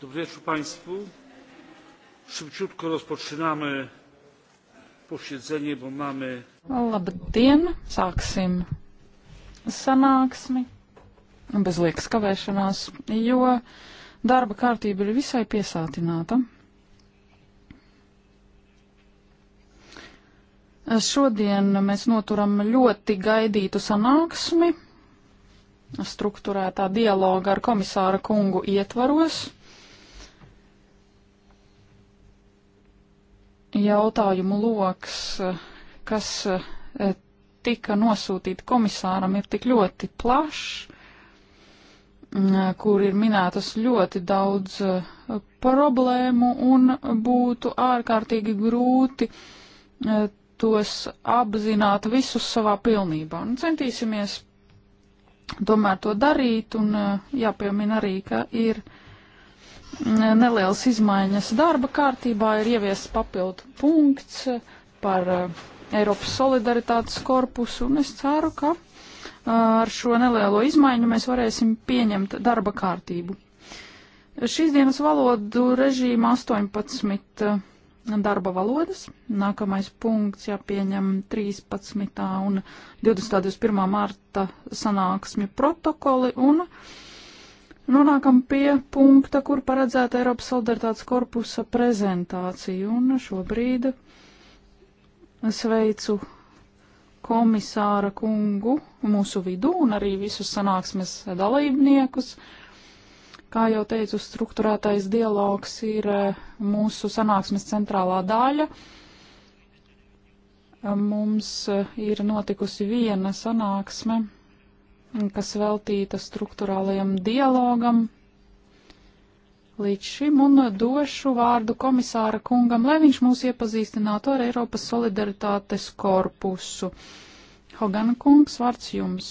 Dobry wieczór Państwu. Szybciutko rozpoczynamy posiedzenie, bo mamy. Labdien, sāksim sanāksmi bez liekas kavēšanās, jo darba kārtība ir visai piesātināta. Šodien mēs noturam ļoti gaidītu sanāksmi struktūrētā dialoga ar komisāra kungu ietvaros. jautājumu loks, kas eh, tika nosūtīti komisāram, ir tik ļoti plašs, mm, eh, kur ir minētas ļoti daudz eh, problēmu un būtu ārkārtīgi grūti tos apzināt visus savā pilnībā. Un centīsimies tomēr to darīt, un jāpiemina arī, ka ir nelielas izmaiņas darba kārtībā ir ieviests papildu punkts par eh, Eiropas solidaritātes korpusu, un es ceru, ka eh, ar šo nelielo izmaiņu mēs varēsim pieņemt darba kārtību. Šīs dienas valodu režīma 18 eh, darba valodas. Nākamais punkts jāpieņem 13. un 20. 21. marta sanāksmju protokoli un uh, Nonākam pie punkta, kur paredzēta Eiropas solidaritātes korpusa prezentācija, un šobrīd sveicu komisāra kungu mūsu vidū un arī visus sanāksmes dalībniekus. Kā jau teicu, struktūrētais dialogs ir mūsu sanāksmes centrālā daļa. Mums ir notikusi viena sanāksme kas veltīta struktūrālajam dialogam līdz šim un došu vārdu komisāra kungam, lai viņš mūs iepazīstinātu ar Eiropas solidaritātes korpusu. Hogana kungs, vārds jums.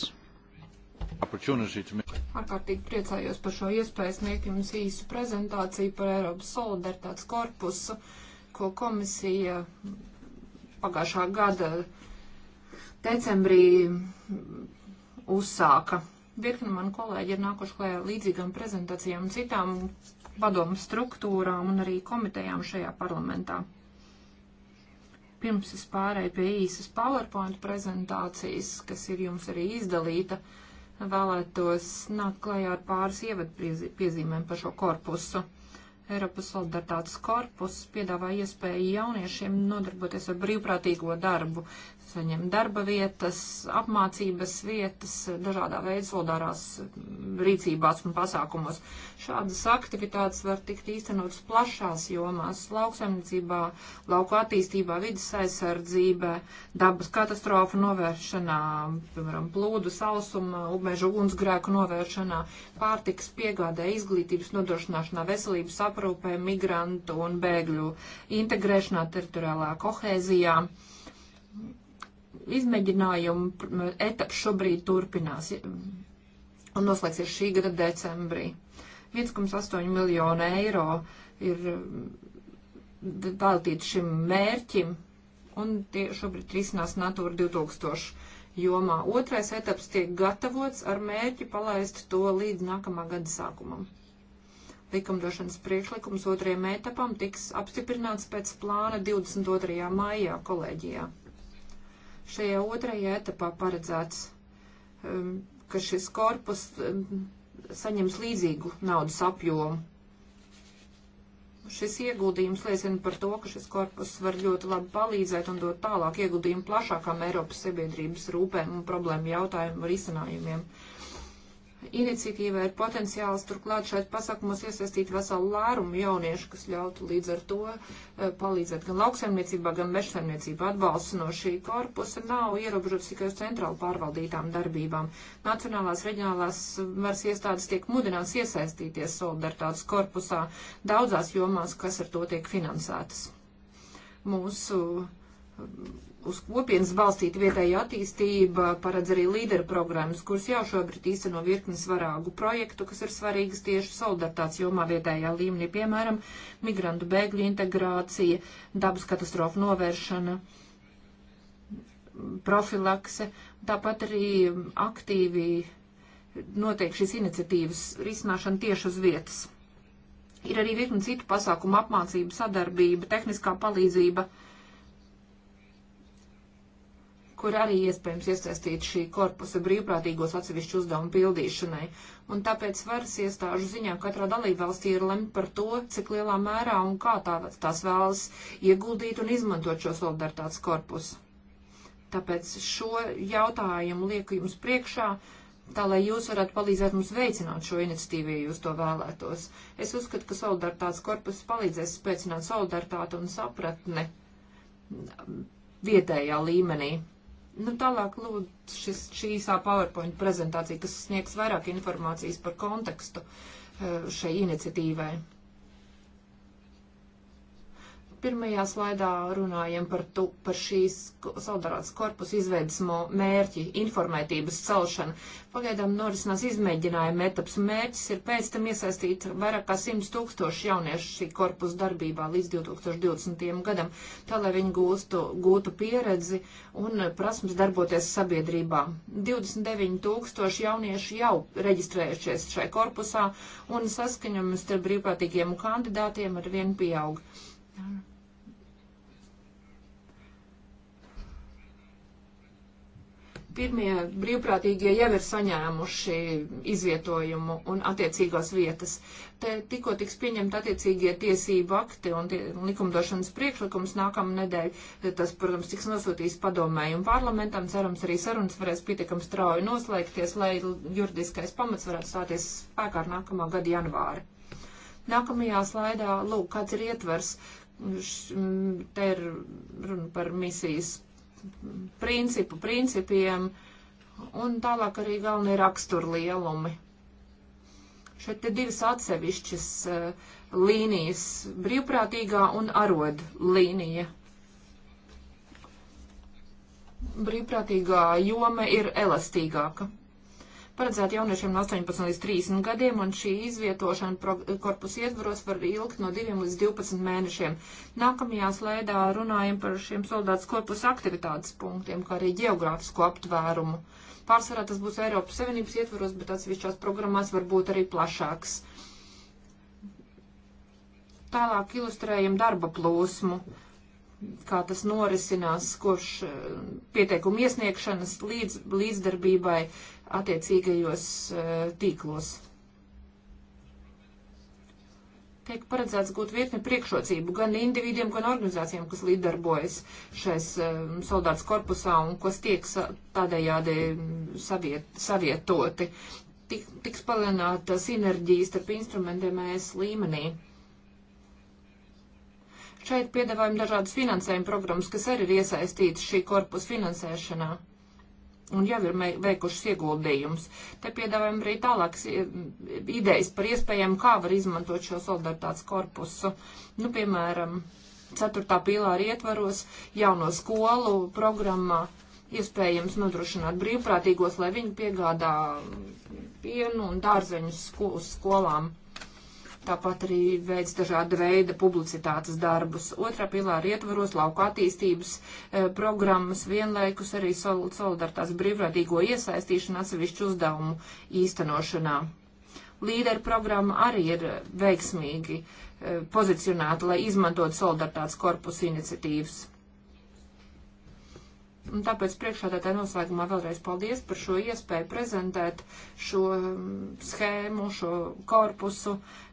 Ārkārtīgi priecājos par šo iespēju sniegt jums īsu prezentāciju par Eiropas solidaritātes korpusu, ko komisija pagājušā gada decembrī uzsāka. Virkni mani kolēģi ir nākuši klējā līdzīgām prezentācijām un citām padomu struktūrām un arī komitejām šajā parlamentā. Pirms es pārēju pie īsas PowerPoint prezentācijas, kas ir jums arī izdalīta, vēlētos nākt klējā ar pāris ievadpiezīmēm par šo korpusu. Eiropas solidaritātes korpus piedāvā iespēju jauniešiem nodarboties ar brīvprātīgo darbu, saņem darba vietas, apmācības vietas, dažādā veidā solidārās rīcībās un pasākumos. Šādas aktivitātes var tikt īstenotas plašās jomās - lauksaimniecībā, lauku attīstībā, vidas aizsardzībā, dabas katastrofu novēršanā, piemēram, plūdu, sausuma, upmežu ugunsgrēku novēršanā, pārtikas piegādē, izglītības nodrošināšanā, veselības aprūpē, migrantu un bēgļu integrēšanā, teritoriālā kohēzijā izmēģinājumu etaps šobrīd turpinās un noslēgsies šī gada decembrī. 1,8 miljonu eiro ir veltīti šim mērķim, un tie šobrīd risinās Natūra 2000 jomā. Otrais etaps tiek gatavots ar mērķi palaist to līdz nākamā gada sākumam. Likumdošanas priekšlikums otrajam etapam tiks apstiprināts pēc plāna 22. maijā kolēģijā šajā otrajā etapā paredzēts, um, ka šis korpus um, saņems līdzīgu naudas apjomu. Šis ieguldījums liecina par to, ka šis korpus var ļoti labi palīdzēt un dot tālāk ieguldījumu plašākām Eiropas sabiedrības rūpēm un problēmu jautājumu risinājumiem. Ar iniciatīvai ir potenciāls turklāt šeit pasākumos iesaistīt veselu lērumu jauniešu, kas ļautu līdz ar to eh, palīdzēt gan lauksaimniecībā, gan mežsaimniecībā. Atbalsts no šī korpusa nav ierobežots tikai uz centrāli pārvaldītām darbībām. Nacionālās reģionālās varas iestādes tiek mudināts iesaistīties solidaritātes korpusā daudzās jomās, kas ar to tiek finansētas. Mūsu uz kopienas balstīta vietēja attīstība paredz arī līderu programmas, kuras jau šobrīd īsteno virknes varāgu projektu, kas ir svarīgas tieši solidaritātes jomā vietējā līmenī, piemēram, migrantu bēgļu integrācija, dabas katastrofu novēršana, profilakse, tāpat arī aktīvi notiek šīs iniciatīvas risināšana tieši uz vietas. Ir arī virkni citu pasākumu apmācība, sadarbība, tehniskā palīdzība. Uh, kur arī iespējams iesaistīt šī korpusa brīvprātīgos atsevišķu uzdevumu pildīšanai. Un tāpēc varas iestāžu ziņā katrā dalībvalstī ir lemt par to, cik lielā mērā un kā tā, tās vēlas ieguldīt un izmantot šo solidaritātes korpusu. Tāpēc šo jautājumu lieku jums priekšā tā lai jūs varētu palīdzēt mums veicināt šo iniciatīvu, ja jūs to vēlētos. Es uzskatu, ka solidaritātes korpus palīdzēs spēcināt solidaritāti un sapratni vietējā līmenī. Nu, tālāk lūdzu šis, šī īsā PowerPoint prezentācija, kas sniegs vairāk informācijas par kontekstu eh, šai iniciatīvai. Pirmajā slaidā runājam par, tu, par šīs solidaritātes korpusu izveidas mērķi, informētības celšanu. Pagaidām norisinās izmēģinājuma etaps, un mērķis ir pēc tam iesaistīt vairāk kā 100 tūkstoši jauniešu šī korpusu darbībā līdz 2020. gadam, tā lai viņi gūstu, gūtu pieredzi un prasmes darboties sabiedrībā. 29 tūkstoši jauniešu jau reģistrējušies šai korpusā, un saskaņam starp brīvprātīgiem kandidātiem ar vienu pieaug. Yeah. Pirmie brīvprātīgie jau ir saņēmuši izvietojumu un attiecīgās vietas. Te tikko tiks pieņemta attiecīgie tiesību akti un tie, likumdošanas priekšlikums nākamā nedēļa. Tas, protams, tiks nosūtīts padomēju un parlamentam. Cerams, arī sarunas varēs pietiekam strauji noslēgties, lai juridiskais pamats varētu stāties spēkā ar nākamā gada janvāri. Nākamajā slaidā, lūk, kāds ir ietvers. Te ir runa par misijas principu, principiem un tālāk arī galvenie rakstura lielumi. Šeit ir divas atsevišķas uh, līnijas - brīvprātīgā un arod līnija. Brīvprātīgā joma ir elastīgāka paredzēta jauniešiem no 18 līdz 30 gadiem, un šī izvietošana korpusu ietvaros var ilgt no 2 līdz 12 mēnešiem. Nākamajā slēdā runājam par šiem soldātas korpusu aktivitātes punktiem, kā arī geogrāfisko aptvērumu. Pārsvarā tas būs Eiropas Savienības ietvaros, bet atsevišķās programmās var būt arī plašāks tālāk ilustrējam darba plūsmu, kā tas norisinās, kopš eh, pieteikuma iesniegšanas līdz līdzdarbībai attiecīgajos eh, tīklos. Tiek paredzēts gūt virkni priekšrocību gan individiem, gan organizācijām, kas līdarbojas šais eh, soldāts korpusā un kas tiek tādējādi mm, saviet, savietoti. Tik, tiks palielināta sinerģija starp instrumentiem ES līmenī. Šeit piedāvājam dažādas finansējuma programmas, kas arī ir iesaistītas šī korpusa finansēšanā un jau ir veikušas ieguldījumus. Te piedāvājam arī tālākas idejas par iespējām, kā var izmantot šo solidaritātes korpusu. Nu, piemēram, ceturtā pīlāra ietvaros jauno skolu programmā iespējams nodrošināt brīvprātīgos, lai viņi piegādā pienu un dārzeņus uz skolām. Tāpat arī veids dažāda veida publicitātes darbus. Otrā pilāra ietvaros lauku attīstības e, programmas vienlaikus arī sol solidaritātes brīvrādīgo iesaistīšanu atsevišķu uzdevumu īstenošanā. Līderu programma arī ir veiksmīgi e, pozicionēta, lai izmantot solidaritātes korpusu iniciatīvas. Un tāpēc priekšādātāji noslēgumā vēlreiz paldies par šo iespēju prezentēt šo mm, schēmu, šo korpusu. Uh,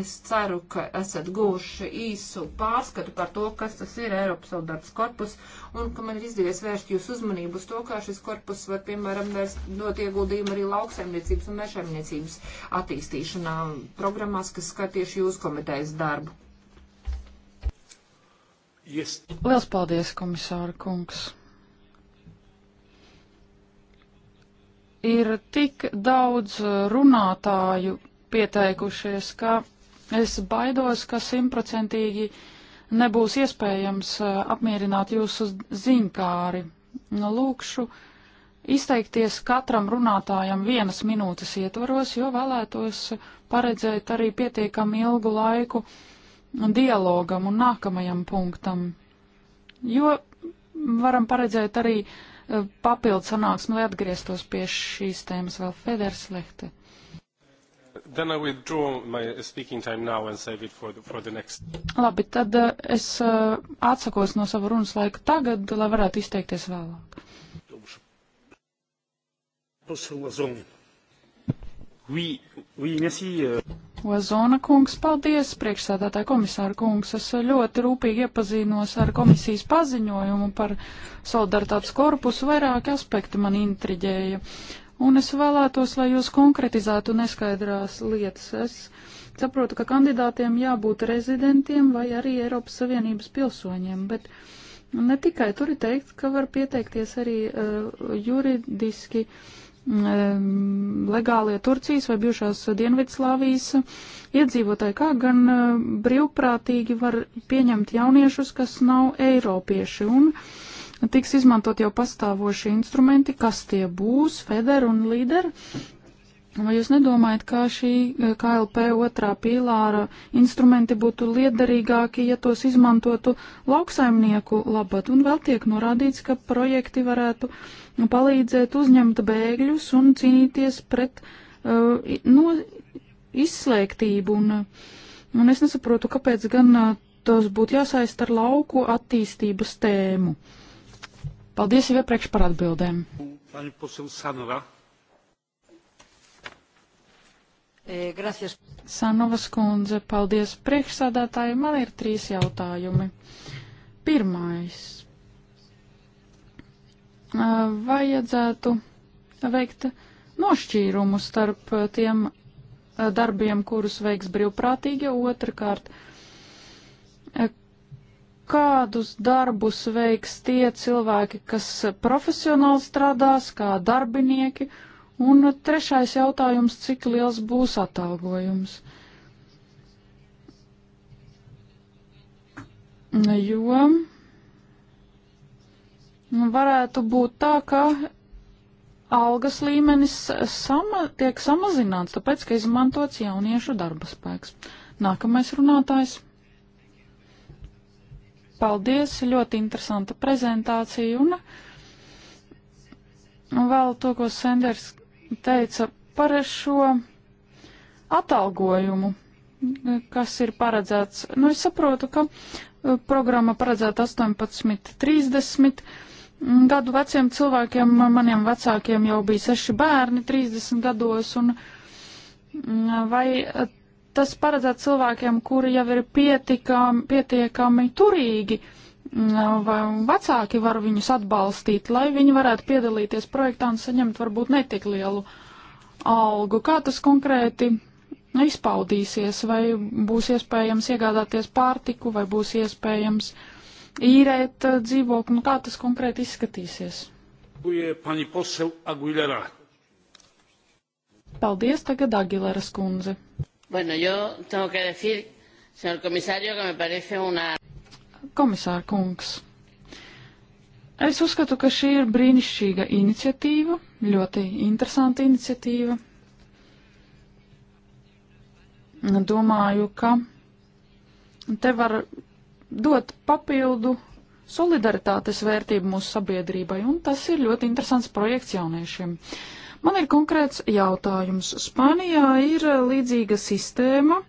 Es ceru, ka esat guvuši īsu pārskatu par to, kas tas ir Eiropas soldātas korpus, un ka man ir izdevies vērst jūsu uzmanību uz to, kā šis korpus var, piemēram, dot ieguldījumu arī lauksaimniecības un mežaimniecības attīstīšanā programmās, kas skatieši jūsu komitejas darbu. Yes. Liels paldies, komisāra kungs! Ir tik daudz runātāju pieteikušies, ka es baidos, ka simtprocentīgi nebūs iespējams e, apmierināt jūsu ziņkāri. Nu, lūkšu izteikties katram runātājam vienas minūtes ietvaros, jo vēlētos paredzēt arī pietiekami ilgu laiku dialogam un nākamajam punktam. Jo varam paredzēt arī e, papildu sanāksmi, lai atgrieztos pie šīs tēmas vēl Feders Lehte. Then I withdraw my speaking time now and save it for the, for the next. Labi, tad eh, es eh, atsakos no sava runas laika tagad, lai varētu izteikties vēlāk. Oui, oui, merci. Ozona euh. kungs, paldies, priekšsēdētāja komisāra kungs. Es eh, ļoti rūpīgi iepazīnos ar komisijas paziņojumu par solidaritātes korpusu. Vairāki aspekti man intriģēja. Uh, un es vēlētos, lai jūs konkretizētu neskaidrās lietas. Es saprotu, ka kandidātiem jābūt rezidentiem vai arī Eiropas Savienības pilsoņiem, bet ne tikai tur ir teikt, ka var pieteikties arī uh, juridiski um, legālie Turcijas vai bijušās Dienvidslāvijas iedzīvotāji, kā gan uh, brīvprātīgi var pieņemt jauniešus, kas nav eiropieši. Un, uh, tiks izmantot jau pastāvošie instrumenti, kas tie būs, feder un līder. Vai jūs nedomājat, ka šī eh, KLP otrā pīlāra instrumenti būtu liederīgāki, ja tos izmantotu lauksaimnieku labad? Un vēl tiek norādīts, ka projekti varētu palīdzēt uzņemt bēgļus un cīnīties pret uh, no, izslēgtību. Un, un es nesaprotu, kāpēc gan uh, tos būtu jāsaist ar lauku attīstības tēmu. Uh, Paldies jau iepriekš par atbildēm. Sanovas e, kundze, paldies priekšsādātāji. Man ir trīs jautājumi. Pirmais. Vajadzētu veikt nošķīrumu starp tiem darbiem, kurus veiks brīvprātīgi, otrkārt, kādus darbus veiks tie cilvēki, kas profesionāli strādās, kā darbinieki, un trešais jautājums, cik liels būs atalgojums. Jo varētu būt tā, ka algas līmenis sama, tiek samazināts, tāpēc, ka izmantots jauniešu darba spēks. Nākamais runātājs. Paldies, ļoti interesanta prezentācija un vēl to, ko Sanders teica par šo atalgojumu, kas ir paredzēts. Nu, es saprotu, ka uh, programma paredzēta 18.30. Gadu veciem cilvēkiem, maniem vecākiem jau bija seši bērni 30 gados, un mm, vai tas paredzēts cilvēkiem, kuri jau ir pietikam, pietiekami turīgi. Mm, vai vecāki var viņus atbalstīt, lai viņi varētu piedalīties projektā un saņemt varbūt netik lielu algu? Kā tas konkrēti izpaudīsies? Vai būs iespējams iegādāties pārtiku, vai būs iespējams īrēt eh, dzīvokli? Nu, kā tas konkrēti izskatīsies? Paldies tagad Agileras kundze. Bueno, yo tengo que decir, señor comisario, que me parece una. Komisār kungs, es uzskatu, ka šī ir brīnišķīga iniciatīva, ļoti interesanta iniciatīva. Domāju, ka te var dot papildu solidaritātes vērtību mūsu sabiedrībai, un tas ir ļoti interesants projekts jauniešiem. Uh, Man ir konkrēts jautājums. Spānijā ir eh, līdzīga sistēma,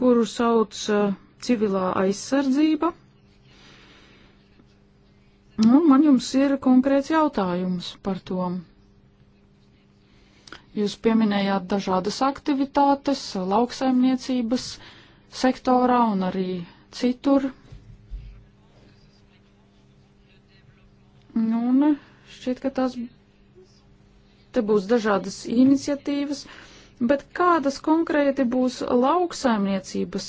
kuru sauc eh, civilā aizsardzība. Nu, man jums ir konkrēts jautājums par to. Jūs pieminējāt dažādas aktivitātes lauksaimniecības sektorā un arī citur. Nu, un šķiet, ka tās te būs dažādas iniciatīvas, bet kādas konkrēti būs lauksaimniecības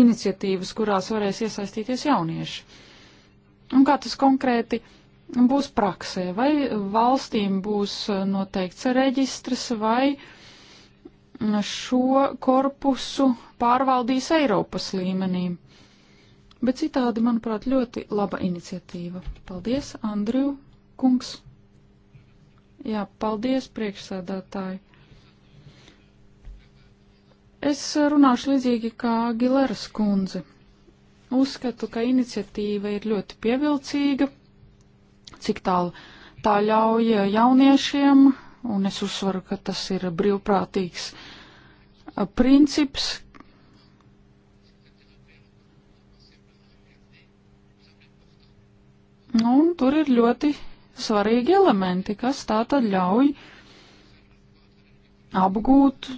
iniciatīvas, kurās varēs iesaistīties jaunieši? Un kā tas konkrēti būs praksē? Vai valstīm būs noteikts reģistrs vai šo korpusu pārvaldīs Eiropas līmenī? bet citādi, manuprāt, ļoti laba iniciatīva. Paldies, Andriju Kungs! Jā, paldies, priekšsēdētāji. Es runāšu līdzīgi kā Gileras kundze. Uzskatu, ka iniciatīva ir ļoti pievilcīga, cik tālu tā ļauj jauniešiem, un es uzsvaru, ka tas ir brīvprātīgs princips, Un tur ir ļoti svarīgi elementi, kas tā tad ļauj apgūt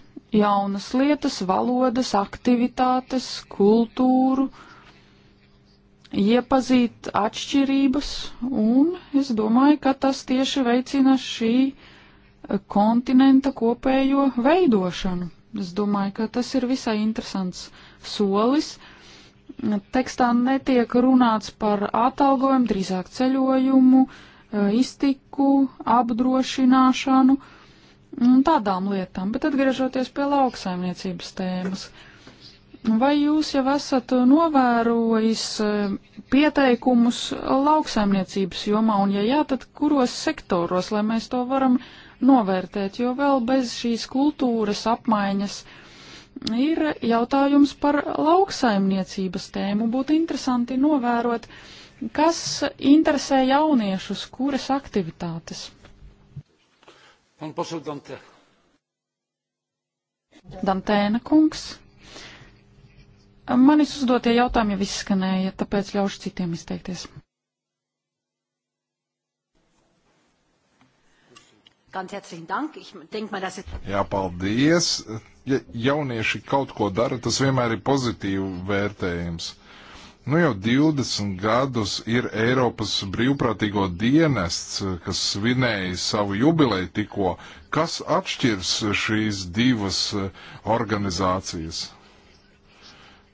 jaunas lietas, valodas, aktivitātes, kultūru, iepazīt atšķirības, un es domāju, ka tas tieši veicina šī kontinenta kopējo veidošanu. Es domāju, ka tas ir visai interesants solis. Tekstā netiek runāts par atalgojumu, drīzāk ceļojumu, uh, iztiku, apdrošināšanu un tādām lietām. Bet atgriežoties pie lauksaimniecības tēmas. Vai jūs jau esat novērojis pieteikumus lauksaimniecības jomā, un ja jā, tad kuros sektoros, lai mēs to varam novērtēt, jo vēl bez šīs kultūras apmaiņas ir jautājums par lauksaimniecības tēmu. Būtu interesanti novērot uh, Kas interesē jauniešus, kuras aktivitātes? Man pašu Dantē. Dantēna kungs. Manis uzdotie jautājumi jau izskanēja, tāpēc ļaušu citiem izteikties. Jā, paldies. Ja jaunieši kaut ko dara, tas vienmēr ir pozitīvi vērtējums. Uh, Nu jau 20 gadus ir Eiropas brīvprātīgo dienests, kas svinēja savu jubileju tikko. Kas atšķirs šīs divas eh, organizācijas?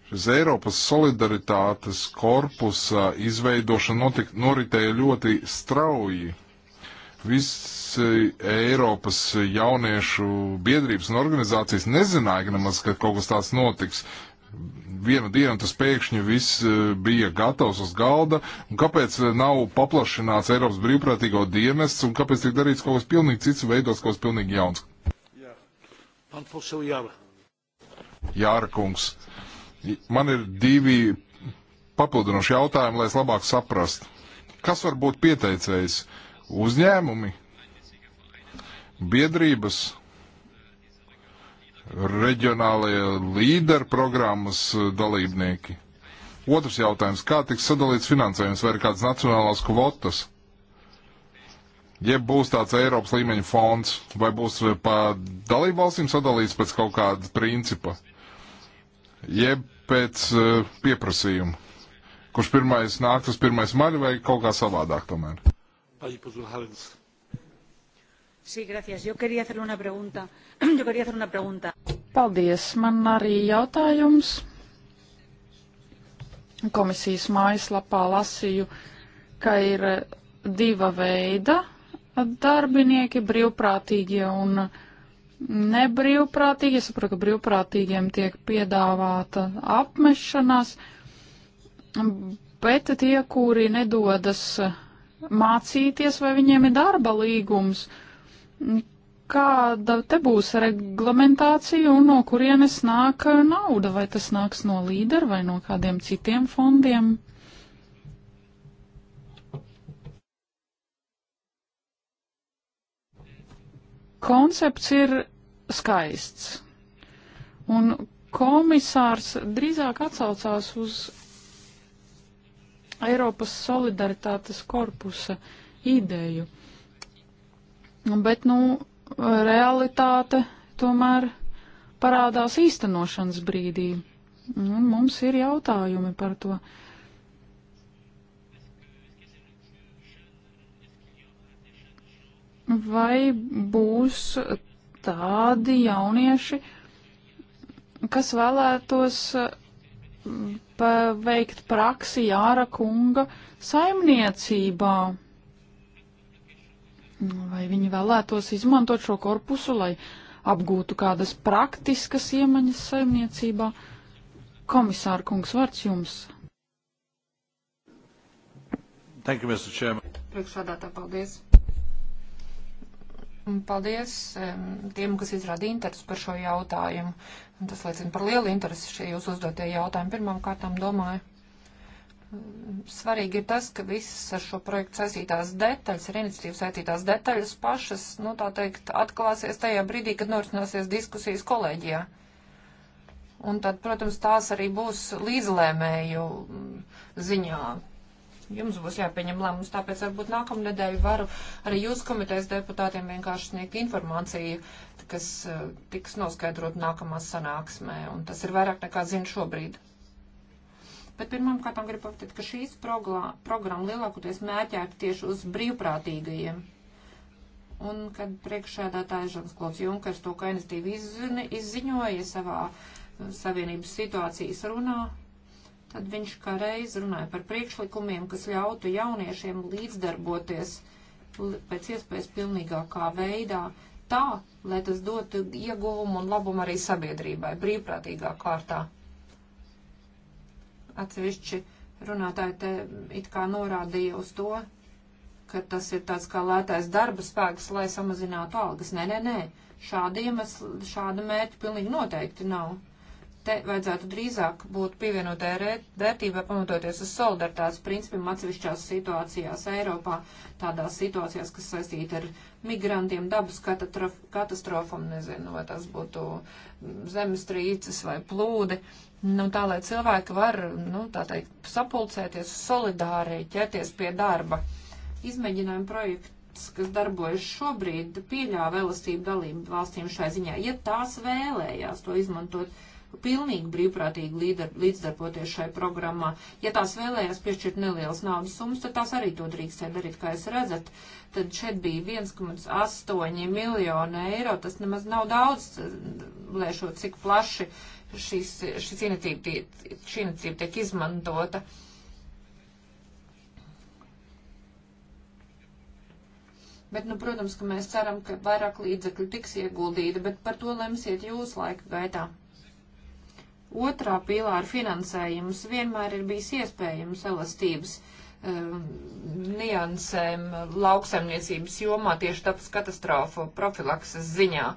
Šis Eiropas solidaritātes korpusa izveidošana notik, noritēja ļoti strauji. Visi Eiropas jauniešu biedrības un organizācijas nezināja nemaz, ka kaut kas tāds notiks vienu dienu tas pēkšņi viss eh, bija gatavs uz galda, un kāpēc eh, nav paplašināts Eiropas brīvprātīgo dienests, un kāpēc tiek darīts kaut kas pilnīgi cits, veidos kaut kas pilnīgi jauns? Jā. Jāra kungs, man ir divi papildinoši jautājumi, lai es labāk saprastu. Kas var būt pieteicējs? Uzņēmumi? Biedrības? reģionālajie līderu programmas eh, dalībnieki. Otrs jautājums, kā tiks sadalīts finansējums, vai ir kādas nacionālās kvotas? Jeb būs tāds Eiropas līmeņa fonds, vai būs eh, pa dalību valstīm sadalīts pēc kaut kāda principa, jeb pēc uh, pieprasījuma, kurš pirmais nāk, tas pirmais maļ, vai kaut kā savādāk tomēr? Pani Pozuhalens. Sí, gracias. Yo quería hacerle una pregunta. Yo quería hacer una pregunta. Paldies. Man arī jautājums. Komisijas mājaslapā lasīju, ka ir diva veida darbinieki - brīvprātīgie un nebrīvprātīgie. Es saprotu, ka brīvprātīgiem tiek piedāvāta apmešanās, bet tie, kuri nedodas mācīties, vai viņiem ir darba līgums, uh, Kāda te būs reglamentācija un no kurienes nāk nauda? Vai tas nāks no līdera vai no kādiem citiem fondiem? Koncepts ir skaists. Un komisārs drīzāk atsaucās uz Eiropas solidaritātes korpusa ideju bet, nu, realitāte tomēr parādās īstenošanas brīdī. Un mums ir jautājumi par to. Vai būs tādi jaunieši, kas vēlētos mm, veikt praksi Jāra kunga saimniecībā? vai viņi vēlētos izmantot šo korpusu, lai apgūtu kādas praktiskas iemaņas saimniecībā. Komisāra kungs, vārds jums. Thank you, Mr. Chairman. Priekšādātā, paldies. Paldies tiem, kas izrāda interesi par šo jautājumu. Tas liecina par lielu interesi šie jūs uzdotie jautājumi. Pirmām kārtām domāju Svarīgi ir tas, ka visas ar šo projektu saistītās detaļas, ar iniciatīvu saistītās detaļas pašas, nu tā teikt, atklāsies tajā brīdī, kad norisināsies diskusijas kolēģijā. Un tad, protams, tās arī būs līdzlēmēju mm, ziņā. Jums būs jāpieņem lēmums, tāpēc varbūt nākamnedēļ varu arī jūs komitejas deputātiem vienkārši sniegt informāciju, kas eh, tiks noskaidrot nākamā sanāksmē. Un tas ir vairāk nekā zinu šobrīd. Bet pirmām kārtām gribu pateikt, ka šīs programma lielākoties mēķēta tieši uz brīvprātīgajiem. Un, kad priekšsēdētājs Žans Klods Junkers to kainestību izzini, izziņoja savā uh, savienības situācijas runā, tad viņš kā reiz runāja par priekšlikumiem, kas ļautu jauniešiem līdzdarboties pēc iespējas pilnīgākā veidā, tā, lai tas dotu ieguvumu un labumu arī sabiedrībai, brīvprātīgā kārtā. Atsevišķi runātāji te it kā norādīja uz to, ka tas ir tāds kā lētais darba spēks, lai samazinātu algas. Nē, nē, nē. Šāda iemesla, šāda mērķa pilnīgi noteikti nav te vajadzētu drīzāk būt pievienotai vērtībai, pamatoties uz solidaritātes principiem atsevišķās situācijās Eiropā, tādās situācijās, kas saistīti ar migrantiem, dabas katastrofam, nezinu, vai tas būtu zemestrīces vai plūdi. Nu, tā, lai cilvēki var, nu, tā teikt, sapulcēties solidāri, ķerties pie darba. Izmēģinājumu projektu valsts, kas darbojas šobrīd, pieļāva elastību dalību valstīm šai ziņā, ja tās vēlējās to izmantot pilnīgi brīvprātīgi līdzdarboties šai programmā. Ja tās vēlējās piešķirt nelielas naudas summas, tad tās arī to drīkstē darīt, kā jūs redzat. Tad šeit bija 1,8 miljonu eiro, tas nemaz nav daudz, lēšot, cik plaši šis, šis iniciatīva, šī iniciatīva tiek izmantota. Bet, nu, protams, ka mēs ceram, ka vairāk līdzekļu tiks ieguldīta, bet par to lemsiet jūs laika gaitā otrā pīlāra finansējums vienmēr ir bijis iespējams elastības ehm, niansēm lauksaimniecības jomā tieši tāpēc katastrofu profilakses ziņā.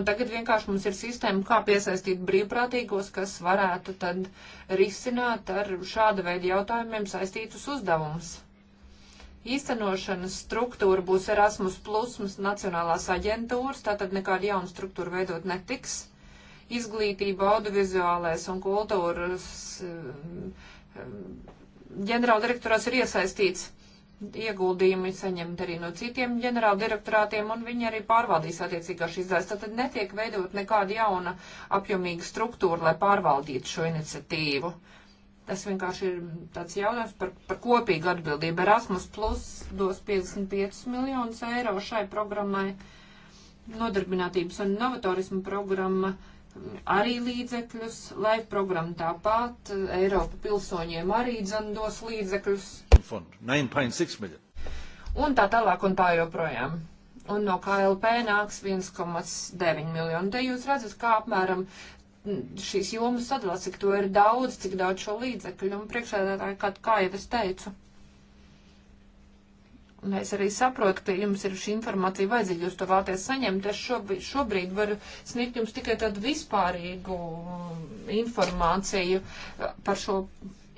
Un tagad vienkārši mums ir sistēma, kā piesaistīt brīvprātīgos, kas varētu tad risināt ar šāda veida jautājumiem saistītus uzdevumus. Īstenošanas struktūra būs Erasmus Plus, mums nacionālās aģentūras, tātad nekāda jauna struktūra veidot netiks izglītība, audiovizuālais un kultūras um, um, ģenerāldirektorās ir iesaistīts ieguldījumi saņemt arī no citiem ģenerāla direktorātiem, un viņi arī pārvaldīs attiecīgās izdevums. Tad netiek veidot nekāda jauna apjomīga struktūra, lai pārvaldītu šo iniciatīvu. Tas vienkārši ir tāds jautājums par, par kopīgu atbildību. Erasmus Plus dos 55 miljonus eiro šai programmai. Nodarbinātības un novatorismu programma uh, arī līdzekļus, lai programma tāpat eh, Eiropa pilsoņiem arī dzandos līdzekļus. Un tā tālāk un tā joprojām. Un no KLP nāks 1,9 miljonu. Te jūs redzat, kā apmēram šīs jomas sadalās, cik to ir daudz, cik daudz šo līdzekļu. Un priekšēdētāji, kā, kā jau es teicu, Un es arī saprotu, ka jums ir šī informācija vajadzīga, jūs to vēlaties saņemt. Es šobrīd, šobrīd varu sniegt jums tikai tādu vispārīgu um, informāciju uh, par šo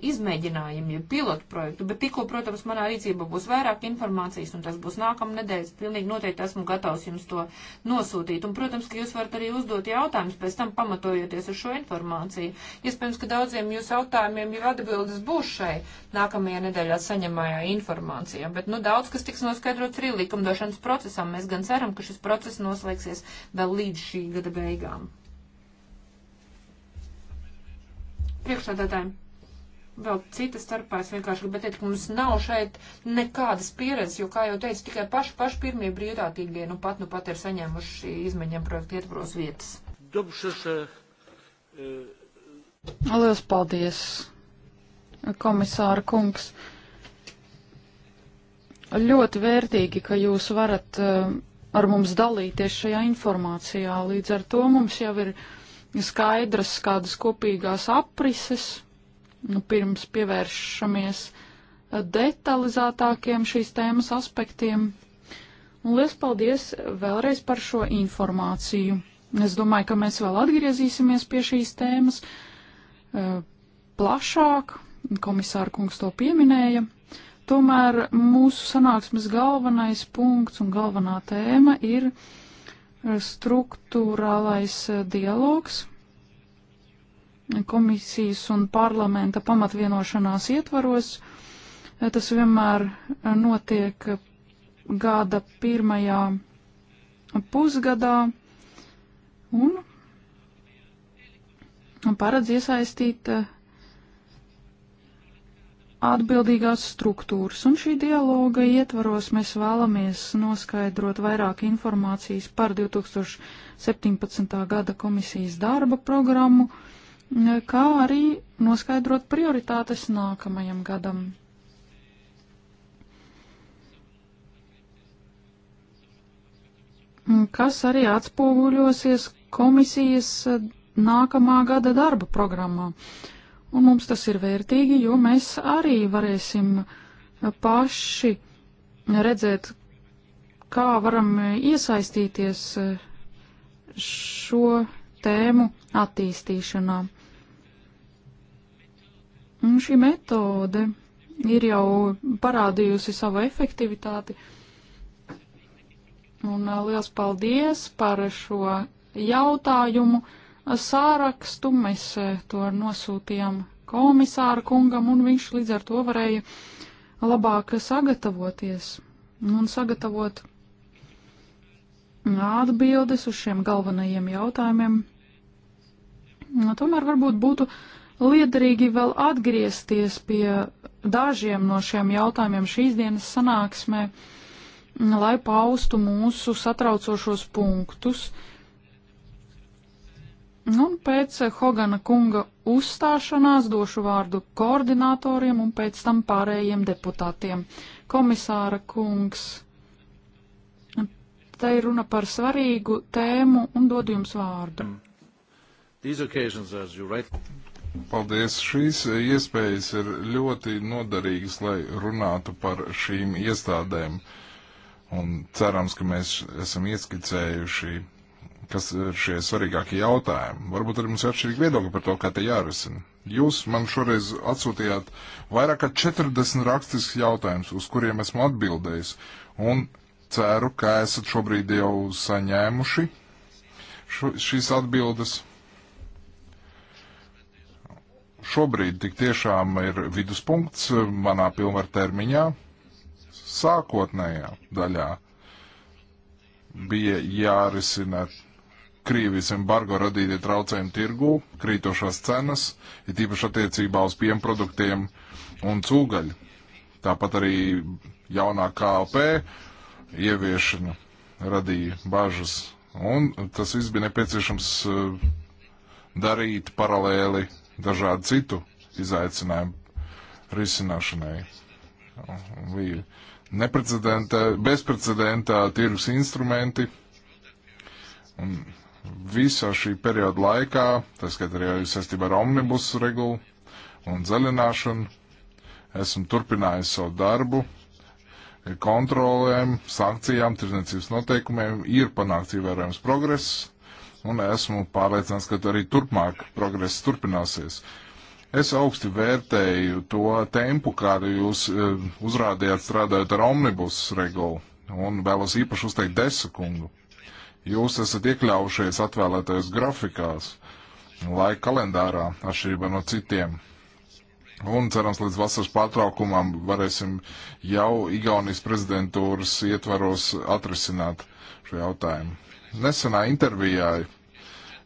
izmēģinājumu, ja pilotu projektu, bet tikko, protams, manā rīcībā būs vairāk informācijas, un tas būs nākamnedēļ. Pilnīgi noteikti esmu gatavs jums to nosūtīt. Un, protams, ka jūs varat arī uzdot jautājumus pēc tam pamatojoties uz šo informāciju. Iespējams, ka daudziem jūsu jautājumiem jau atbildes būs šai nākamajā nedēļā saņemajā informācijā, bet, nu, daudz kas tiks noskaidrots arī likumdošanas procesā. Mēs gan ceram, ka šis process noslēgsies vēl līdz šī gada beigām. Priekšsēdētājiem vēl cita starpā es vienkārši gribētu teikt, ka mums nav šeit nekādas pieredzes, jo, kā jau teicu, tikai paši, paši pirmie brīvprātīgie nu pat nu pat ir saņēmuši šī izmaiņām projekta ietvaros vietas. E, Lielas paldies, komisāra kungs. Ļoti vērtīgi, ka jūs varat e, ar mums dalīties šajā informācijā. Līdz ar to mums jau ir skaidras kādas kopīgās aprises Nu, pirms pievēršamies detalizētākiem šīs tēmas aspektiem. Un liels paldies vēlreiz par šo informāciju. Es domāju, ka mēs vēl atgriezīsimies pie šīs tēmas e, plašāk. Komisāra kungs to pieminēja. Tomēr mūsu sanāksmes galvenais punkts un galvenā tēma ir struktūrālais dialogs komisijas un parlamenta pamatvienošanās ietvaros. Eh, tas vienmēr eh, notiek gada pirmajā pusgadā un paredz iesaistīt eh, atbildīgās struktūras, un šī dialoga ietvaros mēs vēlamies noskaidrot vairāk informācijas par 2017. gada komisijas darba programmu, uh, kā arī noskaidrot prioritātes nākamajam gadam. kas arī atspoguļosies komisijas eh, nākamā gada darba programmā. Un mums tas ir vērtīgi, jo mēs arī varēsim eh, paši redzēt, kā varam iesaistīties eh, šo tēmu attīstīšanā. Un šī metode ir jau parādījusi savu efektivitāti. Un liels paldies par šo jautājumu sārakstu. Mēs to nosūtījām komisāra kungam, un viņš līdz ar to varēja labāk sagatavoties un sagatavot atbildes uz šiem galvenajiem jautājumiem. Tomēr varbūt būtu uh, liederīgi vēl atgriezties pie dažiem no šiem jautājumiem šīs dienas sanāksmē, lai paustu mūsu satraucošos punktus. Un nu, pēc Hogana kunga uzstāšanās došu vārdu koordinatoriem un pēc tam pārējiem deputātiem. Komisāra kungs, te ir runa par svarīgu tēmu un dodu jums vārdu. Mm. These occasions, as you rightly Paldies! Šīs iespējas ir ļoti noderīgas, lai runātu par šīm iestādēm. Un cerams, ka mēs esam ieskicējuši, kas ir šie svarīgākie jautājumi. Varbūt arī mums ir atšķirīgi viedokļi par to, kā te jārisina. Jūs man šoreiz atsūtījāt vairāk kā 40 rakstisks jautājums, uz kuriem esmu atbildējis. Un ceru, ka esat šobrīd jau saņēmuši šo, šīs atbildes šobrīd tik tiešām ir viduspunkts eh, manā pilnvartermiņā sākotnējā daļā. Bija jārisina Krievijas embargo radītie traucējumi tirgū, krītošās cenas, ir tīpaši attiecībā uz piemproduktiem un cūgaļu. Tāpat arī jaunā KLP ieviešana radīja bažas, un tas viss bija nepieciešams eh, darīt paralēli dažādu citu izaicinājumu risināšanai. Bija neprecedenta, bezprecedentā tirgus instrumenti. Un visā šī perioda laikā, tas, kad arī saistībā ar omnibus regulu un zaļināšanu, esmu turpinājis savu darbu, kontrolēm, sankcijām, tirdzniecības noteikumiem, ir panākts ievērojams progress un esmu pārliecināts, ka arī turpmāk progress turpināsies. Es augsti vērtēju to tempu, kādu jūs eh, uzrādījāt strādājot ar omnibus regulu, un vēlos īpaši uzteikt desakungu. Jūs esat iekļaujušies atvēlētajos grafikās, laika kalendārā, atšķirībā no citiem. Un cerams, līdz vasaras pārtraukumam varēsim jau Igaunijas prezidentūras ietvaros atrisināt šo jautājumu. Nesenā intervijā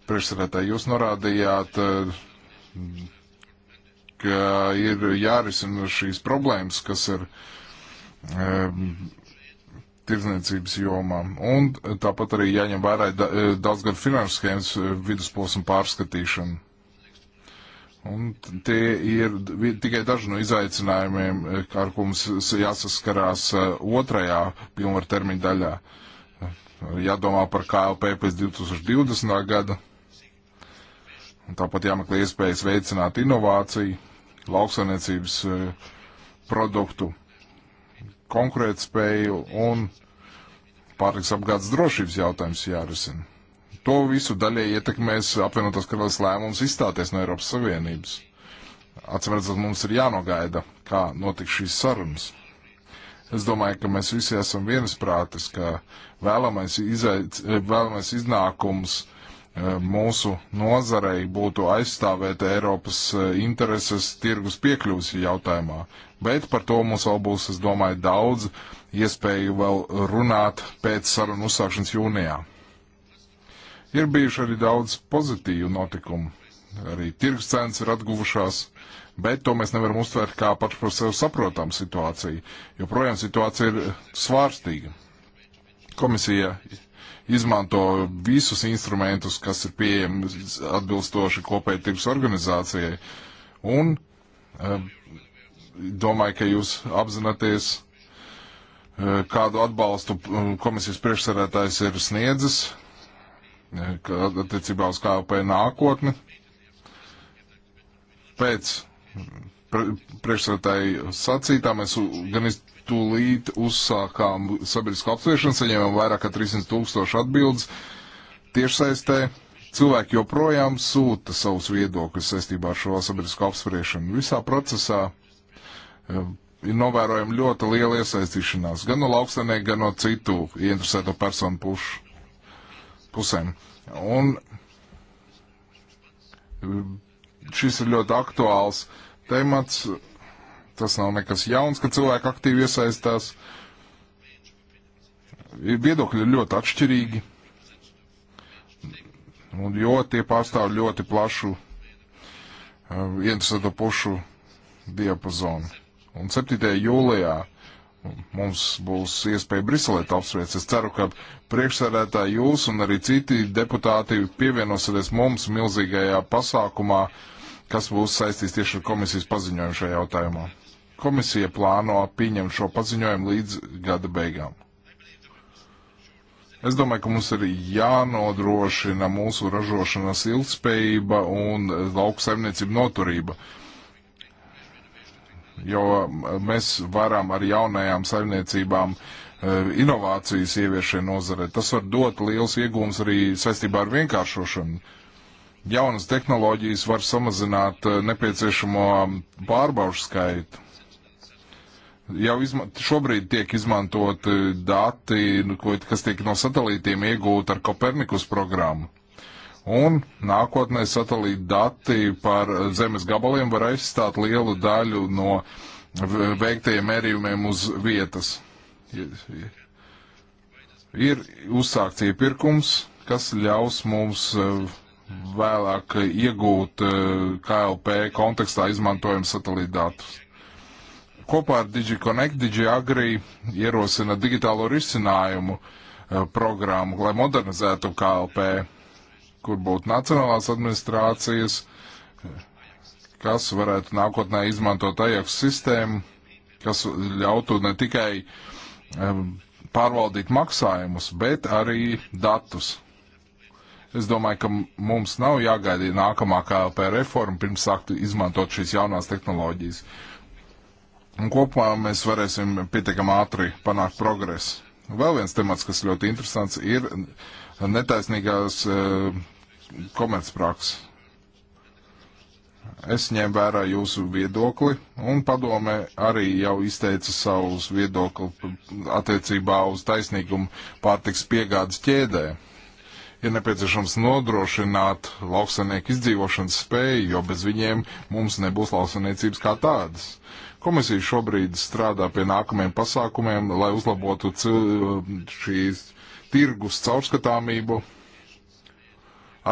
priekšsēdētāji jūs norādījāt, eh, ka ir jārisina šīs problēmas, kas ir um, tirdzniecības jomā. Un tāpat arī jāņem vērā eh, eh, daudzgadu finanšu schēmas vidusposma pārskatīšana. Un tie ir tikai daži no izaicinājumiem, ar ko mums jāsaskarās otrajā pilnvar termiņa daļā. Uh, jādomā par KLP pēc 2020. gada. Un tāpat jāmeklē iespējas veicināt inovāciju, lauksainiecības e, produktu konkurētspēju un pārtiks apgādes drošības jautājums jārisina. To visu daļai ietekmēs apvienotās karalists lēmums izstāties no Eiropas Savienības. Atcīmredzot, mums ir jānogaida, kā notiks šīs sarunas. Es domāju, ka mēs visi esam viensprātis, ka vēlamais, izaic, vēlamais iznākums eh, mūsu nozarei būtu aizstāvēt Eiropas eh, intereses tirgus piekļuvas jautājumā. Bet par to mums vēl būs, es domāju, daudz iespēju vēl runāt pēc sarunu uzsākšanas jūnijā. Ir bijuši arī daudz pozitīvu notikumu. Arī tirgus cenas ir atguvušās, bet to mēs nevaram uztvērt kā pašu par sevi saprotamu situāciju, jo projām situācija ir svārstīga. Komisija izmanto visus instrumentus, kas ir pieejami atbilstoši kopēji tirgus organizācijai. Un eh, domāju, ka jūs apzināties, eh, kādu atbalstu eh, komisijas priekšsarētājs ir sniedzis attiecībā uz KLP nākotni. Pēc mm, priekšsarētāju sacītā mēs gan iz tūlīt uzsākām sabiedrisko apspriešanu, saņēmām vairāk kā 300 tūkstošu atbildes tiešsaistē. Cilvēki joprojām sūta savus viedokļus saistībā ar šo sabiedrisko apspriešanu. Visā procesā eh, ir novērojama ļoti liela iesaistīšanās gan no lauksaimnieku, gan no citu ieinteresēto personu pušu, pusēm. Un eh, šis ir ļoti aktuāls temats Tas nav nekas jauns, ka cilvēki aktīvi iesaistās. Viedokļi ir ļoti atšķirīgi, un jo tie pārstāv ļoti plašu uh, interesēto pušu diapazonu. Un 7. jūlijā mums būs iespēja Briselē to apsvērt. Es ceru, ka priekšsēdētā jūs un arī citi deputāti pievienosieties mums milzīgajā pasākumā, kas būs saistīts tieši ar komisijas paziņojumu šajā jautājumā. Komisija plāno pieņemt šo paziņojumu līdz gada beigām. Es domāju, ka mums ir jānodrošina mūsu ražošanas ilgspējība un lauksaimniecība noturība. Jo mēs varam ar jaunajām saimniecībām e, inovācijas ieviešie nozarē. Tas var dot liels iegūms arī saistībā ar vienkāršošanu. Jaunas tehnoloģijas var samazināt e, nepieciešamo pārbaužu skaitu Jau izma šobrīd tiek izmantoti dati, nu, ko, kas tiek no satelītiem iegūti ar Kopernikus programmu. Un nākotnē satelīta dati par zemes gabaliem var aizstāt lielu daļu no veiktajiem mērījumiem uz vietas. Ir uzsākts iepirkums, kas ļaus mums e, vēlāk iegūt e, KLP kontekstā izmantojumu satelīta datus kopā ar DigiConnect, DigiAgri ierosina digitālo risinājumu eh, programmu, lai modernizētu KLP, kur būtu nacionālās administrācijas, eh, kas varētu nākotnē izmantot AJAX sistēmu, kas ļautu ne tikai eh, pārvaldīt maksājumus, bet arī datus. Es domāju, ka mums nav jāgaidīja nākamā KLP reforma, pirms sākt izmantot šīs jaunās tehnoloģijas. Un kopumā mēs varēsim pietiekami ātri panākt progresu. Vēl viens temats, kas ļoti interesants, ir netaisnīgās uh, eh, komercprāks. Es ņēmu vērā jūsu viedokli, un padome arī jau izteica savus viedokli attiecībā uz taisnīgumu pārtiks piegādes ķēdē. Ir nepieciešams nodrošināt lauksanieku izdzīvošanas spēju, jo bez viņiem mums nebūs lauksaniecības kā tādas. Uh, Komisija šobrīd strādā pie nākamajiem pasākumiem, lai uzlabotu šīs tirgus caurskatāmību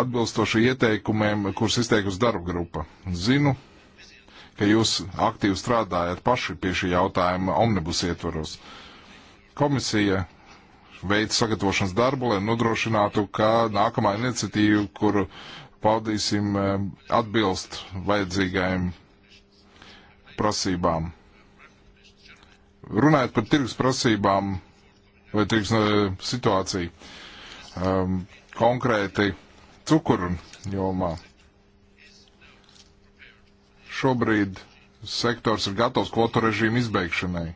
atbilstoši ieteikumiem, kurus izteikusi darba grupa. Zinu, ka jūs aktīvi strādājat paši pie šī jautājuma omnibus ietvaros. Komisija veids sagatavošanas darbu, lai nodrošinātu, ka nākamā iniciatīva, kuru paudīsim, atbilst vajadzīgajiem prasībām. Runājot par tirgus prasībām vai tirgus eh, situāciju um, konkrēti cukuru jomā. Šobrīd sektors ir gatavs kvotu režīmu izbeigšanai.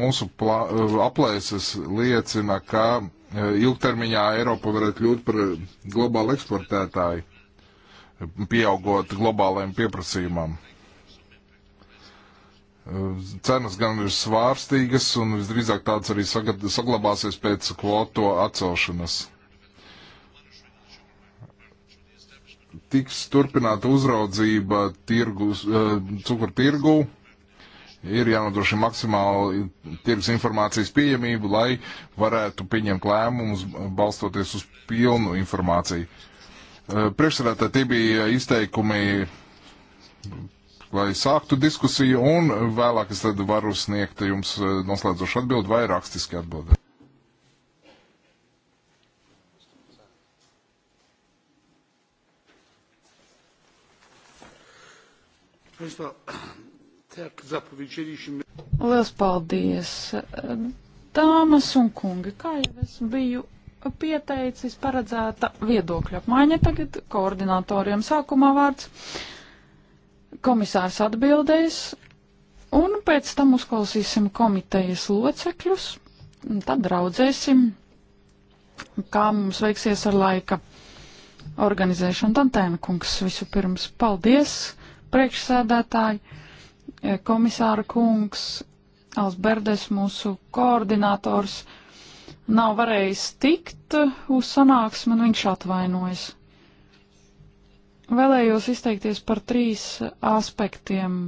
Mūsu plā, eh, aplēses liecina, ka eh, ilgtermiņā Eiropa varētu kļūt par globālu eksportētāju, pieaugot globālajiem pieprasījumam. Cenas gan ir svārstīgas un visdrīzāk tāds arī saglabāsies pēc kvoto atcelšanas. Tiks turpināta uzraudzība tirgus, eh, cukuru tirgū ir jānodrošina maksimāli tirgus informācijas pieejamību, lai varētu pieņemt lēmumus balstoties uz pilnu informāciju. Eh, Priekšsēdētā tie bija izteikumi lai sāktu diskusiju, un vēlāk es tad varu sniegt jums eh, noslēdzošu atbildi vai rakstiski atbildi. Lielas paldies! Dāmas un kungi, kā jau es biju pieteicis, paredzēta viedokļa apmaiņa tagad koordinatoriem sākumā vārds komisārs atbildēs, un pēc tam uzklausīsim komitejas locekļus, tad raudzēsim, kā mums veiksies ar laika organizēšanu. Tantēna kungs visu pirms paldies, priekšsēdētāji, e, komisāra kungs, Alsberdes mūsu koordinators nav varējis tikt uz sanāksmi, un viņš atvainojas. Vēlējos izteikties par trīs aspektiem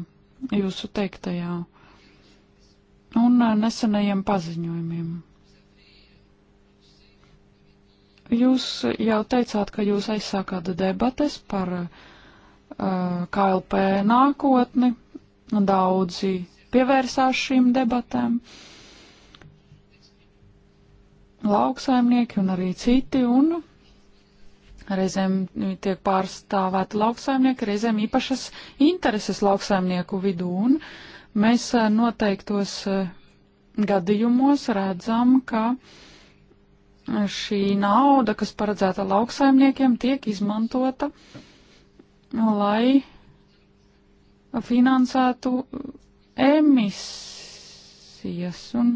jūsu teiktajā un nesenajiem paziņojumiem. Jūs jau teicāt, ka jūs aizsākāt debates par uh, KLP nākotni, daudzi pievērsās šīm debatēm, lauksaimnieki un arī citi, un Reizēm tiek pārstāvēti lauksaimnieki, reizēm īpašas intereses lauksaimnieku vidū, un mēs eh, noteiktos eh, gadījumos redzam, ka šī nauda, kas paredzēta lauksaimniekiem, tiek izmantota, lai finansētu emisijas. Un,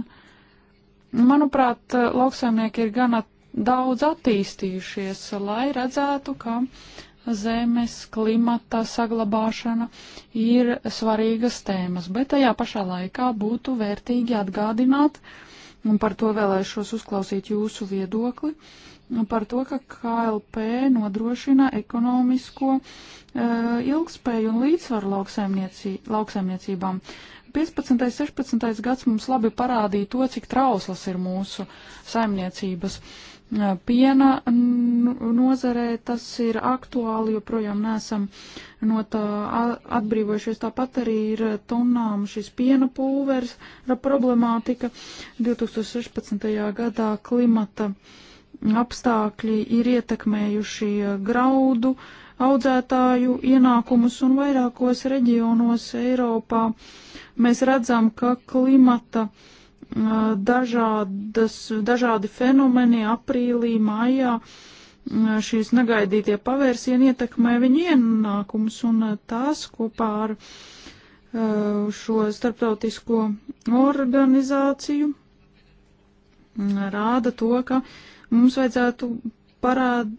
manuprāt, lauksaimnieki ir gana daudz attīstījušies, lai redzētu, ka zemes klimata saglabāšana ir svarīgas tēmas, bet tajā pašā laikā būtu vērtīgi atgādināt, un par to vēlēšos uzklausīt jūsu viedokli, par to, ka KLP nodrošina ekonomisko e, ilgspēju un līdzsvaru lauksaimniecībām. 15. 16. gads mums labi parādīja to, cik trauslas ir mūsu saimniecības. E, piena nozarē tas ir aktuāli, joprojām nesam no tā atbrīvojušies. Tāpat arī ir tonām šis piena pulveris problemātika 2016. gadā klimata apstākļi ir ietekmējuši graudu audzētāju ienākumus un vairākos reģionos Eiropā. Mēs redzam, ka klimata uh, dažādas, dažādi fenomeni aprīlī, maijā. Šīs negaidītie pavērsieni ietekmē viņu ienākumus un tās kopā ar šo starptautisko organizāciju rāda to, ka mums vajadzētu parādīt,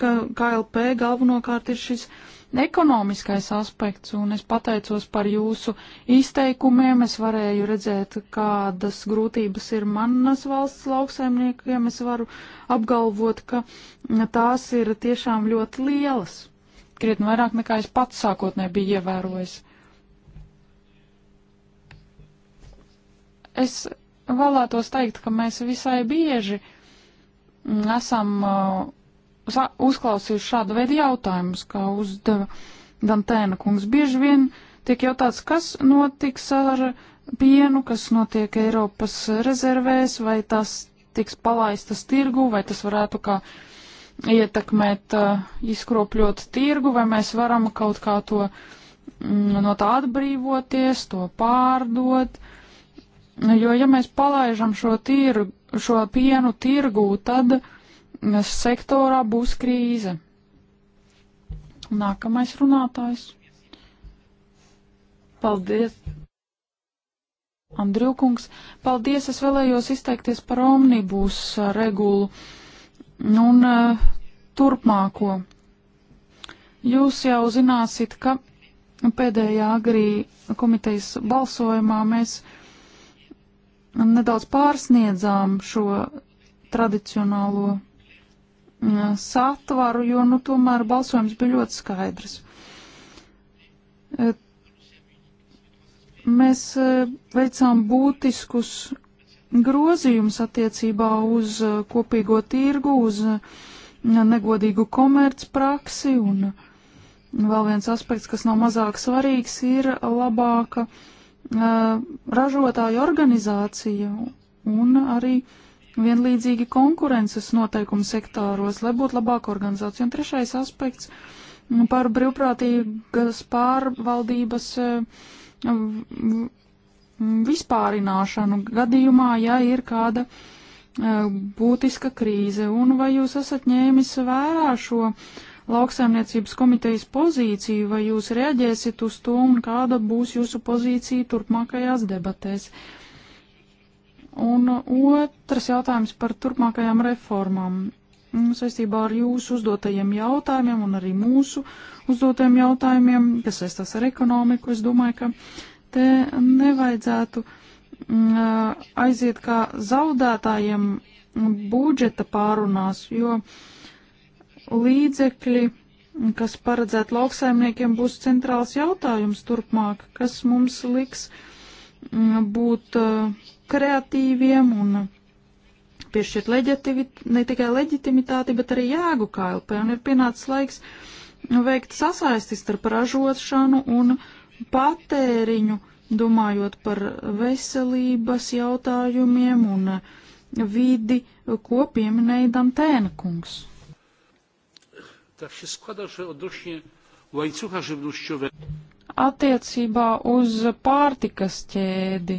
ka KLP galvenokārt ir šis uh, ekonomiskais aspekts, un es pateicos par jūsu izteikumiem. Es varēju redzēt, kādas grūtības ir manas valsts lauksaimniekiem. Es varu apgalvot, ka tās ir tiešām ļoti lielas. Krietni vairāk nekā es pats sākotnēji biju ievērojis. Es vēlētos teikt, ka mēs visai bieži esam uh, uzklausīju šādu veidu jautājumus, kā uzdeva Dantēna kungs. Bieži vien tiek jautāts, kas notiks ar pienu, kas notiek Eiropas rezervēs, vai tas tiks palaistas tirgu, vai tas varētu kā ietekmēt, izkropļot tirgu, vai mēs varam kaut kā to mm, no tā atbrīvoties, to pārdot. Jo, ja mēs palaižam šo, tirgu, šo pienu tirgū, tad uh, sektorā būs krīze. Nākamais runātājs. Paldies. Andriju kungs, paldies, es vēlējos izteikties par omnibus regulu un uh, turpmāko. Jūs jau zināsit, ka pēdējā agrī komitejas balsojumā mēs nedaudz pārsniedzām šo tradicionālo Mm, satvaru, jo nu, tomēr balsojums bija ļoti skaidrs. E, mēs e, veicām būtiskus grozījumus attiecībā uz e, kopīgo tirgu, uz negodīgu komercpraksi un vēl viens aspekts, kas nav mazāk svarīgs, ir labāka ražotāja organizācija un arī uh, vienlīdzīgi konkurences noteikumu sektāros, lai būtu labāka organizācija. Un trešais aspekts par brīvprātīgas pārvaldības eh, vispārināšanu gadījumā, ja ir kāda eh, būtiska krīze. Un vai jūs esat ņēmis vērā šo lauksaimniecības komitejas pozīciju, vai jūs reaģēsiet uz to un kāda būs jūsu pozīcija turpmākajās debatēs? Uh, Un otrs jautājums par turpmākajām reformām. Mm, saistībā ar jūsu uzdotajiem jautājumiem un arī mūsu uzdotajiem jautājumiem, kas saistās ar ekonomiku, es domāju, ka te nevajadzētu mm, aiziet kā zaudētājiem budžeta pārunās, jo līdzekļi, kas paredzēt lauksaimniekiem, būs centrāls jautājums turpmāk, kas mums liks mm, būt uh, kreatīviem un piešķirt ne tikai leģitimitāti, bet arī jēgu KLP. Un ir pienācis laiks veikt sasaisti starp ražošanu un patēriņu, domājot par veselības jautājumiem un vidi, ko pieminēja Dantēna kungs. Tak się składa, że odnośnie łańcucha żywnościowego. Attiecībā uz pārtikas ķēdi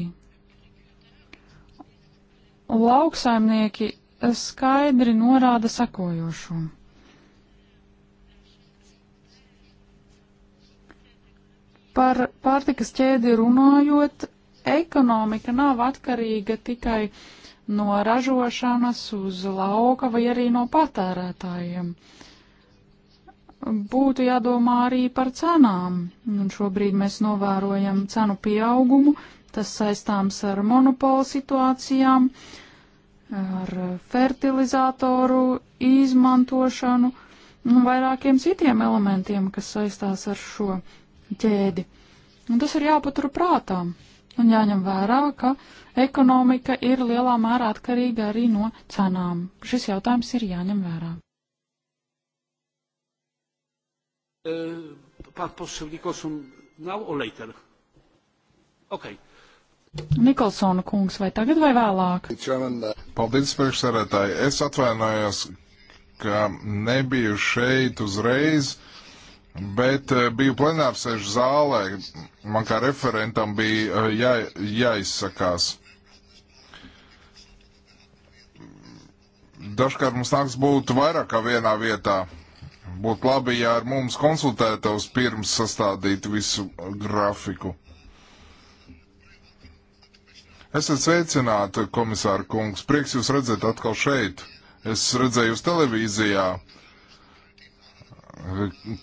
lauksaimnieki skaidri norāda sekojošo. Par pārtikas ķēdi runājot, ekonomika nav atkarīga tikai no ražošanas uz lauka vai arī no patērētājiem. Būtu jādomā arī par cenām, un šobrīd mēs novērojam cenu pieaugumu, Tas saistāms ar monopola situācijām, ar fertilizatoru izmantošanu un vairākiem citiem elementiem, kas saistās ar šo ķēdi. Un tas ir jāpatur prātā un jāņem vērā, ka ekonomika ir lielā mērā atkarīga arī no cenām. Šis jautājums ir jāņem vērā. Uh, Pan poseł Nikolson now or later? Okay. Nikolsona kungs, vai tagad vai vēlāk? Uh, Paldies, priekšsarētāji. Es atvainojos, ka nebiju šeit uzreiz, bet uh, biju plenārsēžu zālē. Man kā referentam bija uh, jā, jāizsakās. Dažkārt mums nāks būt vairāk kā vienā vietā. Būtu labi, ja ar mums konsultētos pirms sastādīt visu grafiku. Esat sveicināti, komisāra kungs. Prieks jūs redzēt atkal šeit. Es redzēju jūs televīzijā,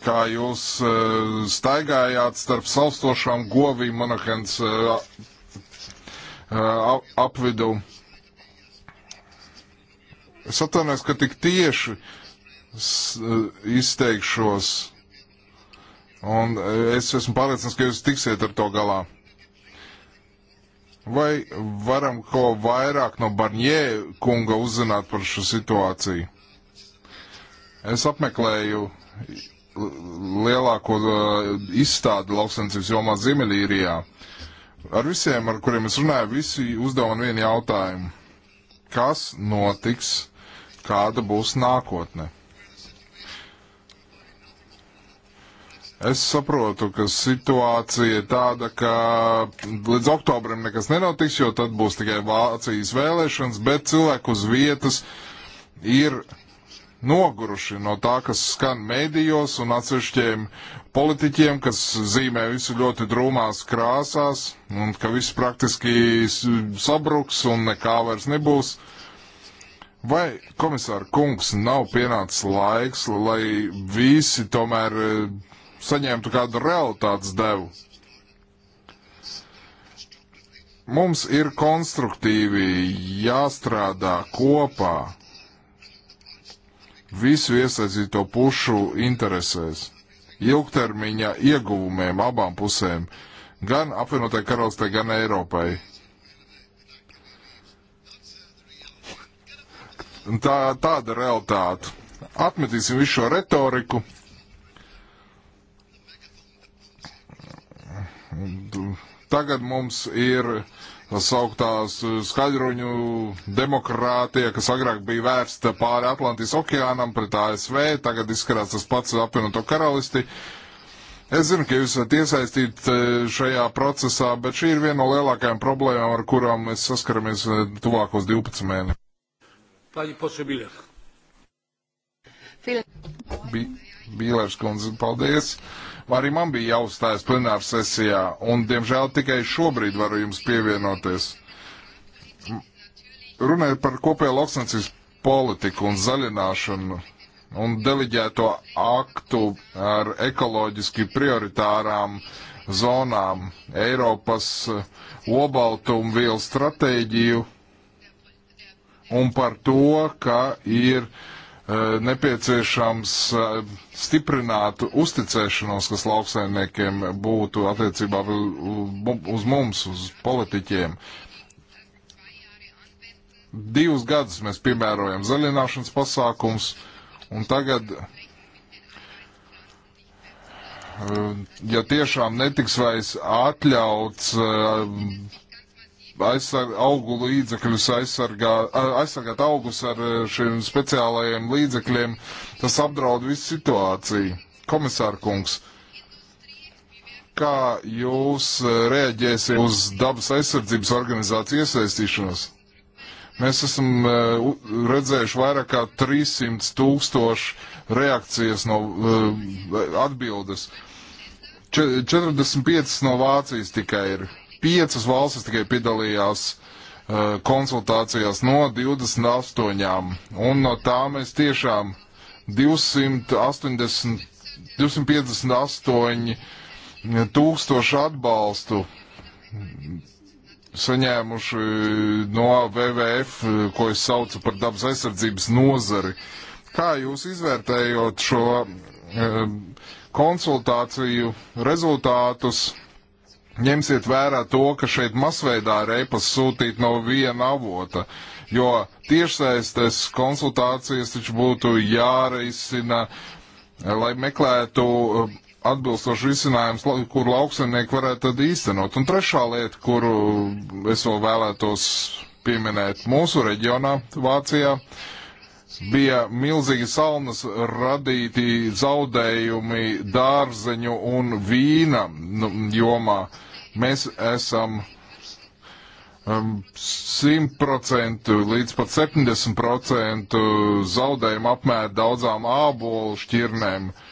kā jūs e, staigājāt starp salstošām govīm Monahens e, e, apvidu. Es atvainojos, ka tik tieši izteikšos, un es esmu pārliecināts, ka jūs tiksiet ar to galā. Vai varam ko vairāk no Barņē kunga uzzināt par šo situāciju? Es apmeklēju lielāko eh, izstādi lauksensības jomā Ziemeļīrijā. Ar visiem, ar kuriem es runāju, visi uzdeva man vienu jautājumu. Kas notiks, kāda būs nākotne? Es saprotu, ka situācija ir tāda, ka līdz oktobrim nekas nenotiks, jo tad būs tikai Vācijas vēlēšanas, bet cilvēku uz vietas ir noguruši no tā, kas skan mēdījos un atsevišķiem politiķiem, kas zīmē visu ļoti drūmās krāsās un ka viss praktiski sabruks un nekā vairs nebūs. Vai komisāra kungs nav pienācis laiks, lai visi tomēr saņemtu kādu realitātes devu. Mums ir konstruktīvi jāstrādā kopā visu iesaistīto pušu interesēs, ilgtermiņa ieguvumiem abām pusēm, gan apvienotai karalistē, gan Eiropai. Tā, tāda realitāte. Atmetīsim visu šo retoriku Tagad mums ir tas augtās skaļruņu demokrātija, kas agrāk bija vērsta pāri Atlantijas okeānam pret ASV, tagad izskatās tas pats apvienoto karalisti. Es zinu, ka jūs esat iesaistīti e, šajā procesā, bet šī ir viena no lielākajām problēmām, ar kurām mēs saskaramies e, tuvākos 12 mēnešus. Bīlērs kundze, paldies! Arī man bija jāuzstājas plenāra sesijā, un diemžēl tikai šobrīd varu jums pievienoties. Runājot par kopējo lauksnacības politiku un zaļināšanu un deliģēto aktu ar ekoloģiski prioritārām zonām, Eiropas eh, obaltumvielu stratēģiju un par to, ka ir uh, Eh, nepieciešams eh, stiprināt uzticēšanos, kas lauksaimniekiem būtu attiecībā uz mums, uz politiķiem. Divus gadus mēs piemērojam zaļināšanas pasākums, un tagad, eh, ja tiešām netiks vairs atļauts aizsarg, augu līdzekļus, aizsargā, aizsargāt augus ar e, šiem speciālajiem līdzekļiem, tas apdraud visu situāciju. Komisārkungs, kā jūs e, reaģēsiet uz dabas aizsardzības organizāciju iesaistīšanos? Mēs esam e, redzējuši vairāk kā 300 tūkstošu reakcijas no atbildes. 45 no Vācijas tikai ir piecas valstis tikai piedalījās uh, konsultācijās no 28, un no tām mēs tiešām 280, 258 tūkstoši atbalstu saņēmuši no WWF, ko es saucu par dabas aizsardzības nozari. Kā jūs izvērtējot šo eh, konsultāciju rezultātus ņemsiet vērā to, ka šeit masveidā ir e-pasta sūtīt no viena avota, jo tiešsaistes konsultācijas taču būtu jāreizina, lai meklētu uh, atbilstošu risinājumu, kur lauksaimnieki varētu tad īstenot. Un trešā lieta, kuru es vēl vēlētos pieminēt mūsu reģionā, Vācijā, uh, bija milzīgi salnas radīti zaudējumi dārzeņu un vīna nu, jomā. Mēs esam um, 100% līdz pat 70% zaudējumu apmēr daudzām ābolu šķirnēm. Uh,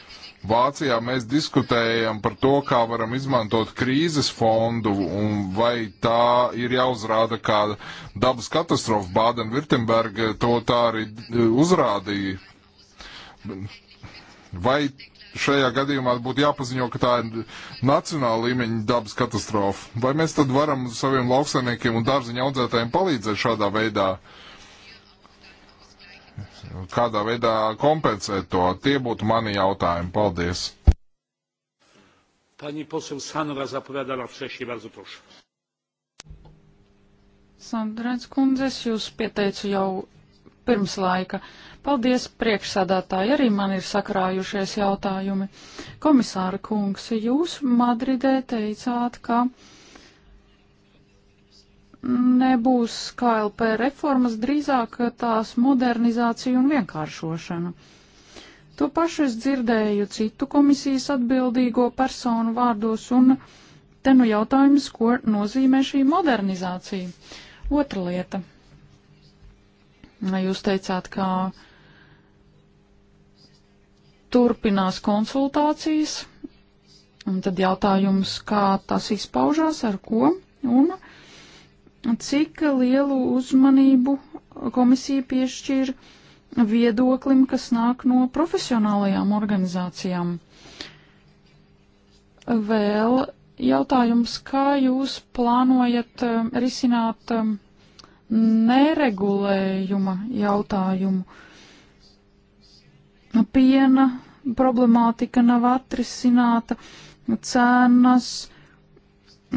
Vācijā mēs diskutējam par to, kā varam izmantot krīzes fondu un vai tā ir jāuzrāda kā dabas katastrofa. Bādenvirtemberga to tā arī uzrādīja. Vai šajā gadījumā būtu jāpaziņo, ka tā ir nacionāla līmeņa dabas katastrofa? Vai mēs tad varam saviem lauksaimniekiem un dārziņa audzētājiem palīdzēt šādā veidā? Uh, kādā veidā kompensēt to. Tie būtu mani jautājumi. Paldies. Pani poseł Sanra zapowiadała wcześniej, bardzo proszę. Sandrēns kundzes, jūs pieteicu jau pirms laika. Paldies priekšsādātāji, arī man ir sakrājušies jautājumi. Komisāra kungs, jūs Madridē teicāt, ka nebūs KLP reformas, drīzāk tās modernizācija un vienkāršošana. To pašu es dzirdēju citu komisijas atbildīgo personu vārdos, un te nu jautājums, ko nozīmē šī modernizācija. Otra lieta. Jūs teicāt, ka turpinās konsultācijas, un tad jautājums, kā tas izpaužās, ar ko, un cik lielu uzmanību komisija piešķir viedoklim, kas nāk no profesionālajām organizācijām. Vēl jautājums, kā jūs plānojat um, risināt um, neregulējuma jautājumu? Piena problemātika nav atrisināta, cenas,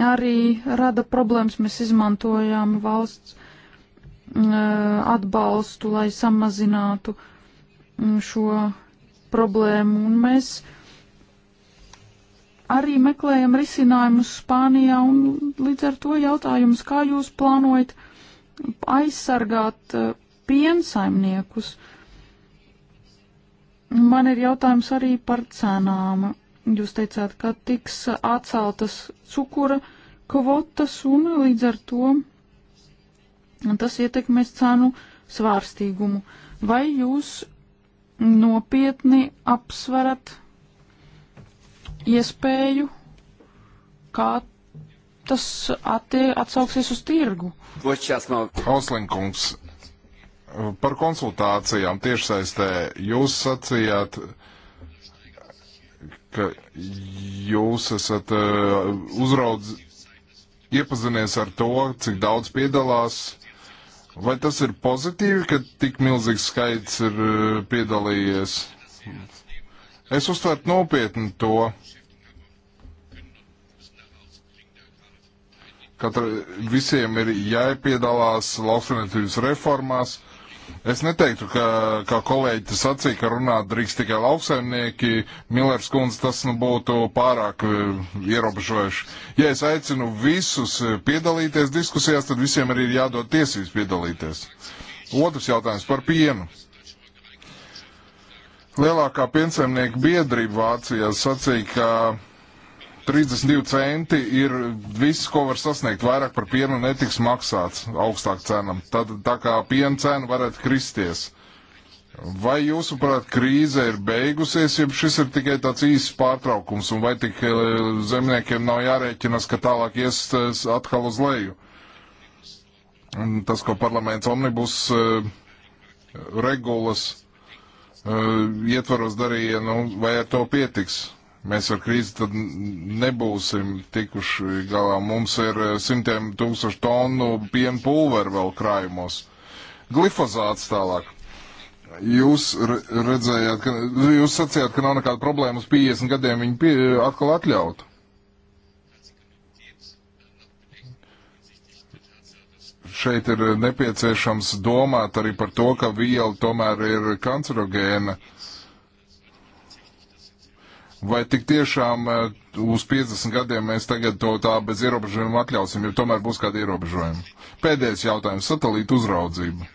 arī rada problēmas. Mēs izmantojām valsts mm, eh, atbalstu, lai samazinātu mm, šo problēmu, un mēs arī meklējam risinājumus Spānijā, un līdz ar to jautājums, kā jūs plānojat aizsargāt eh, piensaimniekus? Man ir jautājums arī par cenām. Jūs teicāt, ka tiks atceltas cukura kvotas un līdz ar to tas ietekmēs cenu svārstīgumu. Vai jūs nopietni apsverat iespēju, kā tas attie, atsauksies uz tirgu? Hauslinkungs, par konsultācijām tiešsaistē jūs sacījāt, ka jūs esat uh, uzraudz, iepazinies ar to, cik daudz piedalās. Vai tas ir pozitīvi, ka tik milzīgs skaits ir uh, piedalījies? Es uztvertu nopietni to. Katra, visiem ir jāpiedalās lauksaimniecības reformās, Es neteiktu, ka, kā kolēģi sacīja, ka runāt drīkst tikai lauksaimnieki. Milers kundze tas nu būtu pārāk e, ierobežojuši. Ja es aicinu visus e, piedalīties diskusijās, tad visiem arī ir jādod tiesības piedalīties. Otrs jautājums par pienu. Lielākā piensaimnieku biedrība Vācijā sacīja, ka 32 centi ir viss, ko var sasniegt. Vairāk par pienu netiks maksāts augstāk cenam. Tad, tā kā piena cena varētu kristies. Vai jūsuprāt, krīze ir beigusies, ja šis ir tikai tāds īsts pārtraukums, un vai tik eh, zemniekiem nav jārēķinas, ka tālāk ies atkal uz leju? Un tas, ko parlaments omnibus eh, regulas eh, ietvaros darīja, nu, vai ar to pietiks? Mēs ar krīzi tad nebūsim tikuši galā. Mums ir eh, simtiem tūkstošu tonu piena pulveru vēl krājumos. Glifozāts tālāk. Jūs redzējāt, ka, jūs sacījāt, ka nav nekāda problēma uz 50 gadiem viņu pie, atkal atļaut. Šeit ir nepieciešams domāt arī par to, ka viela tomēr ir kancerogēna. Uh, Vai tik tiešām eh, uz 50 gadiem mēs tagad to tā bez ierobežojuma atļausim, jo tomēr būs kādi ierobežojumi? Pēdējais jautājums - satelīta uzraudzība.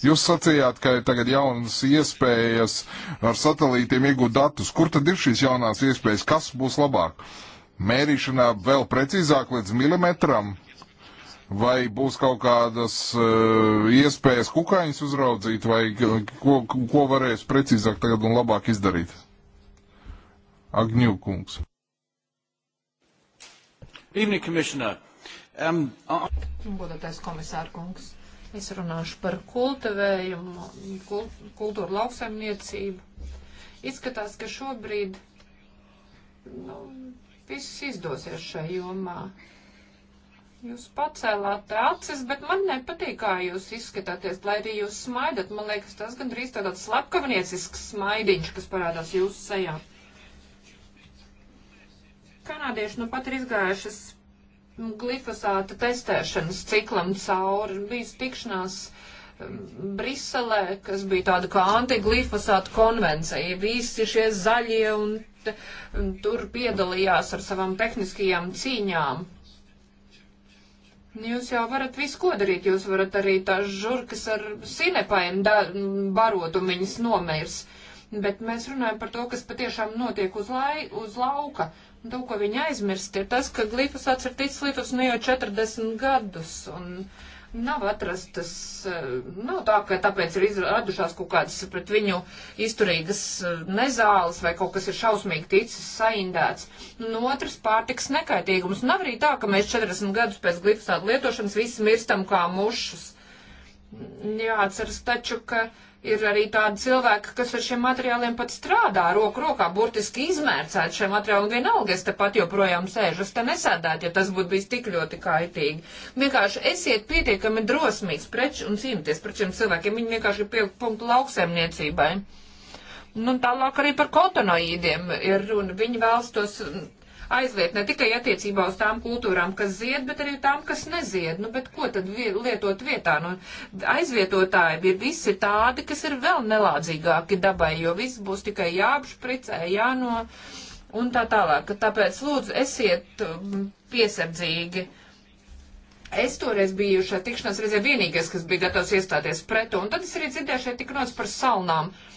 Jūs sacījāt, ka ir tagad jaunas iespējas ar satelītiem iegūt datus. Kur tad ir šīs jaunās iespējas? Kas būs labāk? Mērīšanā vēl precīzāk līdz milimetram Vai būs kaut kādas uh, iespējas kukaiņus uzraudzīt, vai ko, ko varēs precīzāk tagad un labāk izdarīt? Agņu kungs. Evening, Commissioner. Um, uh... Godātais komisāra kungs. Es runāšu par kultivējumu, kult, kultūru lauksaimniecību. Izskatās, ka šobrīd nu, viss izdosies šajā jomā. Uh, Jūs pacēlāt acis, bet man nepatīk, kā jūs izskatāties, lai arī jūs smaidat. Man liekas, tas gandrīz tāds slepkavniecisks smaidiņš, kas parādās jūsu sejā. Kanādieši nu pat ir izgājušas glifosāta testēšanas ciklam cauri. Bija tikšanās um, Briselē, kas bija tāda kā antiglifosāta konvencija. Visi šie zaļie un, un tur piedalījās ar savām tehniskajām cīņām Jūs jau varat visu ko darīt, jūs varat arī tās žurkas ar sinepainu barot un viņas nomirs. Bet mēs runājam par to, kas patiešām notiek uz, lai, uz lauka. Un to, ko viņi aizmirst, ir tas, ka glifosāts ir ticis lietots nu jau 40 gadus. Un, uh, nav atrastas, eh, nav tā, ka tāpēc ir radušās kaut kādas pret viņu izturīgas eh, nezāles vai kaut kas ir šausmīgi ticis saindēts. Un otrs pārtiks nekaitīgums. Nav arī tā, ka mēs 40 gadus pēc glifosāta lietošanas visi mirstam kā mušas. Jāatceras taču, ka Ir arī tādi cilvēki, kas ar šiem materiāliem pat strādā roku rokā, burtiski izmērcēt šiem materiāliem. Vienalga, es te pat joprojām sēžu, es te nesēdētu, ja tas būtu bijis tik ļoti kaitīgi. Vienkārši esiet pietiekami drosmīgs preč un cīnīties pret šiem cilvēkiem. Viņi vienkārši ir pielikt punktu lauksaimniecībai. Nu, tālāk arī par kotonoīdiem ir runa. Viņi vēlas tos aizliegt ne tikai attiecībā uz tām kultūrām, kas zied, bet arī tām, kas nezied. Nu, bet ko tad lietot vietā? Nu, aizvietotāji ir visi tādi, kas ir vēl nelādzīgāki dabai, jo viss būs tikai jāapšpricē, jāno un tā tālāk. Tāpēc lūdzu esiet um, piesardzīgi. Es toreiz biju šajā tikšanās reizē vienīgais, kas bija gatavs iestāties pretu, un tad es arī dzirdēju šeit tik nots par salnām. Uh,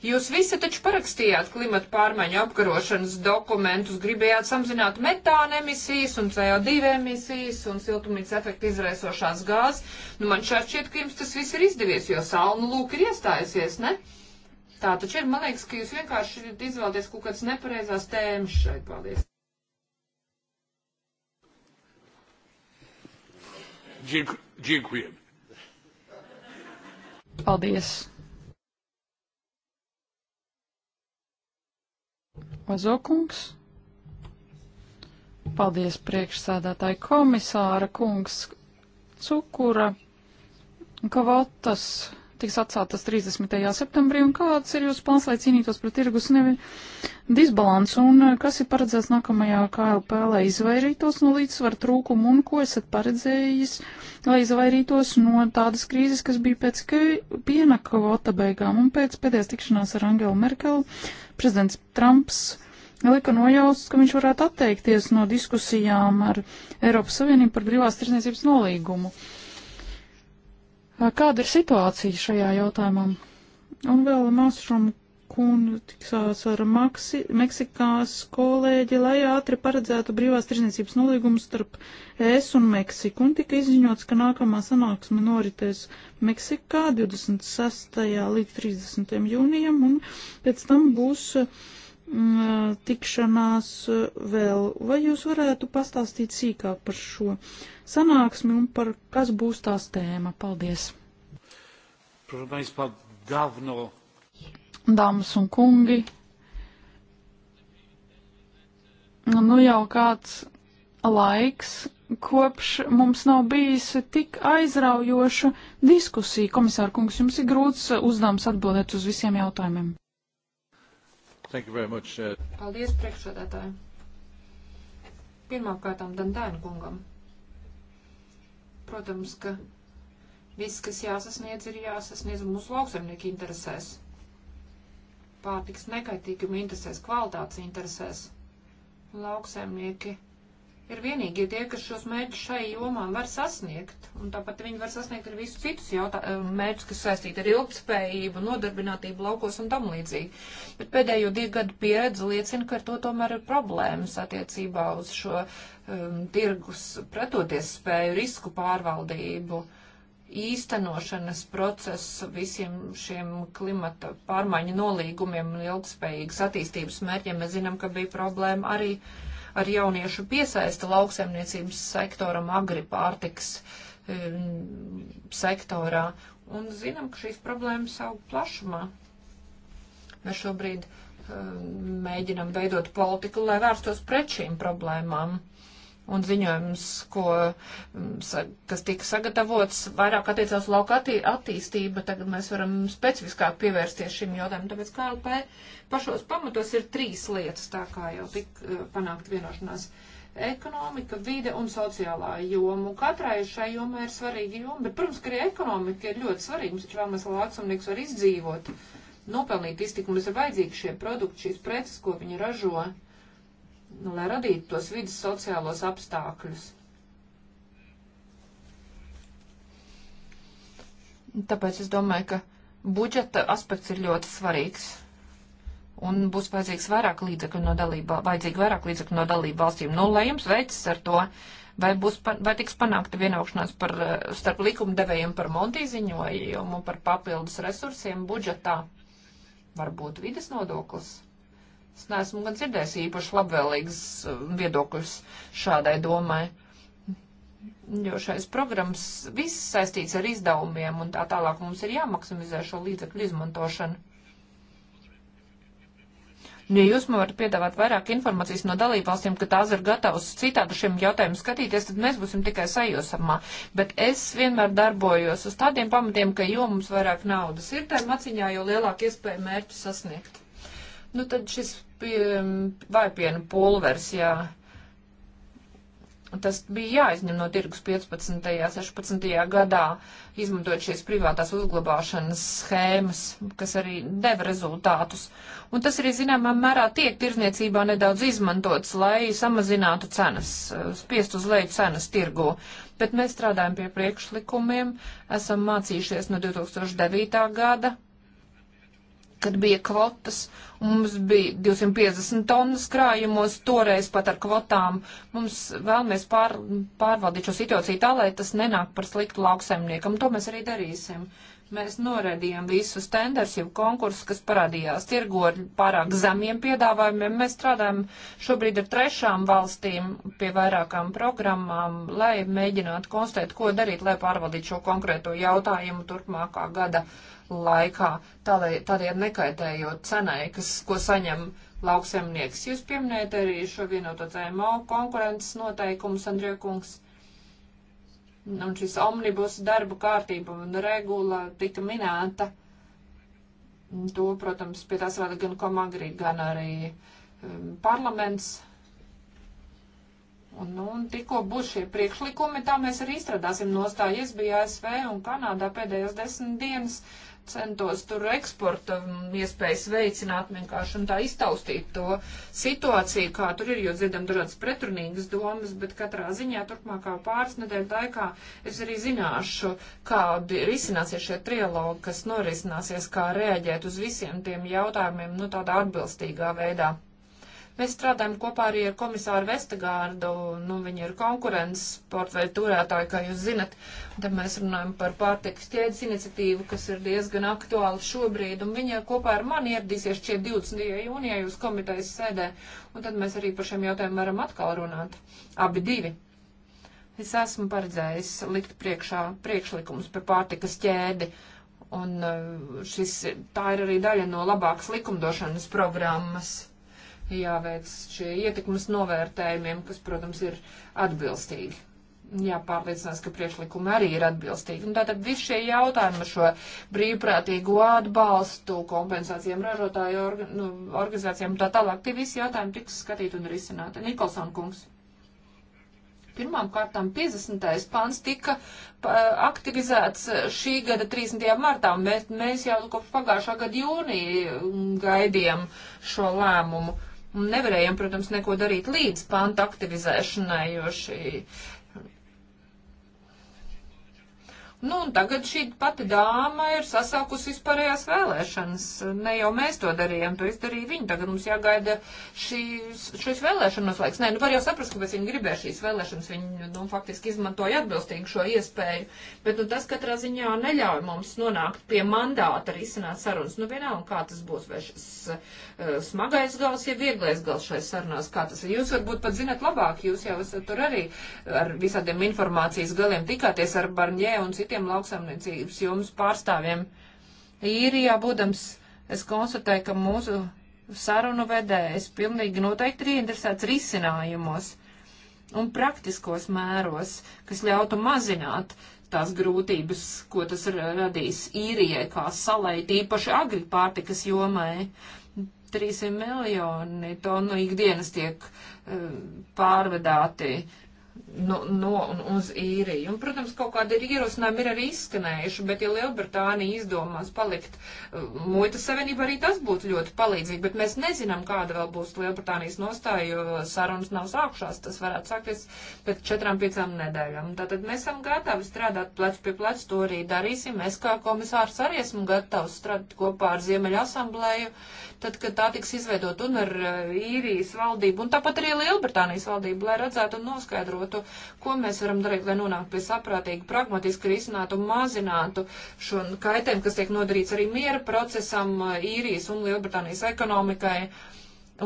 Jūs visi taču parakstījāt klimata pārmaiņu apkarošanas dokumentus, gribējāt samazināt metāna emisijas un CO2 emisijas un siltumnīca efekta izraisošās gāzes. Nu, man šķiet, ka jums tas viss ir izdevies, jo salnu lūk ir iestājusies, ne? Tā taču ir, man liekas, ka jūs vienkārši izvēlaties kaut kādas nepareizās tēmas šeit. Paldies! Dziękuję. Paldies! Ozokungs. Paldies priekšsēdētāji komisāra kungs cukura kavotas tiks atceltas 30. septembrī, un kāds ir jūsu plāns, lai cīnītos pret tirgus nevi disbalansu, un eh, kas ir paredzēts nākamajā KLP, lai izvairītos no līdzsvaru trūkumu, un ko esat paredzējis, lai izvairītos no tādas krīzes, kas bija pēc piena kvota beigām, un pēc pēdējās tikšanās ar Angelu Merkelu prezidents Trumps lika nojaust, ka viņš varētu atteikties no diskusijām ar Eiropas Savienību par brīvās tirsniecības nolīgumu. Kāda ir situācija šajā jautājumā? Un vēl Māsrum un tiksās ar Maksi, Meksikās kolēģi, lai ātri paredzētu brīvās tirzniecības nolīgumu starp ES un Meksiku, un tika izziņots, ka nākamā sanāksme noritēs Meksikā 26. līdz 30. jūnijam, un pēc tam būs m, mm, tikšanās vēl. Vai jūs varētu pastāstīt sīkāk par šo sanāksmi un par kas būs tās tēma? Paldies! Proszę Państwa, dawno dāmas un kungi. Nu jau kāds laiks, kopš mums nav bijis tik aizraujošu diskusiju. Komisāra kungs, jums ir grūts uzdevums atbildēt uz visiem jautājumiem. Much, uh... Paldies, priekšsēdētāji. Pirmkārtām Dantēna kungam. Protams, ka viss, kas jāsasniedz, ir jāsasniedz mūsu lauksaimnieku interesēs pārtiks nekaitīguma interesēs, kvalitātes interesēs. Lauksaimnieki ir vienīgie tie, kas šos mērķus šai jomā var sasniegt, un tāpat viņi var sasniegt arī visus citus eh, mērķus, kas saistīti ar ilgspējību, nodarbinātību laukos un tam līdzīgi. Bet pēdējo divu gadu pieredze liecina, ka ar to tomēr ir problēmas attiecībā uz šo um, tirgus pretoties spēju risku pārvaldību. Uh, īstenošanas process visiem šiem klimata pārmaiņu nolīgumiem un ilgspējīgas attīstības mērķiem. Mēs zinām, ka bija problēma arī ar jauniešu piesaista lauksaimniecības sektoram, agripārtiks um, sektorā. Un zinām, ka šīs problēmas aug plašumā. Mēs šobrīd um, mēģinam veidot politiku, lai vērstos pret šīm problēmām. Uh, un ziņojums, ko, mm, kas tika sagatavots, vairāk attiecās lauka attī attīstība, tagad mēs varam specifiskāk pievērsties šim jautājumam, tāpēc KLP pašos pamatos ir trīs lietas, tā kā jau tik eh, panākt vienošanās ekonomika, vide un sociālā joma. Katrai šai jomai ir svarīga joma, bet, protams, ka arī ekonomika ir ļoti svarīga. Mums taču vēlamies, lai lauksamnieks var izdzīvot, nopelnīt iztiku. Mums ir vajadzīgi šie produkti, šīs preces, ko viņi ražo. Uh, nu, lai radītu tos vidas sociālos apstākļus. Tāpēc es domāju, ka budžeta aspekts ir ļoti svarīgs. Un būs vajadzīgs vairāk līdzekļu no dalībā, vajadzīgi vairāk līdzekļu no dalību valstīm. Nu, lai jums veicas ar to, vai, būs, vai tiks panākta vienošanās par, eh, starp likumdevējiem par Monti ziņojumu, par papildus resursiem budžetā, varbūt vides nodoklis. Es neesmu gan dzirdējis īpaši labvēlīgas eh, viedokļus šādai domai. Jo šais programmas viss saistīts ar izdevumiem un tā tālāk mums ir jāmaksimizē šo līdzekļu izmantošanu. Nu, ja jūs man varat piedāvāt vairāk informācijas no dalībvalstīm, ka tās ir gatavas citādi šiem jautājumiem skatīties, tad mēs būsim tikai sajūsamā. Bet es vienmēr darbojos uz tādiem pamatiem, ka jo mums vairāk naudas ir, tā maciņā, jo lielāk iespēja mērķi sasniegt. Nu, tad šis pie, vaipienu pulvers, jā. Tas bija jāizņem no tirgus 15. un 16. gadā, izmantojot šīs privātās uzglabāšanas schēmas, kas arī deva rezultātus. Un tas arī zināmā mērā tiek tirzniecībā nedaudz izmantots, lai samazinātu cenas, spiest uz leju cenas tirgu. Bet mēs strādājam pie priekšlikumiem, esam mācījušies no 2009. gada, kad bija kvotas, un mums bija 250 tonnas krājumos, toreiz pat ar kvotām. Mums vēlamies pār, pārvaldīt šo situāciju tā, lai tas nenāk par sliktu lauksaimniekam. To mēs arī darīsim. Mēs noraidījām visus tenders, jau konkursus, kas parādījās tirgo ar pārāk zemiem piedāvājumiem. Mēs strādājam šobrīd ar trešām valstīm pie vairākām programmām, lai mēģinātu konstatēt, ko darīt, lai pārvaldītu šo konkrēto jautājumu turpmākā gada laikā, tādējādi nekaitējot cenai, kas, ko saņem lauksemnieks. Jūs pieminējat arī šo vienoto CMO konkurences noteikumus, Andrija kungs. Un šis omnibus darba kārtība un regula tika minēta. To, protams, pie tā strādā gan komagrīt, gan arī um, parlaments. Un, nu, un tikko būs šie priekšlikumi, tā mēs arī izstrādāsim nostāju. Es biju ASV un Kanādā pēdējās desmit dienas. Uh, centos tur eksporta mm, iespējas veicināt vienkārši un tā iztaustīt to situāciju, kā tur ir, jo dzirdam dažādas pretrunīgas domas, bet katrā ziņā turpmākā pāris nedēļu laikā es arī zināšu, kā risināsies šie trialogi, kas norisināsies, kā reaģēt uz visiem tiem jautājumiem, nu tādā atbilstīgā veidā. Mēs strādājam kopā arī ar komisāru Vestagārdu, nu, viņa ir konkurences portfeļu turētāja, kā jūs zinat. Un tad mēs runājam par pārtikas ķēdes iniciatīvu, kas ir diezgan aktuāla šobrīd, un viņa kopā ar mani ieradīsies šie 20. jūnijā jūs komitejas sēdē, un tad mēs arī par šiem jautājumiem varam atkal runāt. Abi divi. Es esmu paredzējis likt priekšā priekšlikums par pārtikas ķēdi, un uh, šis, tā ir arī daļa no labākas likumdošanas programmas jāveic šie ietekmes novērtējumiem, kas, protams, ir atbilstīgi. Jāpārliecinās, ka priekšlikumi arī ir atbilstīgi. Un tātad visi šie jautājumi ar šo brīvprātīgo atbalstu, kompensācijām ražotāju orga, nu, organizācijām un tā tālāk, tie visi jautājumi tiks skatīti un risināti. Nikolson kungs. Pirmām kārtām 50. pāns tika aktivizēts šī gada 30. martā, un mēs, mēs jau kopš pagājušā gada jūnija gaidījām šo lēmumu. Un nevarējām, protams, neko darīt līdz panta aktivizēšanai, jo šī Nu, un tagad šī pati dāma ir sasākusi vispārējās vēlēšanas. Ne jau mēs to darījām, to izdarīja viņa. Tagad mums jāgaida šīs, šīs vēlēšanas laiks. Nē, nu var jau saprast, kāpēc viņi gribēja šīs vēlēšanas. Viņi, nu, faktiski izmantoja atbilstīgi šo iespēju. Bet, nu, tas katrā ziņā neļauj mums nonākt pie mandāta arī izsināt sarunas. Nu, vienalga, kā tas būs, vai šis uh, smagais gals, ja vieglais gals šai sarunās, kā tas ir. Jūs varbūt pat zinat labāk, jūs jau esat tur arī ar visādiem informācijas galiem tikāties ar Barņē un citiem citiem lauksaimniecības jomas pārstāvjiem. Īrijā būdams, es konstatēju, ka mūsu sarunu vedējs pilnīgi noteikti ir ieinteresēts risinājumos un praktiskos mēros, kas ļautu mazināt tās grūtības, ko tas radīs īrijai kā salai, tīpaši agri pārtikas jomai. 300 miljoni tonu ikdienas tiek um, eh, pārvedāti no, no un uz īriju. Un, protams, kaut kādi ir ierosinājumi ir arī izskanējuši, bet, ja Lielbritānija izdomās palikt uh, muitas savienībā, arī tas būtu ļoti palīdzīgi, bet mēs nezinām, kāda vēl būs Lielbritānijas nostāja, jo sarunas nav sākšās, tas varētu sākties pēc četrām, piecām nedēļām. Tātad mēs esam gatavi strādāt plec pie plec, to arī darīsim. Es kā komisārs arī esmu gatavs strādāt kopā ar Ziemeļa asamblēju, tad, kad tā tiks izveidot un ar uh, īrijas valdību, un tāpat arī Lielbritānijas valdību, lai redzētu un noskaidrotu, saprotu, ko mēs varam darīt, lai nonāktu pie saprātīgi, pragmatiski risinātu un mazinātu šo kaitējumu, kas tiek nodarīts arī miera procesam, eh, īrijas un Lielbritānijas ekonomikai.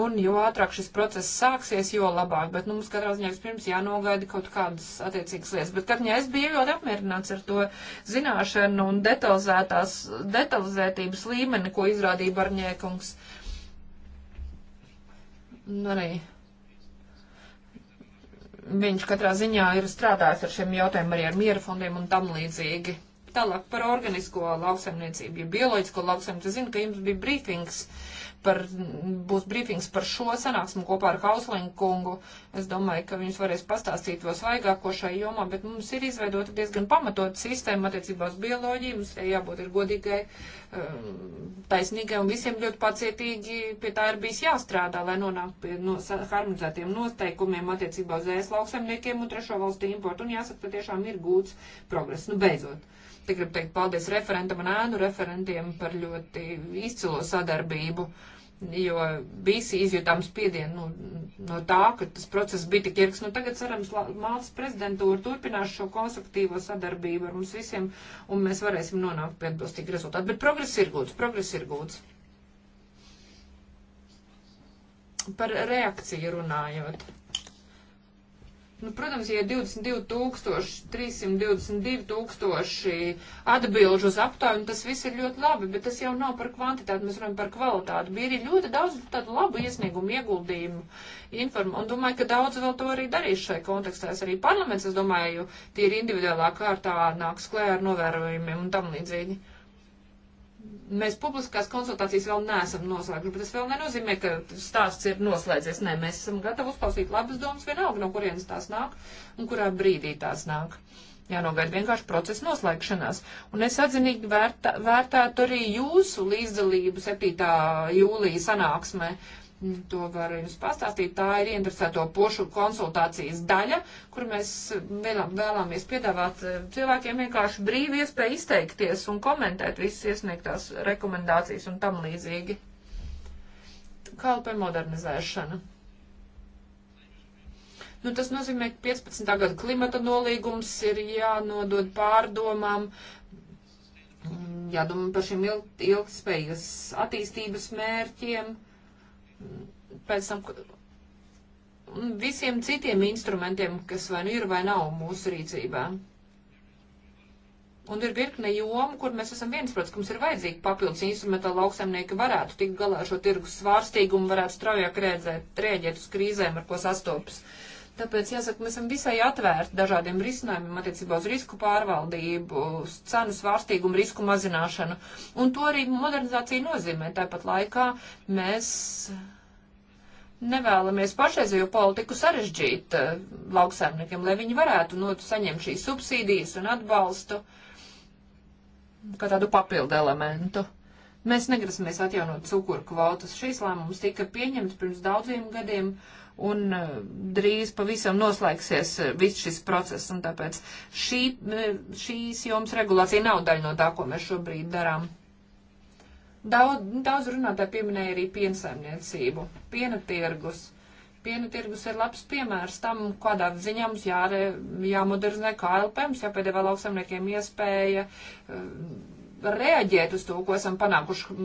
Un jo ātrāk šis process sāksies, jo labāk. Bet nu, mums katrā ziņā vispirms jānogaida kaut kādas attiecīgas lietas. Bet katrā es biju ļoti apmierināts ar to zināšanu un detalizētās, detalizētības līmeni, ko izrādīja Barņēkungs. Un arī viņš katrā ziņā ir strādājis ar šiem jautājumiem arī ar miera fondiem un tam līdzīgi. Tālāk par organisko lauksaimniecību, ja bioloģisko lauksaimniecību, zinu, ka jums bija brīfings par, būs brīfings par šo sanāksmu kopā ar Hauslingu kungu. Es domāju, ka viņš varēs pastāstīt vēl svaigāko šai jomā, bet mums ir izveidota diezgan pamatot sistēma attiecībā uz bioloģiju. Mums ir jābūt ir godīgai, um, taisnīgai un visiem ļoti pacietīgi pie tā ir bijis jāstrādā, lai nonāktu pie no, harmonizētiem noteikumiem attiecībā uz ēst lauksaimniekiem un trešo valstu importu. Un jāsaka, patiešām ir gūts progress. Nu, beidzot. Te gribu teikt paldies referentam un ēnu referentiem par ļoti izcilo sadarbību. Uh, jo visi izjūtām spiedienu nu, no tā, ka tas process bija tik ilgs. Nu, tagad, cerams, Maltas prezidentūra turpinās šo konstruktīvo sadarbību ar mums visiem, un mēs varēsim nonākt pie atbilstīga rezultāta. Bet progress ir gūts, progress ir gūts. Par reakciju runājot. Nu, protams, ja 22,322 tūkstoši atbilžu uz aptaujumu, tas viss ir ļoti labi, bet tas jau nav par kvantitāti, mēs runājam par kvalitāti. Bija arī ļoti daudz tādu labu iesniegumu, ieguldījumu, informu, un domāju, ka daudz vēl to arī darīs šai kontekstā. Es arī parlaments, es domāju, tie ir individuālā kārtā nāks klē ar novērojumiem un tam līdzīgi. Mēs publiskās konsultācijas vēl neesam noslēguši, bet tas vēl nenozīmē, ka stāsts ir noslēdzies. Nē, mēs esam gatavi uzklausīt labas domas vienalga, no kurienes tās nāk un kurā brīdī tās nāk. Jānogaida vienkārši procesa noslēgšanās. Un es atzinīgi vērtā, vērtētu arī jūsu līdzdalību 7. jūlija sanāksmē. Uh, To var jums pastāstīt. Tā ir interesēto pošu konsultācijas daļa, kur mēs eh, vēlamies piedāvāt eh, cilvēkiem vienkārši brīvi iespēju izteikties un komentēt visas iesniegtās rekomendācijas un tam līdzīgi. Kalpe modernizēšana. Nu, tas nozīmē, ka 15. gada klimata nolīgums ir jānodod pārdomām, jādomā par šiem ilg ilgspējīgas attīstības mērķiem. Uh, pēc tam visiem citiem instrumentiem, kas vai nu ir vai nav mūsu rīcībā. Un ir virkne jomu, kur mēs esam viensprāts, ka mums ir vajadzīgi papildus instrumenti, lai lauksaimnieki varētu tikt galā ar šo tirgus svārstīgumu, varētu straujāk rēdzēt, rēģēt uz krīzēm, ar ko sastopas. Tāpēc, jāsaka, mēs esam visai atvērti dažādiem risinājumiem attiecībā uz risku pārvaldību, uz cenu svārstīgumu, risku mazināšanu. Un to arī modernizācija nozīmē. Tāpat laikā mēs nevēlamies pašreizējo politiku sarežģīt uh, lauksaimniekiem, lai viņi varētu no saņemt šīs subsīdijas un atbalstu kā tādu papildu elementu. Mēs negrasamies atjaunot cukuru kvotas. Šīs lēmums tika pieņemts pirms daudziem gadiem un uh, drīz pavisam noslēgsies uh, viss šis process. Un tāpēc šī, šīs joms regulācija nav daļa no tā, ko mēs šobrīd darām. Daudz, daudz runātāji pieminēja arī piensaimniecību, piena tirgus. Piena tirgus ir labs piemērs tam, kādā ziņā mums jāre, jāmodernizē KLP, mums jāpiedāvā lauksaimniekiem iespēja eh, reaģēt uz to, ko esam panākuši,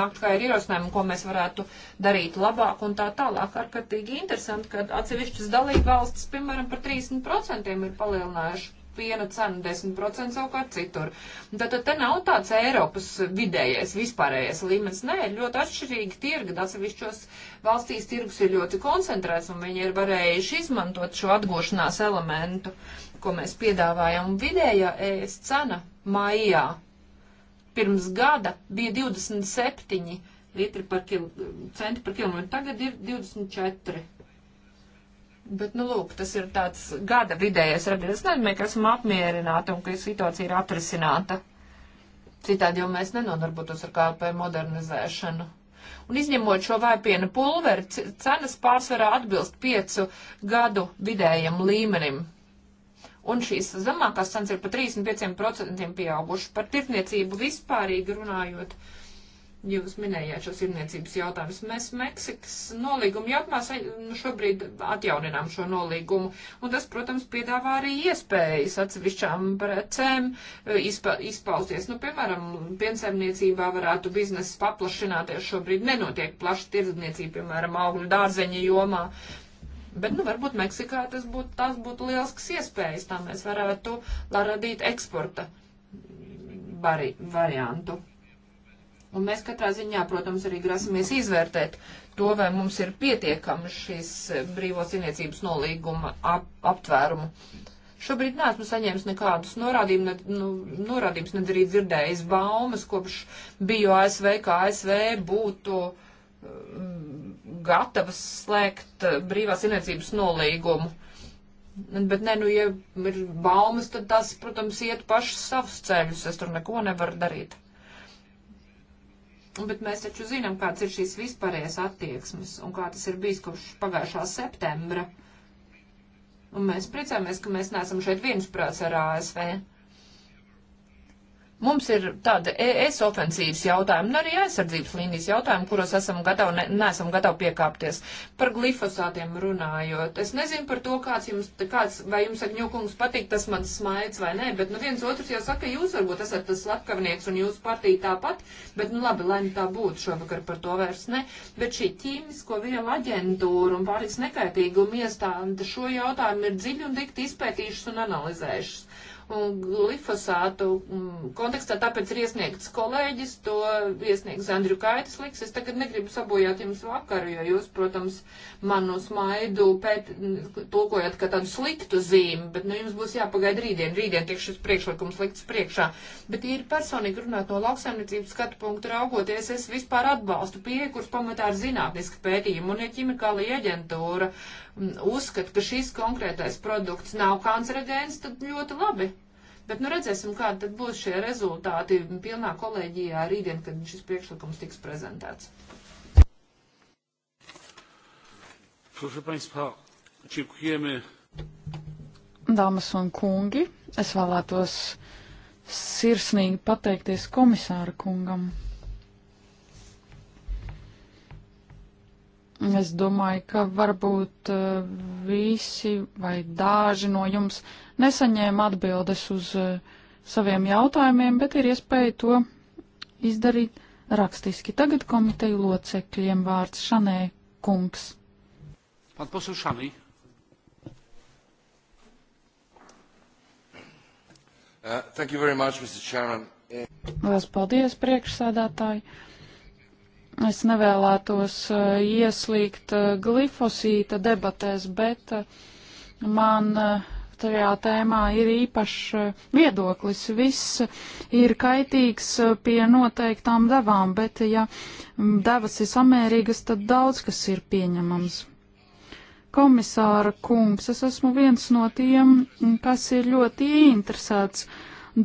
nākt kā ir ierosinājumi, ko mēs varētu darīt labāk un tā tālāk. Ārkārtīgi interesanti, ka atsevišķas dalība valstis, piemēram, par 30% ir palielinājuši piena cena 10% savukārt citur. Tātad te nav tāds Eiropas vidējais, vispārējais līmenis. Nē, ir ļoti atšķirīgi tirgi. Atsevišķos valstīs tirgus ir ļoti koncentrēts un viņi ir varējuši izmantot šo atgošanās elementu, ko mēs piedāvājam. Vidējā ēst cena maijā pirms gada bija 27 litri par kil... centi par kilometru, tagad ir 24. Bet, nu, lūk, tas ir tāds gada vidējais radījums. Es nedomāju, ka esmu apmierināta un ka situācija ir atrisināta. Citādi jau mēs nenodarbotos ar KLP modernizēšanu. Un izņemot šo vaipienu pulveri, cenas pārsvarā atbilst piecu gadu vidējam līmenim. Un šīs zemākās cenas ir pa 35% pieaugušas. Par tirtniecību vispārīgi runājot. Uh, Jūs minējāt šos irniecības jautājumus. Mēs Meksikas nolīgumu jautājumā nu, šobrīd atjauninām šo nolīgumu, un tas, protams, piedāvā arī iespējas atsevišķām precēm e, izpa, izpausties. Nu, piemēram, piensaimniecībā varētu bizness paplašināties, šobrīd nenotiek plaša tirdzniecība, piemēram, augļu dārzeņa jomā. Bet, nu, varbūt Meksikā tas būtu, tās būtu lielskas iespējas, tā mēs varētu radīt eksporta vari, variantu. Un mēs katrā ziņā, protams, arī grasamies izvērtēt to, vai mums ir pietiekami šīs eh, brīvo cienniecības nolīguma ap, aptvērumu. Šobrīd neesmu saņēmis nekādus norādījumus, ne, nu, norādījumus nedz arī dzirdējis baumas, kopš biju ASV, kā ASV būtu mm, gatavas slēgt eh, brīvās cienniecības nolīgumu. Bet, nē, nu, ja ir baumas, tad tas, protams, iet pašas savus ceļus. Es tur neko nevaru darīt. Bet mēs taču zinām, kāds ir šīs vispārējās attieksmes un kā tas ir bijis kopš pagājušā septembra. Un mēs priecāmies, ka mēs neesam šeit viensprāts ar ASV. Mums ir tāda ES ofensīvas jautājuma un arī aizsardzības līnijas jautājuma, kuros esam gatavi, ne, neesam gatavi piekāpties. Par glifosātiem runājot, es nezinu par to, kāds jums, kāds, vai jums akņokungs patīk tas mans smaids vai nē, bet nu viens otrs jau saka, jūs varbūt esat tas lapkavnieks un jūs partija tāpat, bet nu labi, lai nu tā būtu šovakar par to vairs ne, bet šī ķīmisko vielu aģentūra un pāris nekaitīguma iestāde šo jautājumu ir dziļi un dikti izpētījušas un analizējušas un glifosātu mm, kontekstā, tāpēc ir iesniegts kolēģis, to iesniegs Andriu Kaitis liks. Es tagad negribu sabojāt jums vakaru, jo jūs, protams, manu smaidu pēt, tulkojat kā tādu sliktu zīmi, bet nu jums būs jāpagaida rītdien. Rītdien tiek šis priekšlikums likts priekšā. Bet ir personīgi runāt no lauksaimniecības skatu punktu raugoties, es vispār atbalstu pieeja, kuras pamatā ir zinātniska pētījuma un ir ķimikāla aģentūra. Uh, uzskata, ka šis konkrētais produkts nav kancerogēns, tad ļoti labi. Bet nu redzēsim, kādi tad būs šie rezultāti pilnā kolēģijā rītdien, kad šis priekšlikums tiks prezentēts. Dāmas un kungi, es vēlētos sirsnīgi pateikties komisāra kungam Es domāju, ka varbūt eh, visi vai daži no jums nesaņēma atbildes uz eh, saviem jautājumiem, bet ir iespēja to izdarīt rakstiski. Tagad komiteju locekļiem vārds Šanē kungs. Pan poseł Szany. Uh, thank you very much, Mr. Chairman. Lielas paldies, priekšsēdētāji. Uh, Es nevēlētos eh, ieslīgt eh, glifosīta debatēs, bet eh, man tajā tēmā ir īpašs viedoklis. Viss ir kaitīgs pie noteiktām devām, bet ja mm, devas ir samērīgas, tad daudz kas ir pieņemams. Komisāra kungs, es esmu viens no tiem, mm, kas ir ļoti ieinteresēts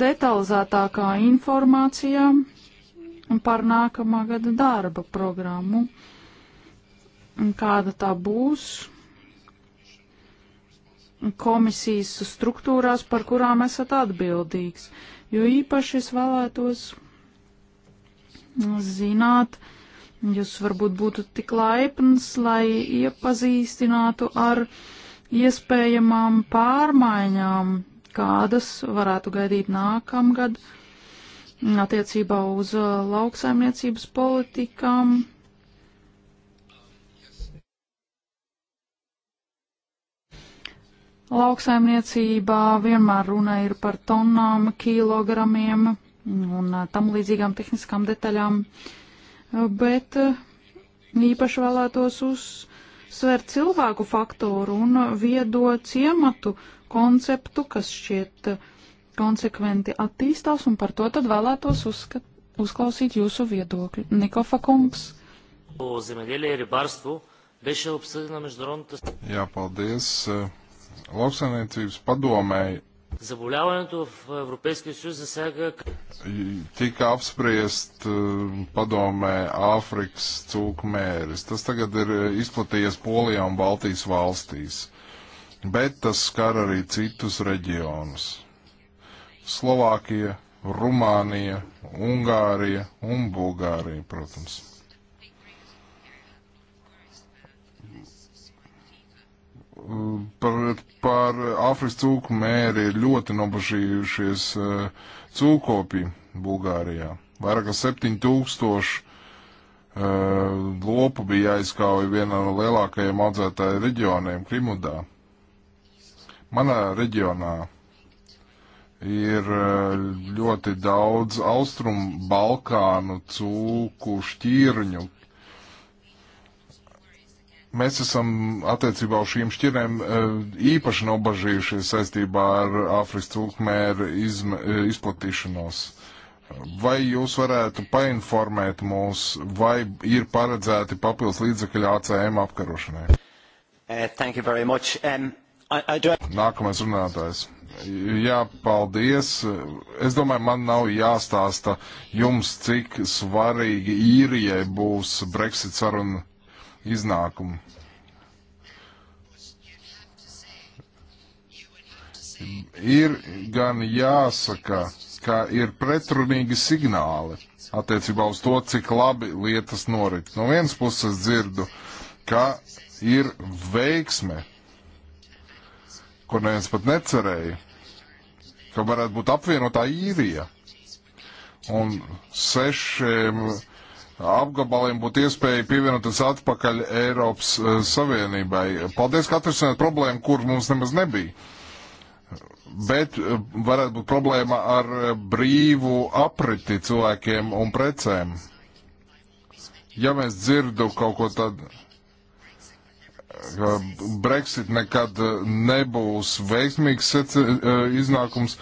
detalizētākā informācijā par nākamā gada darba programmu. Kāda tā būs? Komisijas struktūrās, par kurām esat atbildīgs. Jo īpaši es vēlētos zināt, jūs varbūt būtu tik laipns, lai iepazīstinātu ar iespējamām pārmaiņām, kādas varētu gaidīt nākamgad attiecībā uz uh, lauksaimniecības politikām. Lauksaimniecībā vienmēr runa ir par tonnām, kilogramiem un uh, tam līdzīgām tehniskām detaļām, uh, bet īpaši vēlētos uzsvērt cilvēku faktoru un viedo ciematu konceptu, kas šķiet uh, konsekventi attīstās, un par to tad vēlētos uzskat, uzklausīt jūsu viedokļu. Nikofa kungs. Jā, paldies. Lauksaimniecības padomēji Заболяването в Европейския съюз засяга... Tika apspriest eh, padomē Āfrikas cūkmēris. Tas tagad ir eh, izplatījies Polijā un Baltijas valstīs, bet tas skar arī citus reģionus. Slovākija, Rumānija, Ungārija un Bulgārija, protams. Par, par Āfrikas cūku mēri ir ļoti nobažījušies eh, cūkopi Bulgārijā. Vairāk kā 7000 eh, lopu bija jāizkauj vienā no lielākajiem audzētāju reģioniem Krimudā. Manā reģionā ir e, ļoti daudz austrumu Balkānu cūku šķirņu. Mēs esam attiecībā uz šīm šķirnēm e, īpaši nobažījušies saistībā ar Āfrikas cūkmēra e, izplatīšanos. Vai jūs varētu painformēt mūs, vai ir paredzēti papildus līdzekļi ACM apkarošanai? Uh, um, I, I do... Nākamais runātājs. Jā, paldies. Es domāju, man nav jāstāsta jums, cik svarīgi īrijai būs Brexit saruna iznākuma. Ir gan jāsaka, ka ir pretrunīgi signāli attiecībā uz to, cik labi lietas norit. No vienas puses dzirdu, ka ir veiksme, ko neviens pat necerēja ka varētu būt apvienotā īrija. Un sešiem apgabaliem būtu iespēja pievienoties atpakaļ Eiropas eh, Savienībai. Paldies, ka atrisināt problēmu, kur mums nemaz nebija. Bet eh, varētu būt problēma ar brīvu apriti cilvēkiem un precēm. Ja mēs dzirdu kaut ko tādu ka Brexit nekad nebūs veiksmīgs e, iznākums.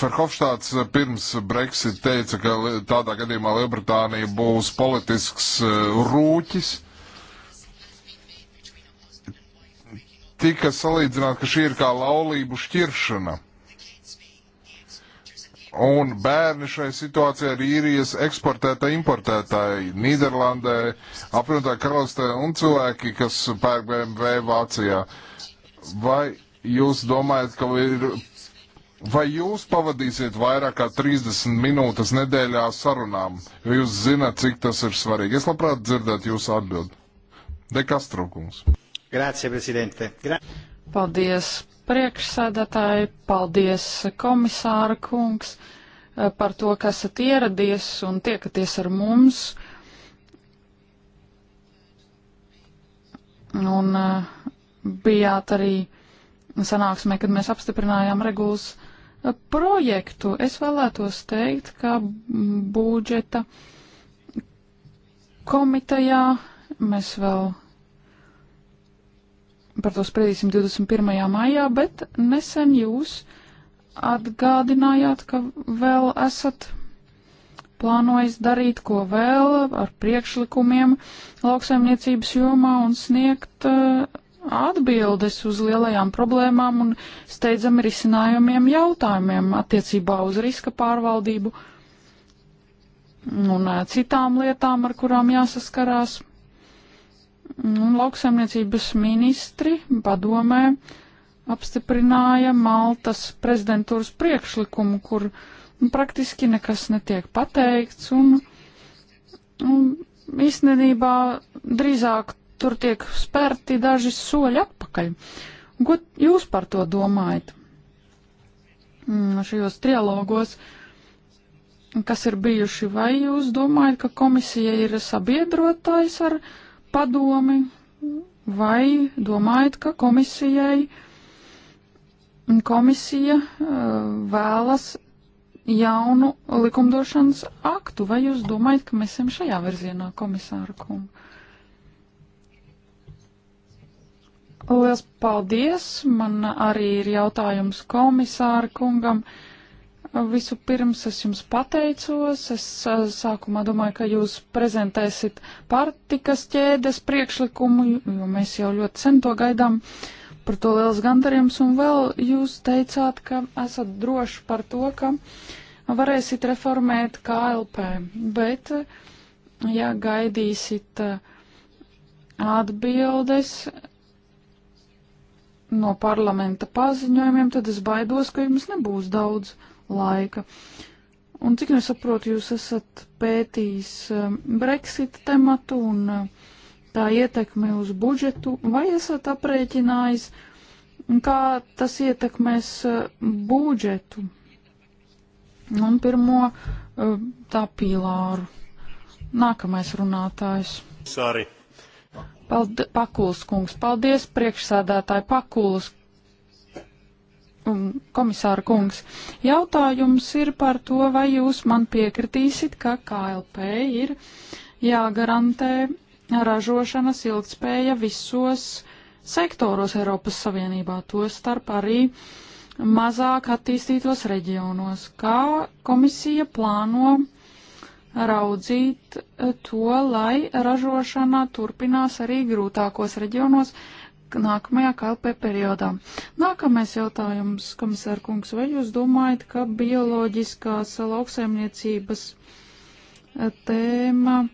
Ferhofstāds pirms Brexit teica, ka tādā gadījumā Lielbritānija būs politisks e, rūķis. Tika salīdzināt, ka šī ir kā laulību šķiršana. Un bērni šai situācijā ir īrijas eksportētāji, importētāji Nīderlandē, apvienotā karalistē un cilvēki, kas pērk BMW Vācijā. Vai jūs domājat, ka ir. Vai jūs pavadīsiet vairāk kā 30 minūtes nedēļā sarunām, jo jūs zināt, cik tas ir svarīgi? Es labprāt dzirdētu jūsu atbildi. De Castro kungs. Grācie, prezidente. Gra Paldies, priekšsēdētāji, paldies komisāra kungs eh, par to, ka esat ieradies un tiekaties ar mums. Un eh, bijāt arī sanāksmē, kad mēs apstiprinājām regulas eh, projektu. Es vēlētos teikt, ka mm, budžeta komitejā mēs vēl par to spriedīsim 21. maijā, bet nesen jūs atgādinājāt, ka vēl esat plānojis darīt ko vēl ar priekšlikumiem lauksaimniecības jomā un sniegt uh, atbildes uz lielajām problēmām un steidzami risinājumiem jautājumiem attiecībā uz riska pārvaldību un uh, citām lietām, ar kurām jāsaskarās Un lauksaimniecības ministri padomē apstiprināja Maltas prezidentūras priekšlikumu, kur nu, praktiski nekas netiek pateikts un, un īstenībā drīzāk tur tiek spērti daži soļi atpakaļ. Ko jūs par to domājat? Mm, šajos trialogos, kas ir bijuši, vai jūs domājat, ka komisija ir sabiedrotājs ar padomi, vai domājat, ka komisijai komisija eh, vēlas jaunu likumdošanas aktu, vai jūs domājat, ka mēs esam šajā virzienā, komisāra kunga? Lielas paldies! Man arī ir jautājums komisāra kungam. Uh, Vispirms es jums pateicos. Es sākumā domāju, ka jūs prezentēsiet pārtikas ķēdes priekšlikumu, jo mēs jau ļoti sen to gaidām. Par to liels gandarījums. Un vēl jūs teicāt, ka esat droši par to, ka varēsit reformēt KLP. Bet, ja gaidīsit atbildes, no parlamenta paziņojumiem, tad es baidos, ka jums nebūs daudz laika. Un cik nu es saprotu, jūs esat pētījis um, Brexit tematu un uh, tā ietekmi uz budžetu, vai esat aprēķinājis, kā tas ietekmēs uh, budžetu un pirmo uh, tā pīlāru. Nākamais runātājs. Sorry. Paldi, pakuls kungs, paldies priekšsādātāji Pakuls Um, komisāra kungs, jautājums ir par to, vai jūs man piekritīsit, ka KLP ir jāgarantē ražošanas ilgspēja visos sektoros Eiropas Savienībā, to starp arī mazāk attīstītos reģionos. Kā komisija plāno raudzīt to, lai ražošana turpinās arī grūtākos reģionos, uh, nākamajā kalpē periodā. Nākamais jautājums, komisāra kungs, vai jūs domājat, ka bioloģiskās lauksaimniecības e, tēma e,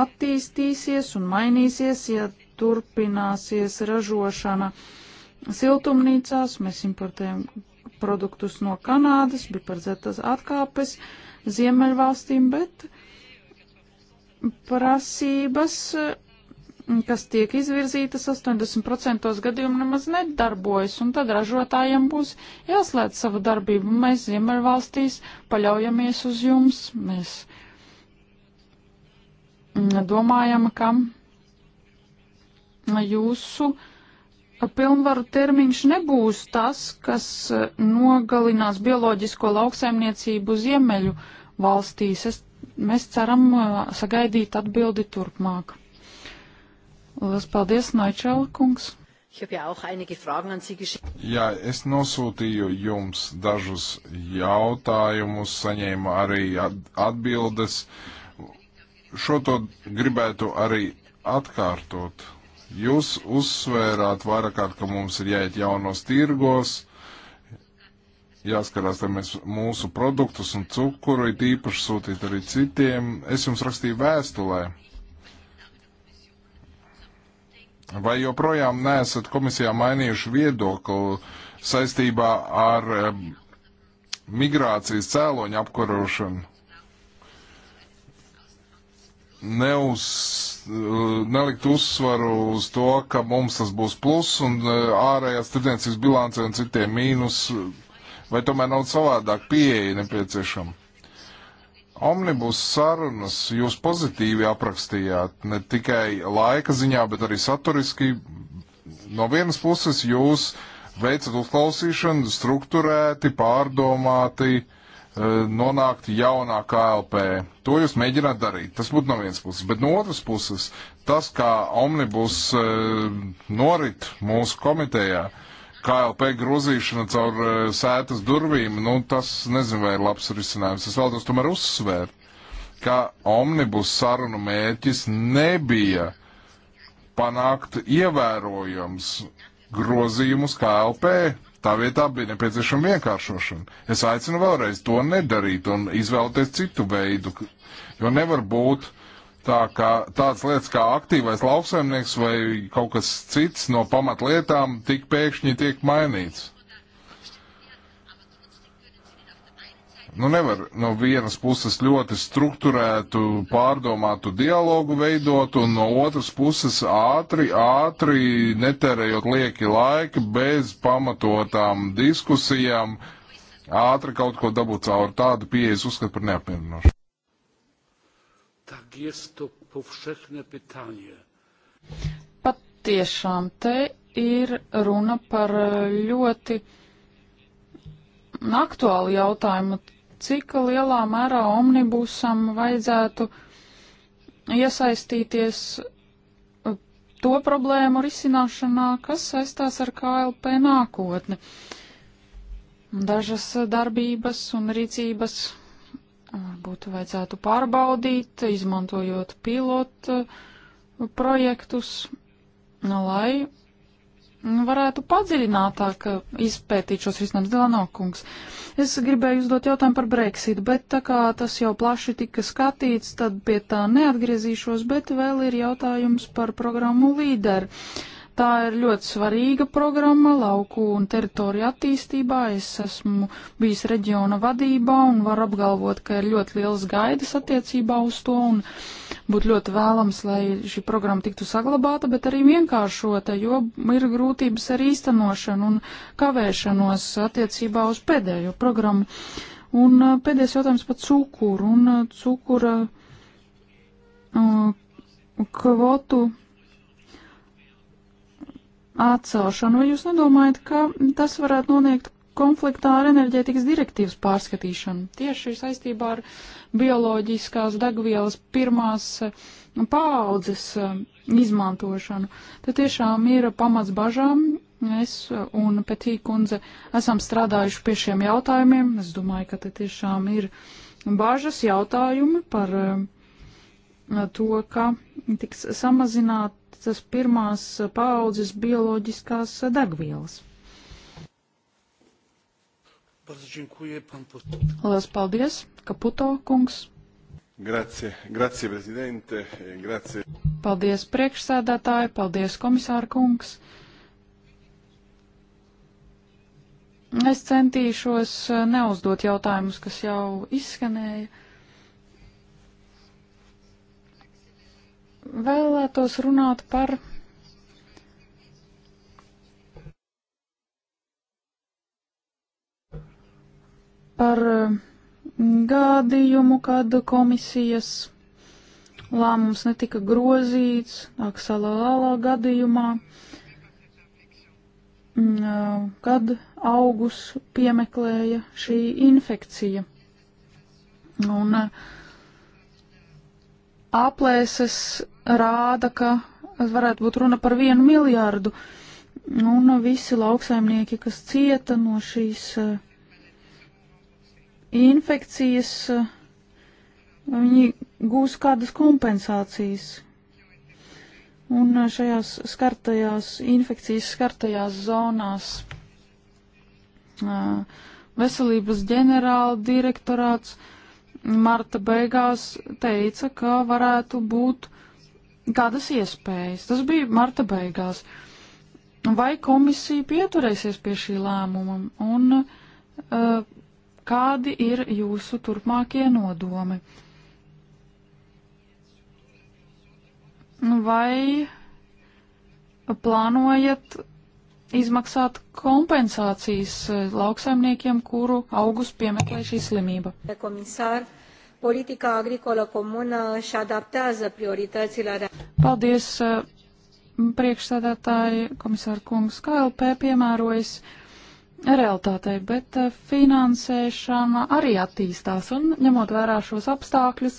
attīstīsies un mainīsies, ja turpināsies ražošana siltumnīcās, mēs importējam produktus no Kanādas, bija paredzētas atkāpes Ziemeļvalstīm, bet prasības kas tiek izvirzītas 80% gadījumu nemaz nedarbojas, un tad ražotājiem būs jāslēdz sava darbība. Mēs Ziemeļvalstīs paļaujamies uz jums, mēs mm, domājam, ka jūsu pilnvaru termiņš nebūs tas, kas nogalinās bioloģisko lauksaimniecību Ziemeļu valstīs. Es, mēs ceram uh, sagaidīt atbildi turpmāk. Lielas paldies, Noičela kungs! Jā, es nosūtīju jums dažus jautājumus, saņēmu arī atbildes. Šo to gribētu arī atkārtot. Jūs uzsvērāt vairākārt, ka mums ir jāiet jaunos tirgos, jāskarās, lai mēs mūsu produktus un cukuru it īpaši sūtīt arī citiem. Es jums rakstīju vēstulē Vai joprojām neesat komisijā mainījuši viedokli saistībā ar migrācijas cēloņu apkarošanu? Neuz, nelikt uzsvaru uz to, ka mums tas būs plus un e, ārējās tirdzniecības bilance un citiem mīnus, vai tomēr nav savādāk pieeja nepieciešama? Omnibus sarunas jūs pozitīvi aprakstījāt, ne tikai laika ziņā, bet arī saturiski. No vienas puses jūs veicat uzklausīšanu struktūrēti, pārdomāti, eh, nonākt jaunā KLP. To jūs mēģināt darīt. Tas būtu no vienas puses. Bet no otras puses, tas, kā omnibus eh, norit mūsu komitejā, uh, KLP grozīšana caur e, sētas durvīm, nu, tas nezinu, vai ir labs risinājums. Es vēlos tomēr uzsvērt, ka omnibus sarunu mērķis nebija panākt ievērojams grozījumus KLP. Tā vietā bija nepieciešama vienkāršošana. Es aicinu vēlreiz to nedarīt un izvēlēties citu veidu, jo nevar būt uh, Tā kā tādas lietas kā aktīvais lauksaimnieks vai kaut kas cits no pamatlietām tik pēkšņi tiek mainīts. Nu nevar no vienas puses ļoti strukturētu, pārdomātu dialogu veidot, un no otras puses ātri, ātri netērējot lieki laika, bez pamatotām diskusijām, ātri kaut ko dabūt caur tādu pieejas uzskatu par neapmierinošu. Tak jest to powszechne pytanie. Pat tiešām te ir runa par ļoti aktuālu jautājumu, cik lielā mērā omnibusam vajadzētu iesaistīties to problēmu risināšanā, kas saistās ar KLP nākotni. Dažas darbības un rīcības Varbūt vajadzētu pārbaudīt, izmantojot pilotu projektus, nu, lai varētu padziļinātāk izpētīt šos risinājumus. Dilanokungs, es gribēju uzdot jautājumu par Brexit, bet tā kā tas jau plaši tika skatīts, tad pie tā neatgriezīšos, bet vēl ir jautājums par programmu līderu. Tā ir ļoti svarīga programma lauku un teritoriju attīstībā. Es esmu bijis reģiona vadībā un varu apgalvot, ka ir ļoti liels gaidas attiecībā uz to un būtu ļoti vēlams, lai šī programma tiktu saglabāta, bet arī vienkāršota, jo ir grūtības ar īstenošanu un kavēšanos attiecībā uz pēdējo programmu. Un uh, pēdējais jautājums par cukuru un uh, cukura uh, kvotu atcelšanu, vai jūs nedomājat, ka tas varētu noniegt konfliktā ar enerģētikas direktīvas pārskatīšanu tieši saistībā ar bioloģiskās degvielas pirmās nu, paaudzes eh, izmantošanu? Te tiešām ir pamats bažām. Es un Petī kundze esam strādājuši pie šiem jautājumiem. Es domāju, ka te tiešām ir bažas jautājumi par eh, to, ka tiks samazināt ievestas pirmās paaudzes bioloģiskās degvielas. Lielas paldies, Kaputo kungs. Grazie, grazie, prezidente, eh, grazie. Paldies, priekšsēdētāji, paldies, komisāra kungs. Es centīšos eh, neuzdot jautājumus, kas jau izskanēja. vēlētos runāt par. Par mm, gadījumu, kad komisijas lēmums netika grozīts Aksalālā gadījumā, mm, kad augus piemeklēja šī infekcija. Un, uh, aplēses rāda, ka varētu būt runa par vienu miljārdu. Un visi lauksaimnieki, kas cieta no šīs eh, infekcijas, eh, viņi gūs kādas kompensācijas. Un šajās skartajās, infekcijas skartajās zonās eh, veselības ģenerāla direktorāts uh, marta beigās teica, ka varētu būt kādas iespējas. Tas bija marta beigās. Vai komisija pieturēsies pie šī lēmuma un uh, kādi ir jūsu turpmākie nodomi? Vai plānojat izmaksāt kompensācijas eh, lauksaimniekiem, kuru augus piemeklē šī slimība. Komisār, politika agrikola komuna și adaptează prioritățile. Paldies, eh, priekšsēdētāji, komisāra kungs, KLP piemērojas realitātei, bet eh, finansēšana arī attīstās un ņemot vērā šos apstākļus,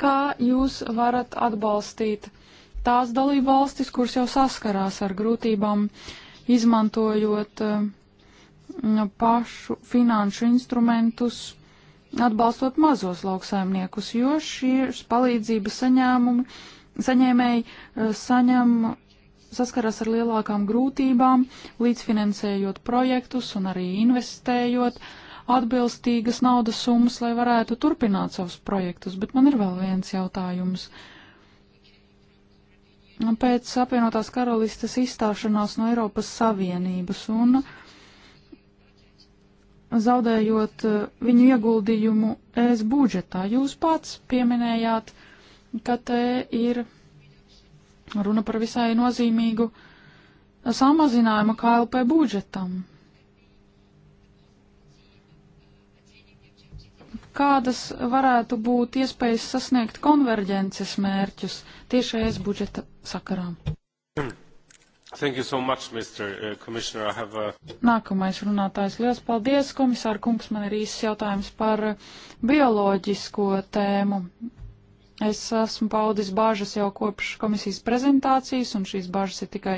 kā jūs varat atbalstīt tās dalību valstis, kuras jau saskarās ar grūtībām uh, izmantojot eh, pašu finanšu instrumentus, atbalstot mazos lauksaimniekus, jo šīs palīdzības saņēmumi, saņēmēji eh, saņem saskaras ar lielākām grūtībām, līdzfinansējot projektus un arī investējot atbilstīgas naudas summas, lai varētu turpināt savus projektus. Bet man ir vēl viens jautājums. Uh, pēc apvienotās karalistes izstāšanās no Eiropas Savienības un zaudējot eh, viņu ieguldījumu ES budžetā. Jūs pats pieminējāt, ka te ir runa par visai nozīmīgu samazinājumu KLP budžetam. Kādas varētu būt iespējas sasniegt konverģences mērķus tiešais budžeta sakarām? Hmm. Thank you so much, Mr. Uh, commissioner. I have a... Uh, Nākamais runātājs. Lielas paldies, komisāra kungs. Man ir īsts jautājums par bioloģisko tēmu. Es esmu paudis bāžas jau kopš komisijas prezentācijas, un šīs bāžas ir tikai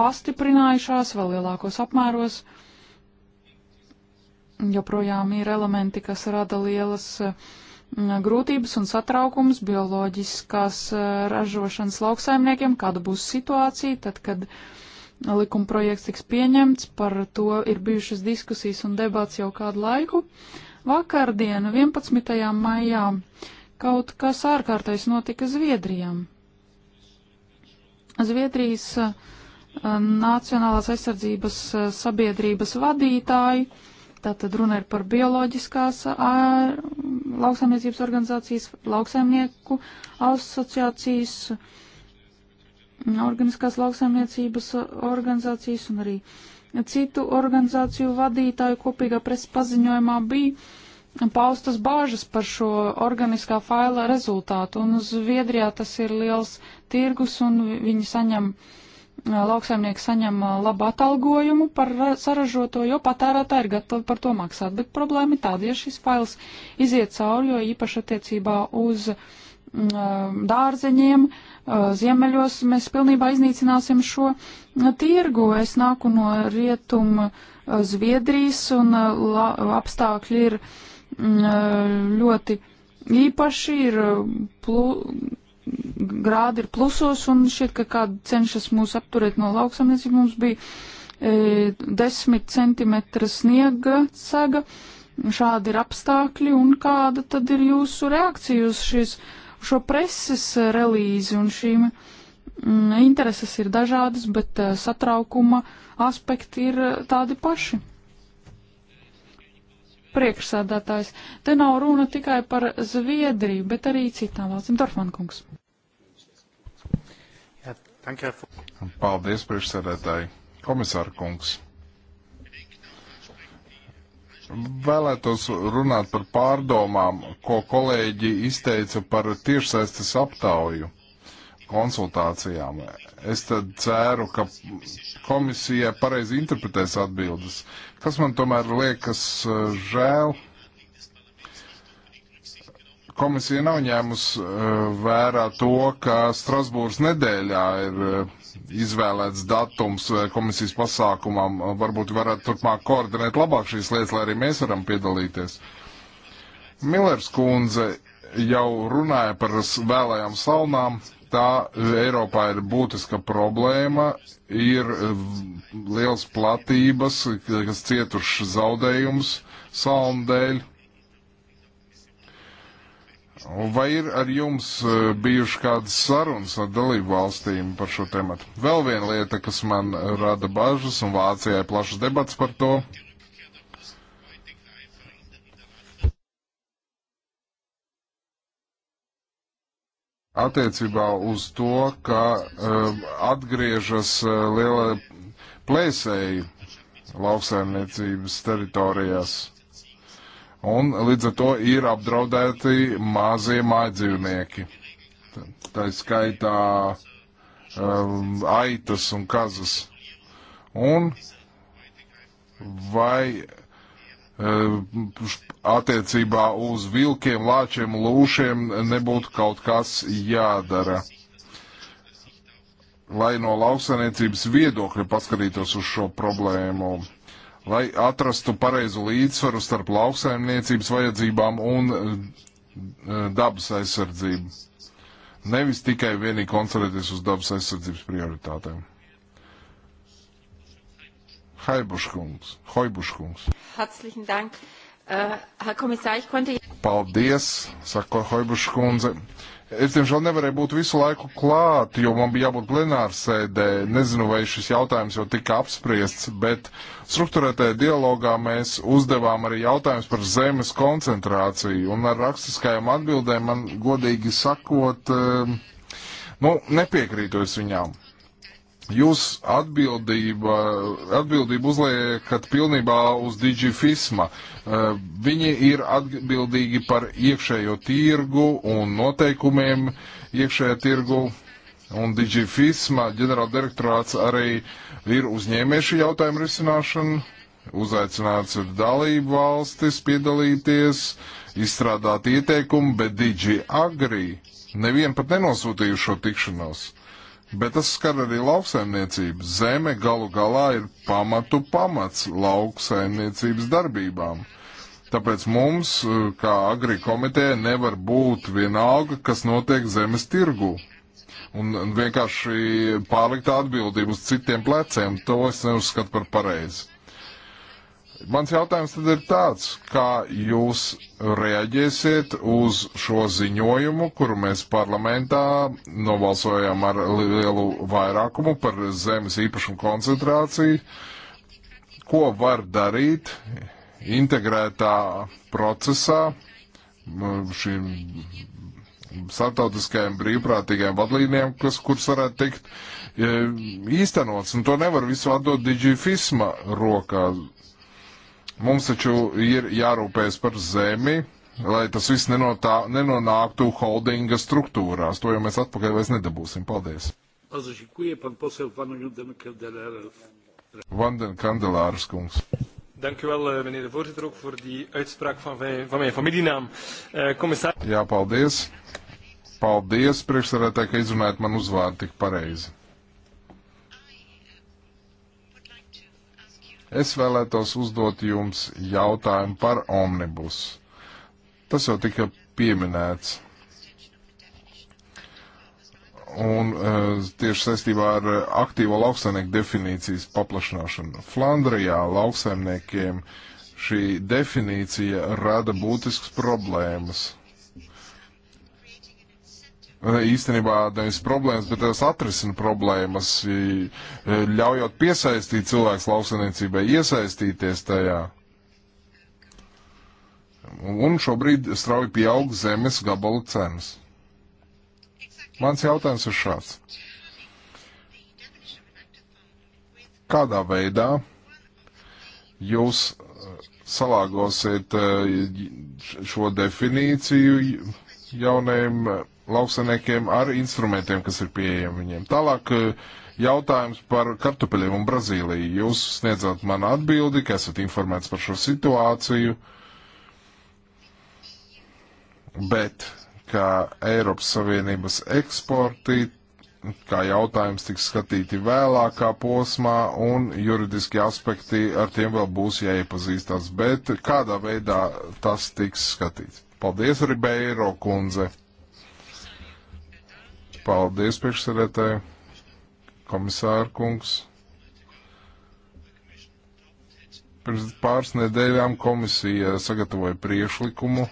pastiprinājušās vēl lielākos apmēros. Uh, joprojām ir elementi, kas rada lielas mm, grūtības un satraukums bioloģiskās eh, ražošanas lauksaimniekiem, kāda būs situācija, tad, kad likuma projekts tiks pieņemts, par to ir bijušas diskusijas un debāts jau kādu laiku. Vakardien, 11. maijā, kaut kas ārkārtais notika Zviedrijām. Zviedrijas eh, Nacionālās aizsardzības eh, sabiedrības vadītāji Tātad runa ir par bioloģiskās lauksaimniecības organizācijas, lauksaimnieku asociācijas, organiskās lauksaimniecības organizācijas un arī citu organizāciju vadītāju kopīgā presa paziņojumā bija paustas bāžas par šo organiskā faila rezultātu. Un Zviedrijā tas ir liels tirgus un viņi saņem uh, lauksaimnieki saņem labu atalgojumu par saražoto, jo patērētāji ir gatavi par to maksāt. Bet problēma ir tāda, ja šis fails iziet cauri, jo īpaši attiecībā uz dārzeņiem, ziemeļos mēs pilnībā iznīcināsim šo tirgu. Es nāku no rietuma Zviedrijas un apstākļi ir ļoti īpaši, ir plū grādi ir plusos un šķiet, ka kāda cenšas mūs apturēt no lauksamniecības. Mums bija e, 10 centimetra sniega cega, šādi ir apstākļi un kāda tad ir jūsu reakcija uz šis, šo preses relīzi un šīm mm, intereses ir dažādas, bet e, satraukuma aspekti ir e, tādi paši priekšsādātājs. Te nav runa tikai par Zviedriju, bet arī citām valstīm. Dorfmankungs. Paldies, priekšsēdētāji. Komisāra kungs. Vēlētos runāt par pārdomām, ko kolēģi izteica par tiešsaistes aptauju konsultācijām. Es tad ceru, ka komisija pareizi interpretēs atbildes, kas man tomēr liekas eh, žēl. Uh, Komisija nav ņēmus eh, vērā to, ka Strasbūras nedēļā ir eh, izvēlēts datums eh, komisijas pasākumam. Varbūt varētu turpmāk koordinēt labāk šīs lietas, lai arī mēs varam piedalīties. Millers kundze jau runāja par vēlējām salnām. Tā Eiropā ir būtiska problēma, ir liels platības, kas cietuši zaudējums salnu dēļ. Vai ir ar jums eh, bijuši kādas sarunas ar dalību valstīm par šo tematu? Vēl viena lieta, kas man eh, rada bažas, un Vācijā ir plašas debats par to. Attiecībā uz to, ka uh, atgriežas uh, liela plēsēji lauksaimniecības teritorijās un līdz ar to ir apdraudēti mazie mājdzīvnieki. Tā skaitā um, aitas un kazas. Un vai um, attiecībā uz vilkiem, lāčiem, lūšiem nebūtu kaut kas jādara? Lai no lauksaniecības viedokļa paskatītos uz šo problēmu lai atrastu pareizu līdzsvaru starp lauksaimniecības vajadzībām un eh, eh, dabas aizsardzību. Nevis tikai vienīgi koncentrēties uz dabas aizsardzības prioritātēm. Haibuškungs. Haibuškungs. Herzlichen Dank. Uh, Herr Kommissar, ich konnte... Paldies, saka Haibuškundze. Uh, Es, diemžēl, nevarēju būt visu laiku klāt, jo man bija jābūt plenārsēdē. Nezinu, vai šis jautājums jau tika apspriests, bet struktūrētajā dialogā mēs uzdevām arī jautājumus par zemes koncentrāciju. Un ar rakstiskajām atbildēm man godīgi sakot, eh, nu, nepiekrītu es viņām. Jūs atbildība, atbildību uzliekat pilnībā uz Digifisma. Eh, viņi ir atbildīgi par iekšējo tirgu un noteikumiem iekšējā tirgu. Un Digifisma ģenerāldirektorāts arī ir uzņēmējuši jautājumu risināšanu, uzaicināts ir dalību valstis piedalīties, izstrādāt ieteikumu, bet Digi Agri nevien pat nenosūtījušo tikšanos. Bet tas skar arī lauksaimniecību. Zeme galu galā ir pamatu pamats lauksaimniecības darbībām. Tāpēc mums, eh, kā agri komiteja, nevar būt vienalga, kas notiek zemes tirgu. Un vienkārši pārlikt atbildību uz citiem pleciem, to es neuzskatu par pareizi. Mans jautājums tad ir tāds, kā jūs reaģēsiet uz šo ziņojumu, kuru mēs parlamentā nobalsojām ar lielu vairākumu par zemes īpašumu koncentrāciju, ko var darīt integrētā procesā šīm startautiskajām brīvprātīgajām vadlīnijām, kas, kuras varētu tikt e, īstenots, un to nevar visu atdot Digifisma rokā. Mums taču ir jārūpējas par zemi, lai tas viss nenotā, nenonāktu holdinga struktūrās. To jau mēs atpakaļ vairs nedabūsim. Paldies! Vanden Kandelārs kungs. Dank u wel, eh, meneer de voorzitter, ook voor die uitspraak van, wij, van mijn familienaam. Uh, commissaris. Ja, paldies. Paldies, priekšsarētāji, ka izrunājat man uzvārdu tik pareizi. Es vēlētos uzdot jums jautājumu par omnibus. Tas jau tika pieminēts. Un uh, tieši saistībā ar eh, aktīvo lauksaimnieku definīcijas paplašināšanu. Flandrijā lauksaimniekiem šī definīcija rada būtiskas problēmas Eh, īstenībā nevis problēmas, bet tās atrisina problēmas, eh, ļaujot piesaistīt cilvēks lauksaimniecībai, iesaistīties tajā. Un šobrīd strauji pieaug zemes gabalu cenas. Mans jautājums ir šāds. Kādā veidā jūs eh, salāgosiet šo definīciju jaunajiem lauksaniekiem ar instrumentiem, kas ir pieejami viņiem. Tālāk eh, jautājums par kartupeļiem un Brazīliju. Jūs sniedzat man atbildi, ka esat informēts par šo situāciju, bet kā Eiropas Savienības eksporti, kā jautājums tiks skatīti vēlākā posmā un juridiski aspekti ar tiem vēl būs jāiepazīstās, bet kādā veidā tas tiks skatīts. Paldies, Ribeiro kundze! Paldies, priekšsēdētāji, komisāra kungs. Pirms pāris nedēļām komisija sagatavoja priešlikumu,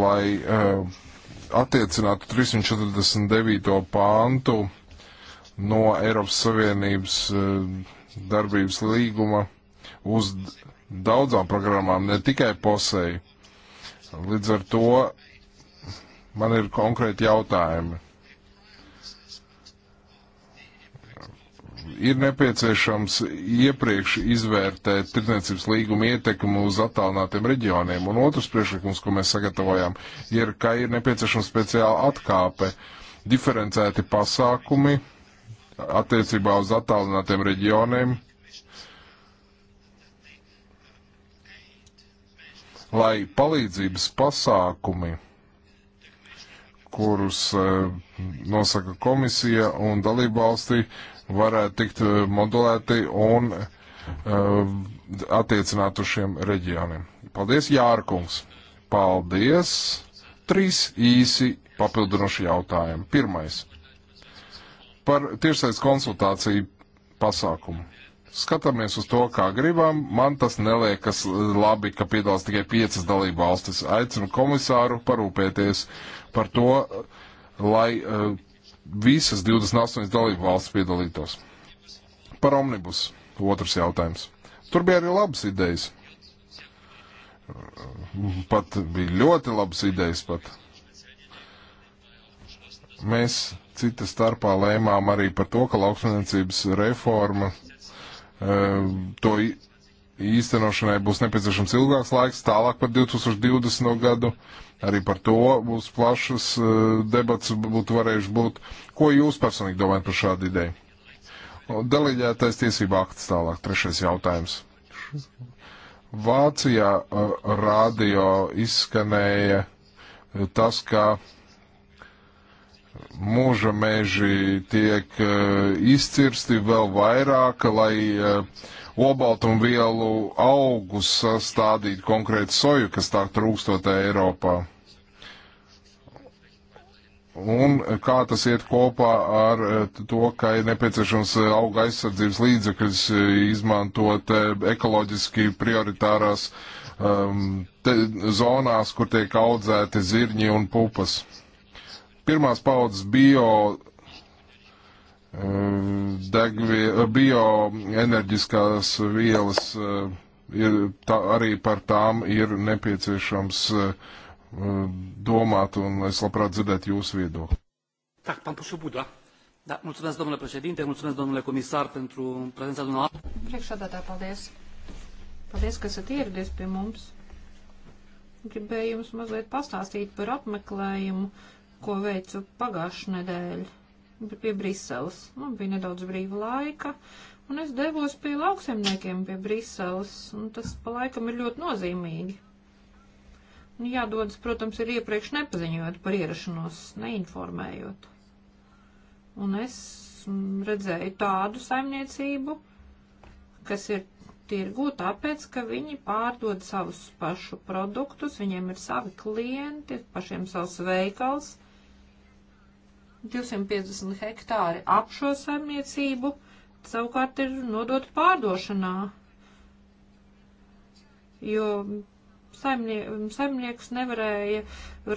lai uh, attiecinātu 349. pāntu no Eiropas Savienības uh, darbības līguma uz daudzām programmām, ne tikai posēji. Līdz ar to Man ir konkrēti jautājumi. Ir nepieciešams iepriekš izvērtēt tirdzniecības līguma ietekmi uz attālinātiem reģioniem, un otrs priekšlikums, ko mēs sagatavojām, ir, ka ir nepieciešama speciāla atkāpe, diferencēti pasākumi attiecībā uz attālinātiem reģioniem, lai palīdzības pasākumi kurus eh, nosaka komisija un dalībvalstī, varētu tikt eh, modulēti un eh, attiecināt uz šiem reģioniem. Paldies, Jārkungs! Paldies! Trīs īsi papildinoši jautājumi. Pirmais. Par tiešsaistes konsultāciju pasākumu skatāmies uz to, kā gribam. Man tas neliekas labi, ka piedalās tikai piecas dalību valstis. Aicinu komisāru parūpēties par to, lai uh, visas 28 dalību valstis piedalītos. Par omnibus otrs jautājums. Tur bija arī labas idejas. Pat bija ļoti labas idejas pat. Mēs cita starpā lēmām arī par to, ka lauksmēnesības reforma uh, Ehm, to īstenošanai būs nepieciešams ilgāks laiks, tālāk par 2020. gadu. Arī par to būs plašas eh, debats, būtu varējuši būt. Ko jūs personīgi domājat par šādu ideju? Deleģētais tiesība akts tālāk, trešais jautājums. Vācijā eh, radio izskanēja tas, ka mūža meži tiek e, izcirsti vēl vairāk, lai e, obaltumvielu augus sastādītu konkrēti soju, kas tā trūkstotē Eiropā. Un kā tas iet kopā ar e, to, ka ir nepieciešams auga aizsardzības līdzekļus izmantot ekoloģiski prioritārās um, te, zonās, kur tiek audzēti zirņi un pupas pirmās paudzes bio eh, degvie, eh, bioenerģiskās vielas, eh, ir, tā, arī par tām ir nepieciešams domāt, un es labprāt dzirdētu jūsu viedokli. Tak, pan poseł Buda. Da, mulțumesc, domnule președinte, mulțumesc, domnule comisar, pentru prezența dumneavoastră. Priekšādātā, paldies. Paldies, ka esat ieradies pie mums. Gribēju jums mazliet pastāstīt par apmeklējumu, uh, ko veicu pagājušajā nedēļā pie Briseles. Man bija nedaudz brīva laika, un es devos pie lauksemniekiem pie Briseles, un tas pa laikam ir ļoti nozīmīgi. Un jādodas, protams, ir iepriekš nepaziņojot par ierašanos, neinformējot. Un es redzēju tādu saimniecību, kas ir tirgu, tāpēc, ka viņi pārdod savus pašu produktus, viņiem ir savi klienti, pašiem savs veikals 250 hektāri ap šo saimniecību savukārt ir nodot pārdošanā, jo saimnie, saimnieks nevarēja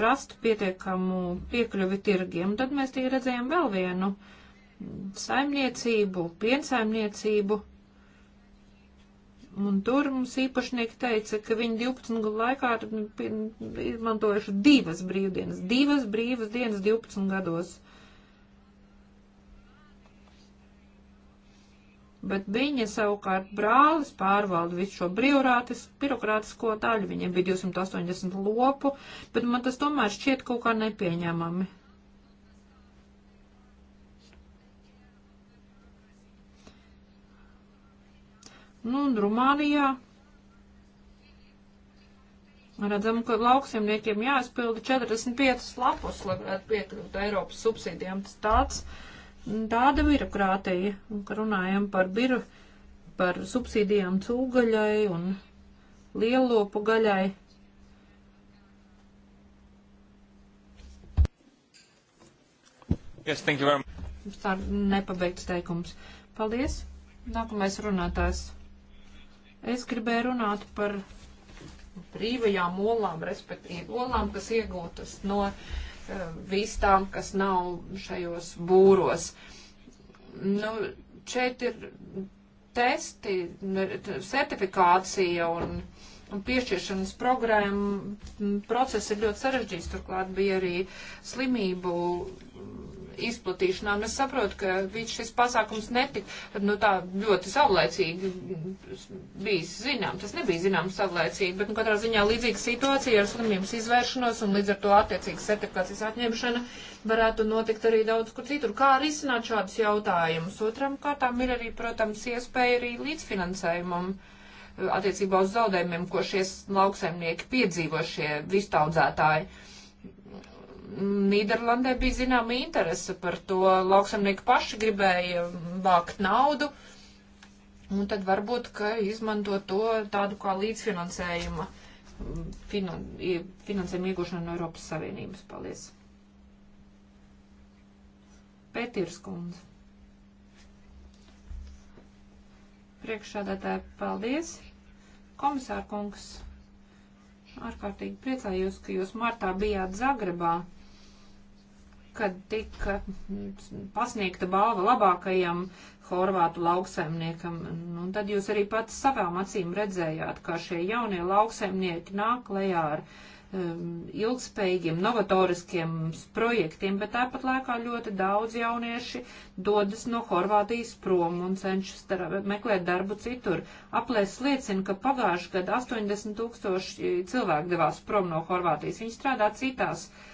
rast pietiekamu piekļuvi tirgiem. Tad mēs tie redzējām vēl vienu saimniecību, piensaimniecību. Un tur mums īpašnieki teica, ka viņi 12 gadu laikā ir izmantojuši divas brīvdienas, divas brīvas dienas 12 gados. Uh, bet viņa savukārt brālis pārvalda visu šo birokrātisko daļu. Viņiem bija 280 lopu, bet man tas tomēr šķiet kaut kā nepieņemami. Nu, un Rumānijā redzam, ka lauksimniekiem jāizpilda 45 lapus, lai varētu piekļūt Eiropas subsīdijām. Tas tāds. Uh, tāda birokrātija, ka runājam par biru, par subsīdijām cūgaļai un lielopu gaļai. Yes, thank you very much. Tā nepabeigts teikums. Paldies. Nākamais runātājs. Es gribēju runāt par brīvajām olām, respektīvi olām, kas iegūtas no uh, vistām, kas nav šajos būros. Nu, šeit ir testi, certifikācija un, un piešķiršanas programma. Process ir ļoti sarežģīts, turklāt bija arī slimību izplatīšanā. Un es saprotu, ka viņš šis pasākums netika nu, tā ļoti savlaicīgi bijis zināms. Tas nebija zināms savlaicīgi, bet nu, katrā ziņā līdzīga situācija ar slimības izvēršanos un līdz ar to attiecīgas certifikācijas atņemšana varētu notikt arī daudz kur citur. Kā arī izsināt šādus jautājumus? Otram kārtām ir arī, protams, iespēja arī līdzfinansējumam attiecībā uz zaudējumiem, ko šie lauksaimnieki piedzīvo, šie vistaudzētāji. Uh, Nīderlandē bija zināma interese par to. Lauksamnieki paši gribēja vākt naudu, un tad varbūt, ka izmanto to tādu kā līdzfinansējuma, mm, finan, finansējuma iegūšanu no Eiropas Savienības. Paldies! Pētīrs kundze. Priekšādātāji, paldies! Komisār kungs! ārkārtīgi priecājos, ka jūs martā bijāt Zagrebā kad tika pasniegta balva labākajam horvātu lauksaimniekam. Nu, tad jūs arī pats savām acīm redzējāt, kā šie jaunie lauksaimnieki nāk lejā ar um, ilgspējīgiem, novatoriskiem projektiem, bet tāpat laikā ļoti daudz jaunieši dodas no Horvātijas prom un cenšas meklēt darbu citur. Aplēs liecina, ka pagājuši gadu 80 tūkstoši cilvēku devās prom no Horvātijas. Viņi strādā citās uh,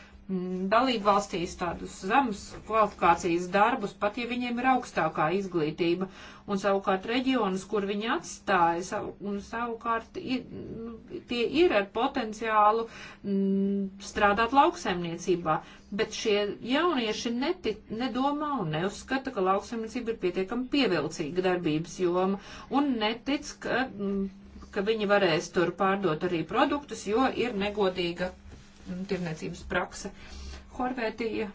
dalību valstīs tādus zemes kvalifikācijas darbus, pat ja viņiem ir augstākā izglītība, un savukārt reģionus, kur viņi atstāja, savu, un savukārt ir, nu, tie ir ar potenciālu m, mm, strādāt lauksaimniecībā, bet šie jaunieši neti, nedomā un neuzskata, ka lauksaimniecība ir pietiekami pievilcīga darbības joma, un netic, ka, m, mm, ka viņi varēs tur pārdot arī produktus, jo ir negodīga tirniecības prakse. Horvētija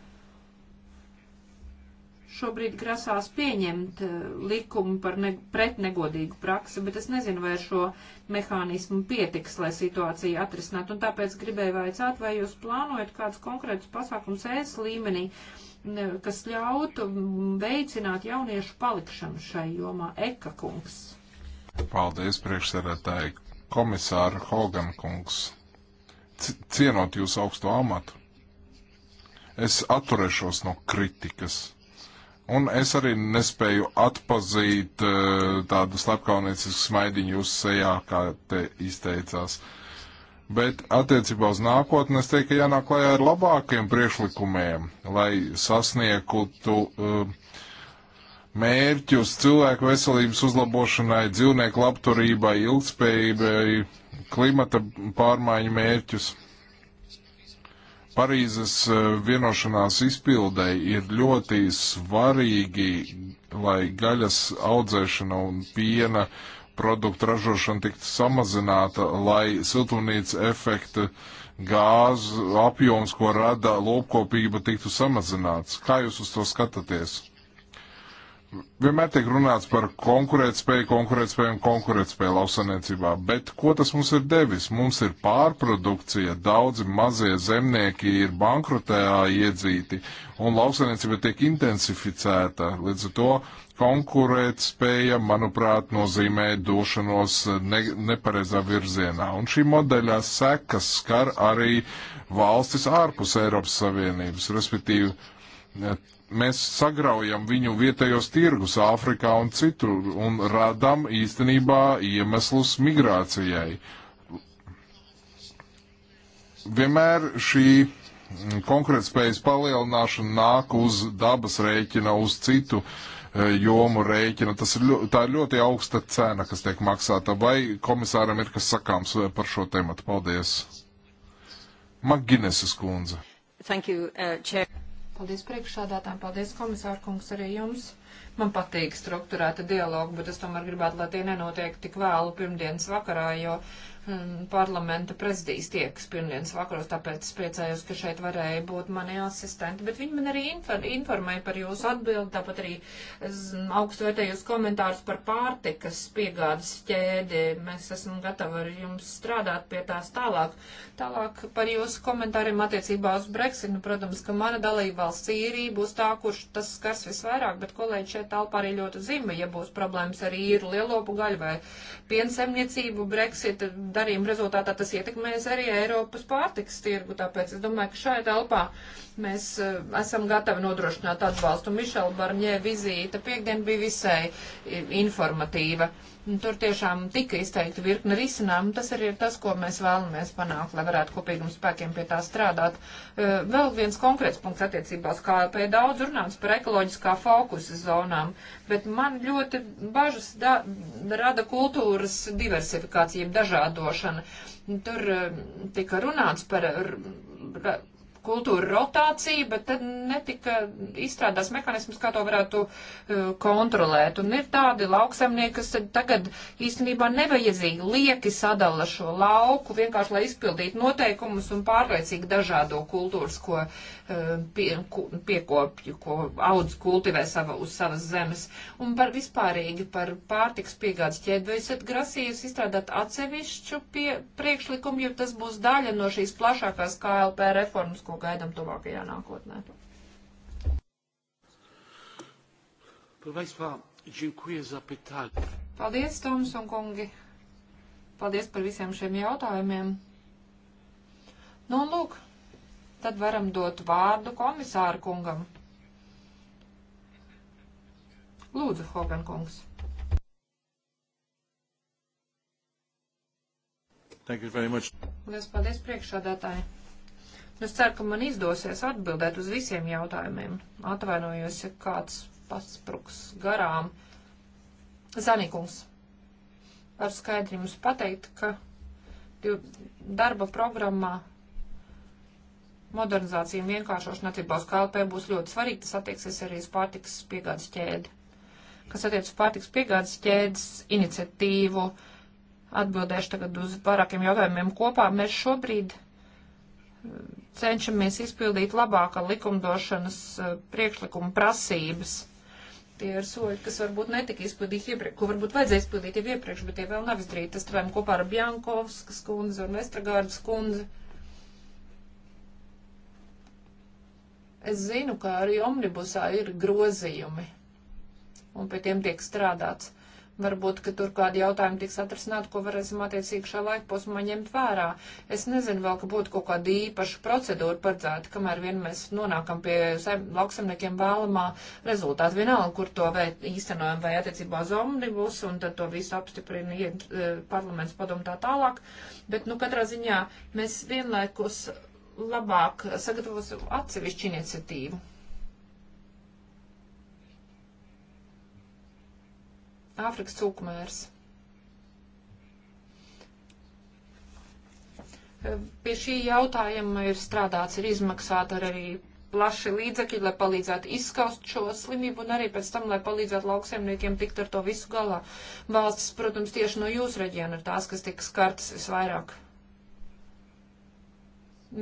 šobrīd grasās pieņemt eh, likumu par ne, pret negodīgu praksi, bet es nezinu, vai ar šo mehānismu pietiks, lai situāciju atrisināt. Un tāpēc gribēju vaicāt, vai jūs plānojat kādus konkrētus pasākums ES līmenī, kas ļautu veicināt jauniešu palikšanu šai jomā. Eka kungs. Paldies, priekšsēdētāji. Komisāra Hogan kungs cienot jūsu augsto amatu, es atturēšos no kritikas. Un es arī nespēju atpazīt eh, tādu slepkauniecisku smaidiņu jūsu sejā, kā te izteicās. Bet attiecībā uz nākotni es teiktu, ka jānāk klajā ar labākiem priekšlikumiem, lai sasniegtu uh, mērķus cilvēku veselības uzlabošanai, dzīvnieku labturībai, ilgspējībai, klimata pārmaiņu mērķus. Parīzes e, vienošanās izpildēji ir ļoti svarīgi, lai gaļas audzēšana un piena produktu ražošana tiktu samazināta, lai siltumnīca efekta gāzu apjoms, ko rada lopkopība, tiktu samazināts. Kā jūs uz to skatāties? Vienmēr tiek runāts par konkurētspēju, konkurētspēju un konkurētspēju lauksaimniecībā, bet ko tas mums ir devis? Mums ir pārprodukcija, daudzi mazie zemnieki ir bankrotējā iedzīti un lauksaimniecība tiek intensificēta. Līdz ar to konkurētspēja, manuprāt, nozīmē došanos ne, nepareizā virzienā. Un šī modeļā sekas skar arī valstis ārpus Eiropas Savienības, respektīvi mēs sagraujam viņu vietējos tirgus Āfrikā un citur un radam īstenībā iemeslus migrācijai. Vienmēr šī konkrētspējas palielināšana nāk uz dabas rēķina, uz citu e, jomu rēķina. Tas ir, tā ir ļoti augsta cena, kas tiek maksāta. Vai komisāram ir kas sakāms par šo tēmatu? Paldies. Magineses kundze. Thank you, uh, chair. Paldies priekšsādātām, paldies komisārkungs arī jums. Man patīk struktūrēta dialoga, bet es tomēr gribētu, lai tie nenotiek tik vēlu pirmdienas vakarā, jo Mm, parlamenta prezidijas tieks pirmdienas vakaros, tāpēc es priecājos, ka šeit varēja būt mani asistenti, bet viņi man arī informēja par jūsu atbildi, tāpat arī mm, augstu vērtējos komentārus par pārtikas piegādes ķēdi. Mēs esam gatavi ar jums strādāt pie tās tālāk. Tālāk par jūsu komentāriem attiecībā uz Brexit, nu, protams, ka mana dalība valsts īrija būs tā, kurš tas skars visvairāk, bet kolēģi šeit talpā arī ļoti zima, ja būs problēmas ar īru lielopu gaļu vai piensemniecību Brexit darījuma rezultātā tas ietekmēs arī Eiropas pārtiks tirgu, tāpēc es domāju, ka šai telpā mēs eh, esam gatavi nodrošināt atbalstu. Mišela Barņē vizīte piekdien bija visai informatīva. Nu, tur tiešām tika izteikta virkne risinājumu. Tas arī ir tas, ko mēs vēlamies panākt, lai varētu kopīgiem spēkiem pie tā strādāt. E, vēl viens konkrēts punkts attiecībā uz KLP. Daudz runāts par ekoloģiskā fokusa zonām, bet man ļoti bažas da, rada kultūras diversifikācija, dažādošana. Tur e, tika runāts par kultūra rotācija, bet tad netika izstrādās mekanisms, kā to varētu e, kontrolēt. Un ir tādi lauksaimnieki, kas tagad īstenībā nevajadzīgi lieki sadala šo lauku, vienkārši lai izpildītu noteikumus un pārliecīgi dažādo kultūras, ko e, pie, piekopju, ko audz kultivē sava, uz savas zemes. Un par vispārīgi par pārtiks piegādes ķēdi, vai esat grasījusi izstrādāt atsevišķu pie, priekšlikumu, jo tas būs daļa no šīs plašākās KLP reformas, ko ko gaidām tuvākajā nākotnē. Paldies, Toms un kungi! Paldies par visiem šiem jautājumiem! Nu, un lūk, tad varam dot vārdu komisāru kungam. Lūdzu, Hogan kungs. Thank you very much. Lielas paldies priekšādātāji. Es ceru, ka man izdosies atbildēt uz visiem jautājumiem. Atvainojos, ja kāds paspruks garām. Zanikums. Ar skaidri jums pateikt, ka darba programmā modernizācija un vienkāršošana attiecībā uz KLP būs ļoti svarīga. Tas attieksies arī uz pārtikas piegādes ķēdi. Kas attiec uz pārtikas piegādes ķēdes iniciatīvu, atbildēšu tagad uz vairākiem jautājumiem kopā. Mēs šobrīd cenšamies izpildīt labāka likumdošanas eh, priekšlikuma prasības. Tie ir soļi, kas varbūt netika izpildīti iepriekš, ko varbūt vajadzēja izpildīt jau iepriekš, bet tie vēl nav izdarīti. Tas strādājam kopā ar Bjankovskas kundzi un Vestragārdas kundzi. Es zinu, ka arī omnibusā ir grozījumi, un pie tiem tiek strādāts. Varbūt, ka tur kādi jautājumi tiks atrasināti, ko varēsim attiecīgi šā laika posmā ņemt vērā. Es nezinu vēl, ka būtu kaut kāda īpaša procedūra paredzēta, kamēr vien mēs nonākam pie lauksemniekiem vēlamā rezultāta. Vienalga, kur to veid, īstenojam vai attiecībā uz omnibus, un tad to visu apstiprina ja, e, parlaments padomu tā tālāk. Bet, nu, katrā ziņā mēs vienlaikus labāk sagatavosim atsevišķu iniciatīvu. Āfrikas cūkmērs. Pie šī jautājuma ir strādāts, ir izmaksāta arī plaši līdzekļi, lai palīdzētu izskaust šo slimību un arī pēc tam, lai palīdzētu lauksaimniekiem tikt ar to visu galā. Valstis, protams, tieši no jūsu reģiona ir tās, kas tiks skartas visvairāk.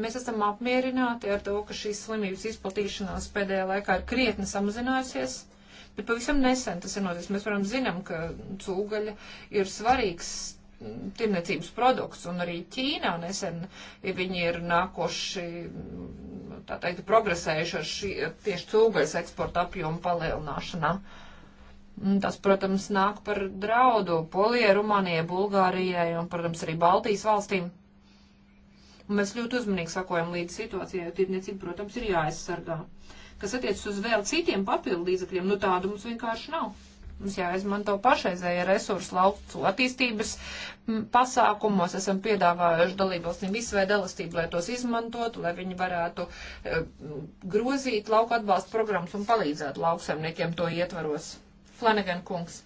Mēs esam apmierināti ar to, ka šīs slimības izplatīšanās pēdējā laikā ir krietni samazinājusies. Uh, Bet pavisam nesen tas ir noticis. Mēs varam zinām, ka cūgaļa ir svarīgs tirniecības produkts, un arī Ķīnā nesen ja viņi ir nākoši, tā teikt, progresējuši ar šī, tieši cūgaļas eksporta apjomu palielināšanā. Tas, protams, nāk par draudu Polijai, Rumānijai, Bulgārijai un, protams, arī Baltijas valstīm. Un mēs ļoti uzmanīgi sakojam līdz situācijai, jo tirniecība, protams, ir jāaizsargā. Uh, Kas attiecas uz vēl citiem papildu līdzekļiem, nu tādu mums vienkārši nav. Mums jāizmanto pašreizējie resursi lauku attīstības pasākumos. Esam piedāvājuši dalībvalstīm izveidu elastību, lai tos izmantotu, lai viņi varētu e, grozīt lauku atbalstu programmas un palīdzētu lauksaimniekiem to ietvaros. Flanagan kungs.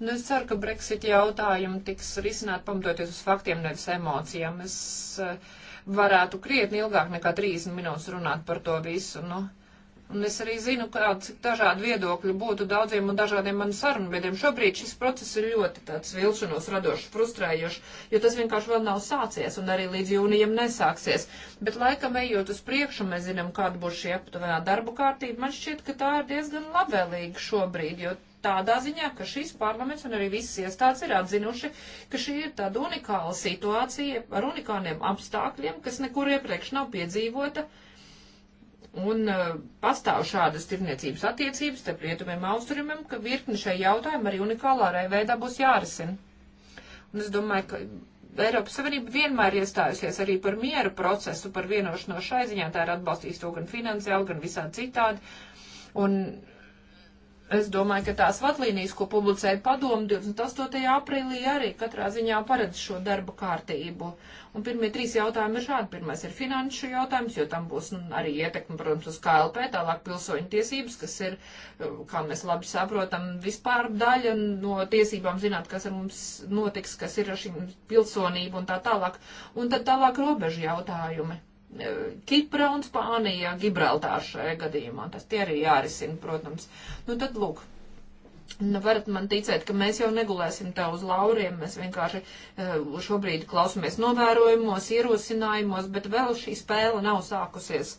Nu, es ceru, ka Brexit jautājumi tiks risināt pamatoties uz faktiem, nevis emocijām. Es e, varētu krietni ilgāk nekā 30 minūtes runāt par to visu. Nu. No Un es arī zinu, kā, cik dažādi viedokļi būtu daudziem un dažādiem man sarunbiedriem. Šobrīd šis process ir ļoti tāds vilšanos radošs, frustrējošs, jo tas vienkārši vēl nav sācies un arī līdz jūnijam nesāksies. Bet laikam ejot uz priekšu, mēs zinām, kāda būs šī aptuvenā darba kārtība. Man šķiet, ka tā ir diezgan labvēlīga šobrīd, jo tādā ziņā, ka šīs parlaments un arī visas iestādes ir atzinuši, ka šī ir tāda unikāla situācija ar unikāliem apstākļiem, kas nekur iepriekš nav piedzīvota. Uh, Un uh, pastāv šādas tirniecības attiecības starp rietumiem austrumiem, ka virkni šai jautājumu arī unikālārā veidā būs jārisina. Un es domāju, ka Eiropas Savienība vienmēr iestājusies arī par mieru procesu, par vienošanos šai ziņā, tā ir atbalstījis to gan finansiāli, gan visādi citādi. Un Es domāju, ka tās vadlīnijas, ko publicēja padomu 28. aprīlī, arī katrā ziņā paredz šo darba kārtību. Un pirmie trīs jautājumi ir šādi. Pirmais ir finanšu jautājums, jo tam būs nu, arī ietekme, protams, uz KLP, tālāk pilsoņu tiesības, kas ir, eh, kā mēs labi saprotam, vispār daļa no tiesībām zināt, kas ar mums notiks, kas ir ar šīm pilsonību un tā tālāk. Un tad tālāk robežu jautājumi Kipra un Spānija, Gibraltāra šajā gadījumā. Tas tie arī jārisina, protams. Nu tad lūk. Nu, varat man ticēt, ka mēs jau negulēsim tā uz lauriem, mēs vienkārši eh, šobrīd klausamies novērojumos, ierosinājumos, bet vēl šī spēle nav sākusies.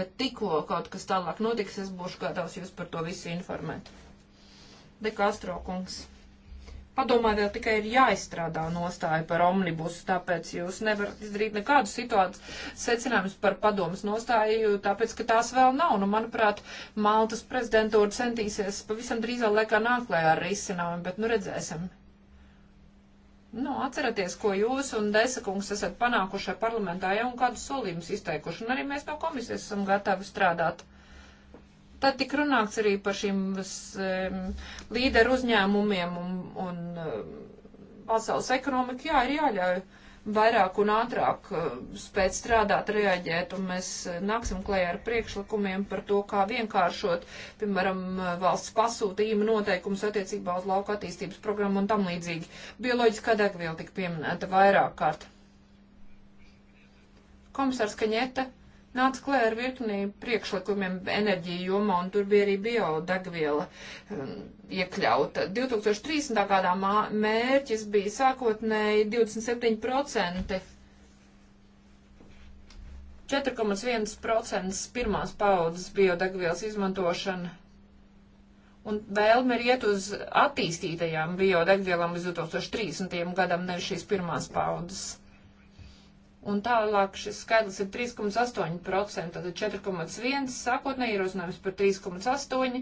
Bet tikko kaut kas tālāk notiks, es būšu gatavs jūs par to visu informēt. De Castro kungs. Padomāju, vēl tikai ir jāizstrādā nostāja par omnibusu, tāpēc jūs nevarat izdarīt nekādus situācijas secinājumus par padomas nostāju, tāpēc, ka tās vēl nav. Nu, manuprāt, Maltas prezidentūra centīsies pavisam drīz vēl laikā nāklējā ar risinājumu, bet nu redzēsim. Nu, atceraties, ko jūs un Desakungs esat panākuši ar parlamentā, ja un kādus solījumus izteikuši, un arī mēs no komisijas esam gatavi strādāt Tad tik runāts arī par šīm um, līderu uzņēmumiem un, un um, pasaules ekonomiku. Jā, ir jāļauj vairāk un ātrāk uh, spēt strādāt, reaģēt, un mēs nāksim klējā ar priekšlikumiem par to, kā vienkāršot, piemēram, valsts pasūtījuma noteikums attiecībā uz lauka attīstības programmu un tam līdzīgi. Bioloģiskā degviela tika pieminēta vairāk kārt. Komisārs Kaņete nāca klē ar virknī priekšlikumiem enerģija jomā, un tur bija arī biodegviela um, iekļauta. 2030. gadā mērķis bija sākotnēji 27%. 4,1% pirmās paudzes biodegvielas izmantošana un vēlme ir iet uz attīstītajām biodegvielām līdz 2030. gadam, nevis šīs pirmās paudzes. Un tālāk šis skaidrs ir 3,8%, tātad 4,1 sākotnēji ierosinājums par 3,8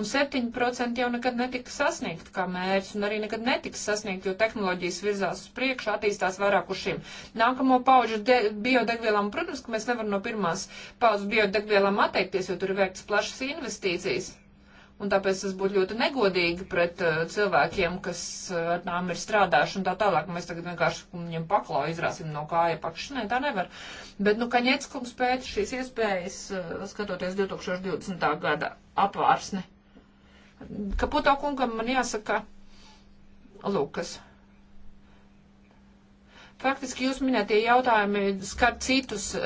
un 7% jau nekad netika sasniegt kā mērķis un arī nekad netiks sasniegt, jo tehnoloģijas virzās uz priekšu, attīstās vairāk uz šim. Nākamo pauģu biodegvielām, protams, ka mēs nevaram no pirmās paudzes biodegvielām atteikties, jo tur ir veikts plašas investīcijas un tāpēc tas būtu ļoti negodīgi pret uh, cilvēkiem, kas uh, ar tām ir strādājuši un tā tālāk. Mēs tagad vienkārši viņiem paklau izrāsim no kāja pakšas. Nē, tā nevar. Bet, nu, Kaņeckums pēta šīs iespējas, uh, skatoties 2020. gada apvārsni. Kaputo kungam man jāsaka, Lūkas. Faktiski jūs minētie jautājumi skar citus eh,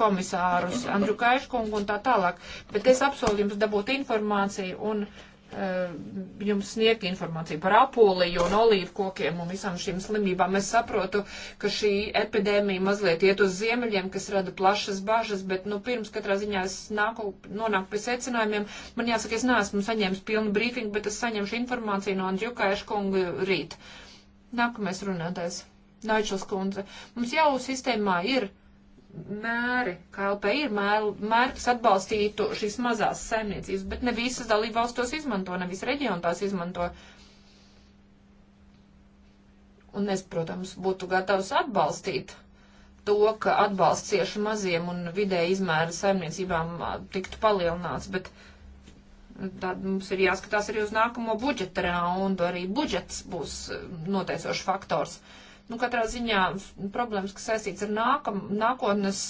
komisārus, Andru Kaiškungu un tā tālāk, bet es apsolu jums dabūt informāciju un eh, jums sniegt informāciju par apoliju un olīvu kokiem un visām šīm slimībām. Es saprotu, ka šī epidēmija mazliet iet uz ziemeļiem, kas rada plašas bažas, bet, nu, pirms katrā ziņā es nāku, nonāku pie secinājumiem. Man jāsaka, es neesmu saņēmis pilnu brīfingu, bet es saņemšu informāciju no Andriukaiša kunga rīt. Nākamais runātājs. Naičels kundze, mums jau sistēmā ir mēri, KLP ir mēri, mēri, kas atbalstītu šīs mazās saimniecības, bet ne visas dalībvalsts tos izmanto, ne visi reģioni tās izmanto. Un es, protams, būtu gatavs atbalstīt to, ka atbalsts cieši maziem un vidēji izmēra saimniecībām tiktu palielināts, bet tad mums ir jāskatās arī uz nākamo budžeta raundu, arī budžets būs noteicošs faktors. Uh, Nu, katrā ziņā problēmas, kas saistīts ar nākam, nākotnes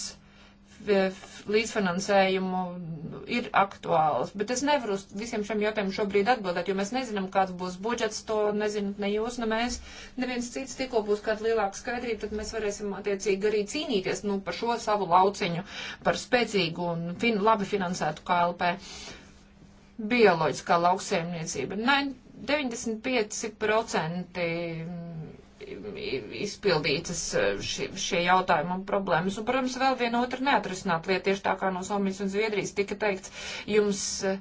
līdzfinansējumu, ir aktuāls. Bet es nevaru uz visiem šiem jautājumiem šobrīd atbildēt, jo mēs nezinām, kāds būs budžets, to nezinu ne jūs, ne mēs. Neviens cits tikko būs kāda lielāka skaidrība, tad mēs varēsim attiecīgi arī cīnīties nu, par šo savu lauciņu, par spēcīgu un fin labi finansētu KLP bioloģiskā lauksaimniecība. Ne, 95% izpildītas e, šie, šie jautājumi un problēmas. Un, protams, vēl viena otra neatrisināt lieta, tieši tā kā no Somijas un Zviedrijas tika teikts, jums e,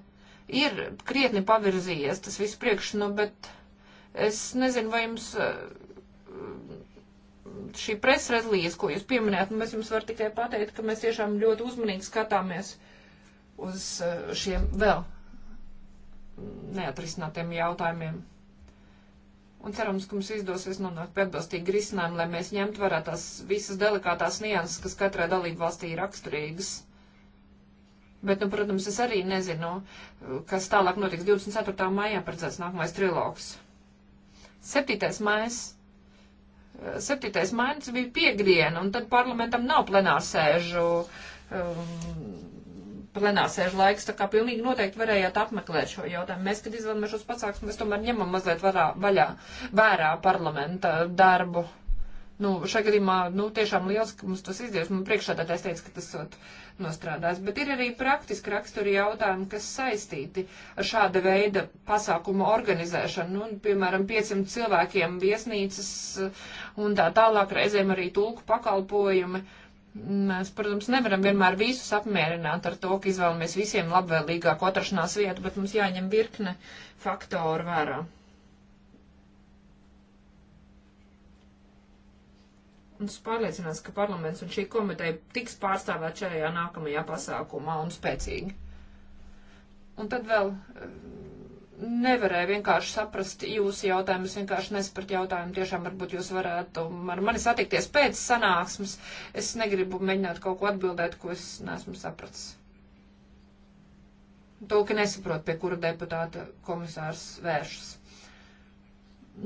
ir krietni pavirzījies tas viss priekš, nu, bet es nezinu, vai jums e, šī presa redlīs, ko jūs pieminējat, nu, mēs jums var tikai pateikt, ka mēs tiešām ļoti uzmanīgi skatāmies uz šiem vēl neatrisinātiem jautājumiem un cerams, ka mums izdosies nonākt pie atbilstīga risinājuma, lai mēs ņemtu vērā tās visas delikātās nianses, kas katrai dalību valstī ir raksturīgas. Bet, nu, protams, es arī nezinu, kas tālāk notiks 24. maijā paredzēts nākamais trilogs. 7. maijs. 7. maijs bija piegriena, un tad parlamentam nav plenārsēžu. Um, plenāsēžu laiks, tā kā pilnīgi noteikti varējāt apmeklēt šo jautājumu. Mēs, kad izvēlamies šos pasākumus, mēs tomēr ņemam mazliet varā, vaļā, vērā parlamenta darbu. Nu, šajā gadījumā, nu, tiešām liels, ka mums tas izdevies. Man priekšādātais teica, ka tas sot nostrādās. Bet ir arī praktiski raksturi jautājumi, kas saistīti ar šāda veida pasākumu organizēšanu. Nu, piemēram, 500 cilvēkiem viesnīcas uh, un tā tālāk reizēm arī tulku pakalpojumi. Uh, Mēs, protams, nevaram vienmēr visus apmierināt ar to, ka izvēlamies visiem labvēlīgāku atrašanās vietu, bet mums jāņem virkne faktoru vērā. Mums pārliecinās, ka parlaments un šī komiteja tiks pārstāvēt šajā nākamajā pasākumā un spēcīgi. Un tad vēl nevarēju vienkārši saprast jūsu jautājumu, es vienkārši nespratu jautājumu, tiešām varbūt jūs varētu ar mani satikties pēc sanāksmes, es negribu mēģināt kaut ko atbildēt, ko es nesmu sapratis. Tūki nesaprot, pie kura deputāta komisārs vēršas.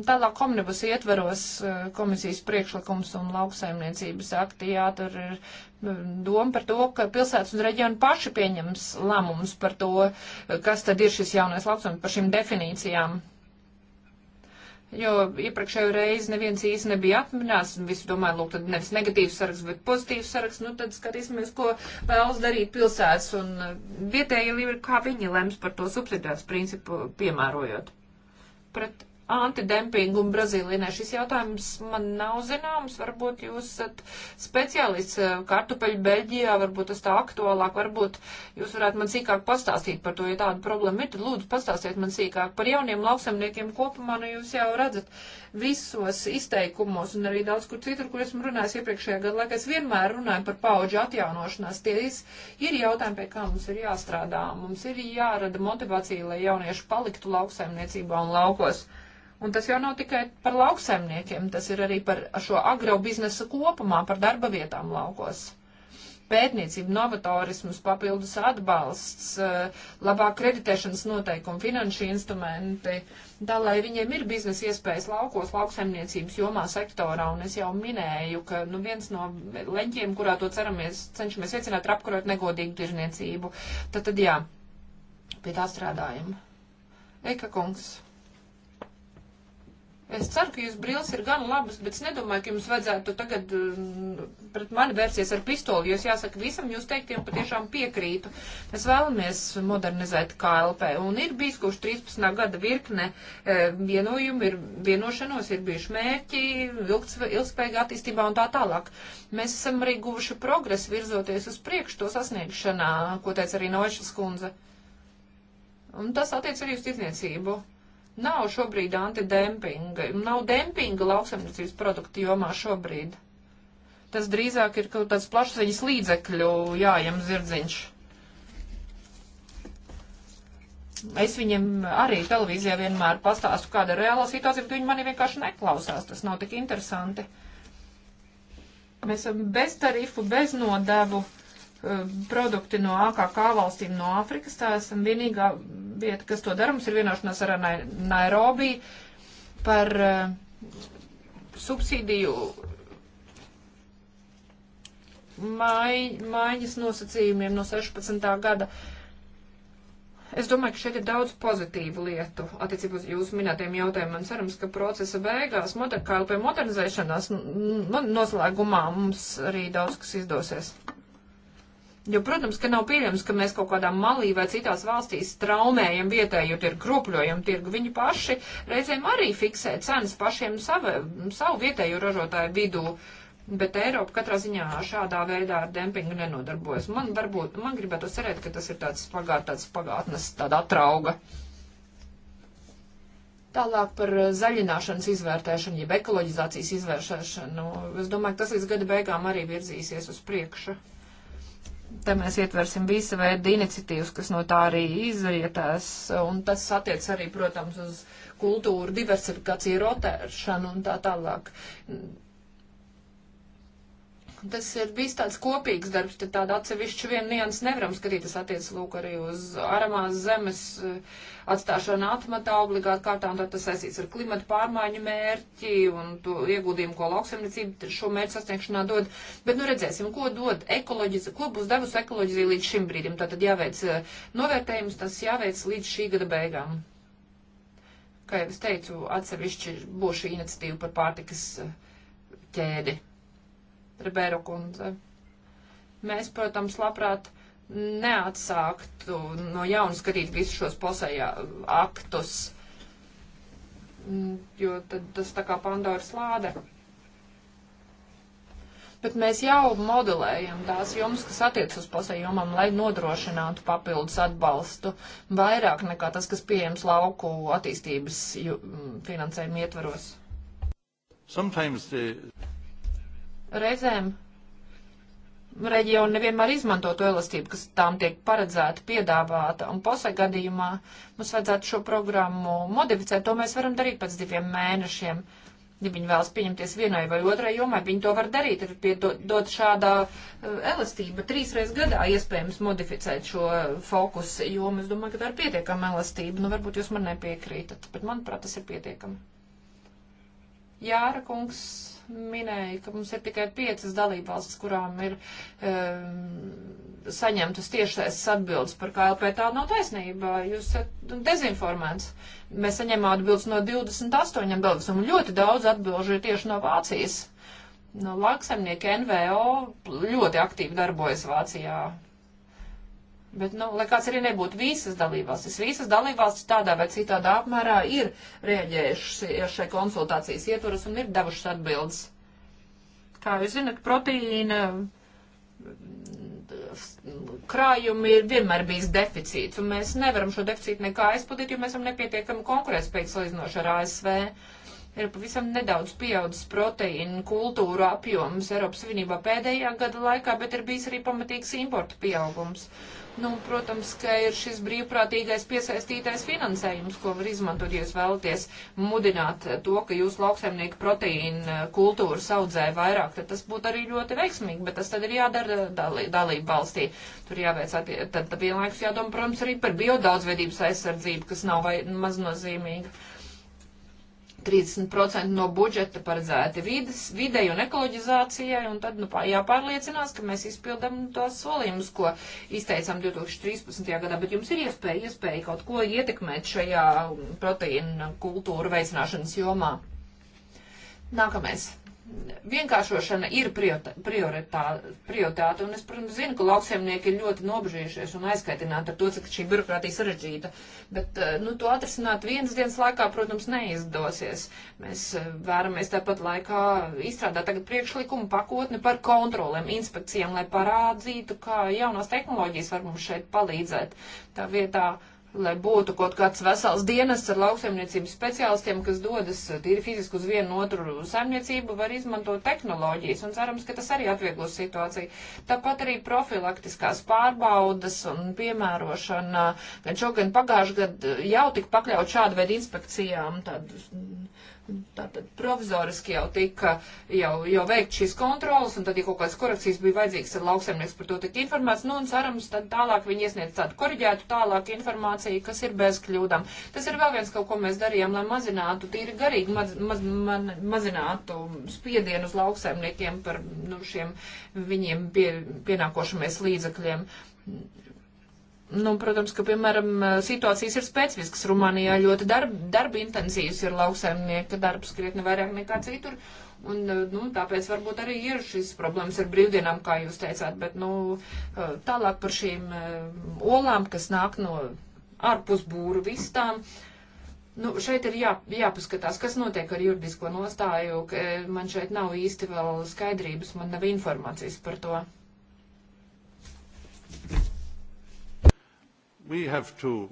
Tālāk omnibus ietveros eh, komisijas priekšlikums un lauksaimniecības akti, jā, tur ir doma par to, ka pilsētas un reģioni paši pieņems lēmumus par to, kas tad ir šis jaunais lauksums, par šīm definīcijām. Jo iepriekšējo reizi neviens īsti nebija atminās, un visi domāja, lūk, tad nevis negatīvs saraksts, bet pozitīvs saraksts, nu tad skatīsimies, ko vēlas darīt pilsētas, un uh, vietēji līderi, kā viņi lems par to subsidiāts principu piemērojot. Pret antidempingu un Brazīlijai. Šis jautājums man nav zināms, varbūt jūs esat speciālists eh, kartupeļu Beļģijā, varbūt tas tā aktuālāk, varbūt jūs varētu man sīkāk pastāstīt par to, ja tāda problēma ir, tad lūdzu pastāstiet man sīkāk par jauniem lauksemniekiem kopumā, nu jūs jau redzat visos izteikumos un arī daudz kur citur, kur esmu runājis iepriekšējā gadā, laikā es vienmēr runāju par paudžu atjaunošanās. Tie ir jautājumi, pie kā mums ir jāstrādā, mums ir jārada motivācija, lai jaunieši paliktu lauksaimniecībā un laukos. Un tas jau nav tikai par lauksaimniekiem, tas ir arī par šo agrobiznesu kopumā, par darba vietām laukos. Pētniecība, novatorisms, papildus atbalsts, eh, labā kreditēšanas noteikumi, finanšu instrumenti, tā lai viņiem ir biznesa iespējas laukos, lauksaimniecības jomā, sektorā. Un es jau minēju, ka nu, viens no leņķiem, kurā to ceramies, cenšamies veicināt, ir apkarot negodīgu tirzniecību. Tad, tad jā, pie tā strādājam. Eka kungs. Es ceru, ka jūs brīvs ir gan labas, bet es nedomāju, ka jums vajadzētu tagad mm, pret mani vērsties ar pistoli, jo es jāsaka visam jūs teiktiem patiešām piekrītu. Mēs vēlamies modernizēt KLP, un ir bijis kurš 13. gada virkne e, vienojumu, ir vienošanos, ir bijuši mērķi, ilgspējīga attīstībā un tā tālāk. Mēs esam arī guvuši progresu virzoties uz priekšu to sasniegšanā, ko teica arī Noišas kundze. Un tas attiec arī uz tirdzniecību. Nav šobrīd antidempinga, nav dempinga lauksaimniecības produktu jomā šobrīd. Tas drīzāk ir kaut tāds plašsaziņas līdzekļu jājam zirdziņš. Es viņiem arī televīzijā vienmēr pastāstu, kāda ir reālā situācija, bet viņi mani vienkārši neklausās. Tas nav tik interesanti. Mēs esam bez tarifu, bez nodevu. Uh, Eh, produkti no AKK valstīm no Āfrikas. Tā esam vienīgā vieta, kas to dara. Mums ir vienošanās ar Nairobi par eh, subsīdiju mai, maiņas nosacījumiem no 16. gada. Es domāju, ka šeit ir daudz pozitīvu lietu attiecībā uz jūsu minētiem jautājumiem. Cerams, ka procesa beigās, moder, KLP modernizēšanās noslēgumā mums arī daudz kas izdosies. Jo, protams, ka nav pieļams, ka mēs kaut kādā malī vai citās valstīs traumējam vietējo tirgu, kropļojam tirgu. Viņi paši reizēm arī fiksē cenas pašiem sava, savu vietējo ražotāju vidū. Bet Eiropa katrā ziņā šādā veidā ar dempingu nenodarbojas. Man varbūt, man gribētu cerēt, ka tas ir tāds pagār, tāds pagātnes, tāda atrauga. Tālāk par zaļināšanas izvērtēšanu, jeb ekoloģizācijas izvērtēšanu. Es domāju, ka tas līdz gada beigām arī virzīsies uz priekšu. Te mēs ietversim visu veidu iniciatīvas, kas no tā arī izrietās, un tas attiec arī, protams, uz kultūru diversifikāciju, rotēšanu un tā tālāk tas ir bijis tāds kopīgs darbs, tad tādu atsevišķu vienu niansu nevaram skatīt. Tas attiec lūk arī uz aramās zemes eh, atstāšanu atmatā obligāti kārtā, un tad tas saistīts ar klimatu pārmaiņu mērķi un to ieguldījumu, ko lauksaimniecība šo mērķu sasniegšanā dod. Bet nu redzēsim, ko dod ekoloģizija, ko būs devusi ekoloģizija līdz šim brīdim. Tātad jāveic eh, novērtējums, tas jāveic līdz šī gada beigām. Kā jau es teicu, atsevišķi būs šī iniciatīva par pārtikas eh, ķēdi. Ribeiro kundze. Mēs, protams, labprāt neatsāktu no jauna skatīt visus šos posējā aktus, jo tad tas tā kā Pandoras lāde. Bet mēs jau modelējam tās jomas, kas attiec uz posējumam, lai nodrošinātu papildus atbalstu vairāk nekā tas, kas pieejams lauku attīstības finansējuma ietvaros. Sometimes the reizēm reģioni nevienmēr izmanto to elastību, kas tām tiek paredzēta, piedāvāta, un posē gadījumā mums vajadzētu šo programmu modificēt, to mēs varam darīt pēc diviem mēnešiem. Ja viņi vēlas pieņemties vienai vai otrai jomai, viņi to var darīt, ir piedot šādā uh, elastība. Trīsreiz gadā iespējams modificēt šo fokusu, jo es domāju, ka tā ir pietiekama elastība. Nu, varbūt jūs man nepiekrītat, bet manuprāt, tas ir pietiekami. Jāra kungs minēja, ka mums ir tikai piecas dalībvalstis, kurām ir e, saņemtas tiešais atbildes par KLP. Tā nav taisnība. Jūs esat dezinformēts. Mēs saņemam atbildes no 28 dalībvalstīm, un ļoti daudz atbilžu ir tieši no Vācijas. No nu, lauksaimnieka NVO ļoti aktīvi darbojas Vācijā. Bet, nu, lai kāds arī nebūtu visas dalībvalstis, visas dalībvalstis tādā vai citādā apmērā ir rēģējušas šai konsultācijas ietvaros un ir devušas atbildes. Kā jūs zinat, proteīna mm, krājumi ir vienmēr bijis deficīts, un mēs nevaram šo deficītu nekā aizpildīt, jo mēs esam nepietiekami konkurētspējīgi salīdzinoši ar ASV ir pavisam nedaudz pieaudzis proteīnu kultūru apjoms Eiropas Savienībā pēdējā gada laikā, bet ir bijis arī pamatīgs importu pieaugums. Nu, protams, ka ir šis brīvprātīgais piesaistītais finansējums, ko var izmantot, ja jūs vēlaties mudināt to, ka jūs lauksaimnieku proteīna kultūru audzē vairāk, tad tas būtu arī ļoti veiksmīgi, bet tas tad ir jādara dalī, dalību valstī. Tur jāveic, tad, tad vienlaikus jādomā, protams, arī par biodaudzvedības aizsardzību, kas nav vai maz nozīmīga. 30% no budžeta paredzēti vides, videi un ekoloģizācijai, un tad nu, jāpārliecinās, ka mēs izpildam tos solījumus, ko izteicām 2013. gadā, bet jums ir iespēja, iespēja kaut ko ietekmēt šajā proteīna kultūra veicināšanas jomā. Nākamais vienkāršošana ir prioritāte, un es, protams, zinu, ka lauksiemnieki ir ļoti nobežījušies un aizkaitināti ar to, cik šī birokrātija sarežģīta, bet, eh, nu, to atrisināt vienas dienas laikā, protams, neizdosies. Mēs eh, vēramies tāpat laikā izstrādāt tagad priekšlikumu pakotni par kontrolēm, inspekcijām, lai parādzītu, kā jaunās tehnoloģijas var mums šeit palīdzēt. Tā vietā lai būtu kaut kāds vesels dienas ar lauksaimniecības speciālistiem, kas dodas eh, tīri fiziski uz vienu otru saimniecību, var izmantot tehnoloģijas, un cerams, ka tas arī atvieglos situāciju. Tāpat arī profilaktiskās pārbaudas un piemērošana, gan šo, gan pagājušajā gadā eh, jau tik pakļaut šādu veidu inspekcijām, tādu mm, tātad provizoriski jau tika, jau, jau veikt šīs kontrolas, un tad, ja kaut kādas korekcijas bija vajadzīgas, tad lauksaimnieks par to tika informēts, nu, un cerams, tad tālāk viņi iesniedz tādu koriģētu tālāk informāciju, kas ir bez kļūdām. Tas ir vēl viens kaut ko mēs darījām, lai mazinātu, tīri garīgi maz, maz, man, mazinātu spiedienu uz lauksaimniekiem par, nu, šiem viņiem pie, pienākošamies līdzekļiem Nu, protams, ka, piemēram, situācijas ir specifiskas. Rumānijā ļoti darb, darba intensīvs ir lauksaimnieka darbs krietni vairāk nekā citur. Un, nu, tāpēc varbūt arī ir šis problēmas ar brīvdienām, kā jūs teicāt. Bet, nu, tālāk par šīm eh, olām, kas nāk no ārpus būru vistām. Nu, šeit ir jā, jāpaskatās, kas notiek ar juridisko nostāju. Man šeit nav īsti vēl skaidrības, man nav informācijas par to. To...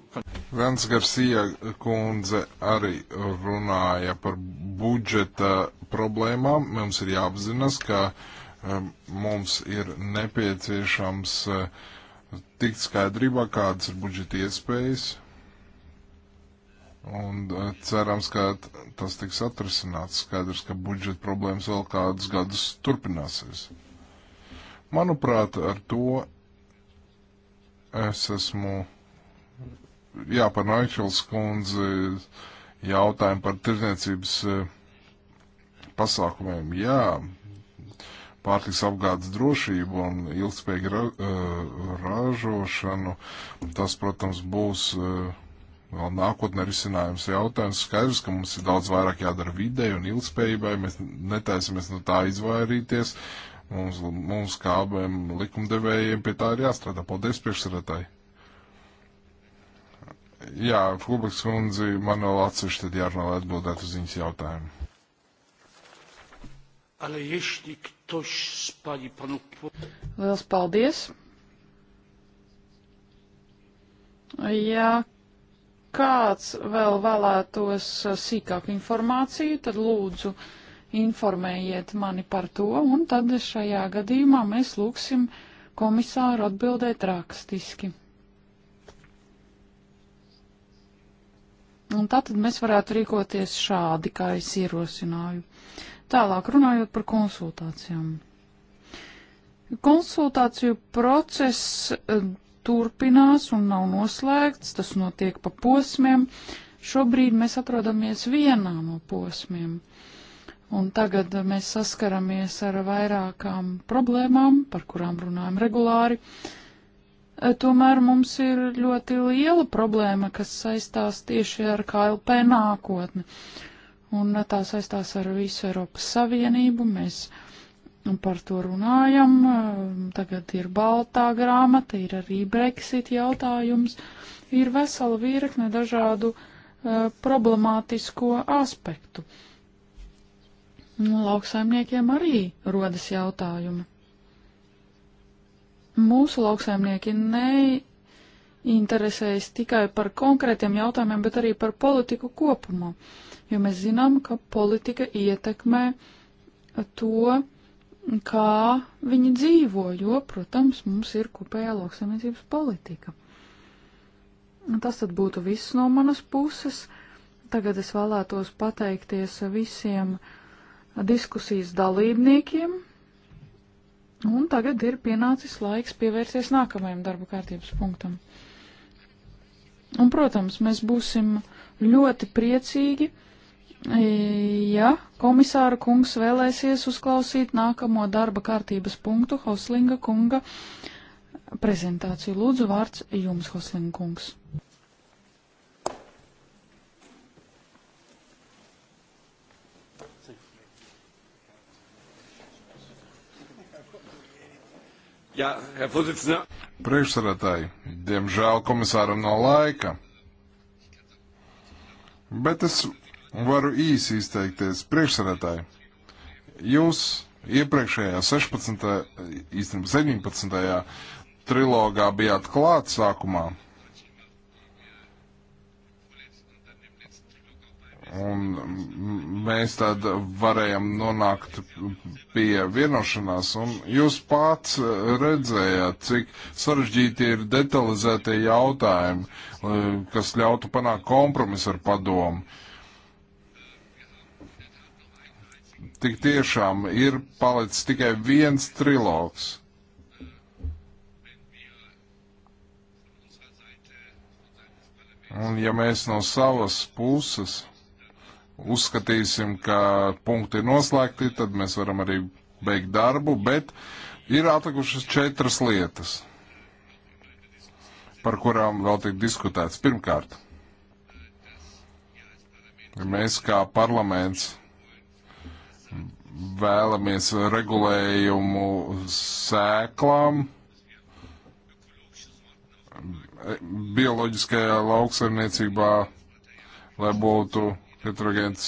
Vens Garcia kundze arī runāja par budžeta problēmām. Mums ir jāapzinas, ka um, mums ir nepieciešams uh, tikt skaidrībā, kādas ir budžeta iespējas. Un uh, cerams, ka tas tiks atrasināts. Skaidrs, ka budžeta problēmas vēl kādus gadus turpināsies. Manuprāt, ar to es esmu jā, par Noišels kundzi jautājumu par tirdzniecības eh, pasākumiem. Jā, pārtiks apgādes drošību un ilgspējīgu ra, eh, ražošanu, tas, protams, būs eh, vēl nākotnē risinājums jautājums. Skaidrs, ka mums ir daudz vairāk jādara videi un ilgspējībai, mēs netaisamies no tā izvairīties. Mums, mums kā abiem likumdevējiem pie tā ir jāstrādā. Paldies priekšsarētāji! Jā, Kubiks kundzi, man vēl atsevišķi tad jārunā, lai atbildētu uz viņas jautājumu. Liels paldies! Ja kāds vēl vēlētos sīkāku informāciju, tad lūdzu informējiet mani par to, un tad šajā gadījumā mēs lūgsim komisāru atbildēt rakstiski. Un tā tad mēs varētu rīkoties šādi, kā es ierosināju. Tālāk runājot par konsultācijām. Konsultāciju process eh, turpinās un nav noslēgts, tas notiek pa posmiem. Šobrīd mēs atrodamies vienā no posmiem. Un tagad mēs saskaramies ar vairākām problēmām, par kurām runājam regulāri. Uh, Eh, tomēr mums ir ļoti liela problēma, kas saistās tieši ar KLP nākotni. Un eh, tā saistās ar visu Eiropas Savienību. Mēs par to runājam. Eh, tagad ir baltā grāmata, ir arī Brexit jautājums. Ir vesela virkne dažādu uh, problemātisko aspektu. Lauksaimniekiem arī rodas jautājumi mūsu lauksaimnieki neinteresējas tikai par konkrētiem jautājumiem, bet arī par politiku kopumā. Jo mēs zinām, ka politika ietekmē to, kā viņi dzīvo, jo, protams, mums ir kopējā lauksaimniecības politika. Tas tad būtu viss no manas puses. Tagad es vēlētos pateikties visiem diskusijas dalībniekiem, Un tagad ir pienācis laiks pievērsties nākamajam darba kārtības punktam. Un, protams, mēs būsim ļoti priecīgi, e, ja komisāra kungs vēlēsies uzklausīt nākamo darba kārtības punktu Hoslinga kunga prezentāciju. Lūdzu, vārds jums, Hoslinga kungs. Jā, Herr Vorsitzender. Priekšsarētāji, diemžēl komisāram nav laika. Bet es varu īsi izteikties. Priekšsarētāji, jūs iepriekšējā 16. īstenībā 17. trilogā bijāt klāt sākumā Un mēs tad varējām nonākt pie vienošanās, un jūs pats eh, redzējāt, cik sarežģīti ir detalizētie jautājumi, eh, kas ļautu panākt kompromisu ar padomu. Tik tiešām ir palicis tikai viens trilogs. Un ja mēs no savas puses uzskatīsim, ka punkti ir noslēgti, tad mēs varam arī beigt darbu, bet ir atlikušas četras lietas, par kurām vēl tiek diskutēts. Pirmkārt, mēs kā parlaments vēlamies regulējumu sēklām bioloģiskajā lauksaimniecībā, lai būtu heterogēns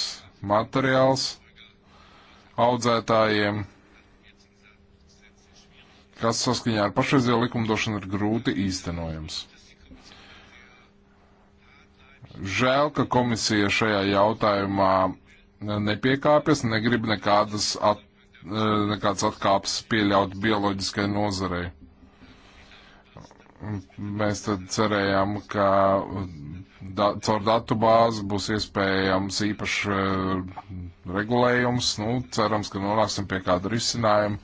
materiāls audzētājiem, kas saskaņā ar pašreizējo likumdošanu ir grūti īstenojams. Žēl, ka komisija šajā jautājumā nepiekāpjas, negrib nekādas, at, eh, nekādas atkāpes pieļaut bioloģiskai nozarei. Mēs tad cerējām, ka da, caur datu bāzi būs iespējams īpašs uh, regulējums. Nu, cerams, ka nonāksim pie kāda risinājuma.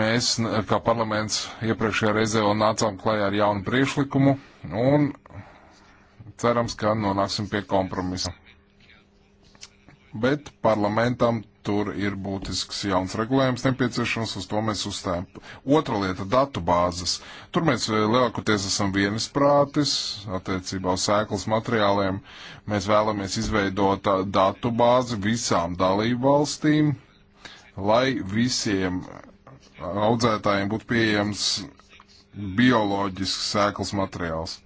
Mēs, kā parlaments, iepriekšējā reizē vēl nācām klajā ar jaunu priešlikumu un cerams, ka nonāksim pie kompromisa. Bet parlamentam tur ir būtisks jauns regulējums nepieciešams, uz to mēs uzstājam. Otra lieta - datu bāzes. Tur mēs eh, lielākoties esam vienisprātis attiecībā uz sēklas materiāliem. Mēs vēlamies izveidot eh, datu bāzi visām dalību valstīm, lai visiem eh, audzētājiem būtu pieejams bioloģisks sēklas materiāls.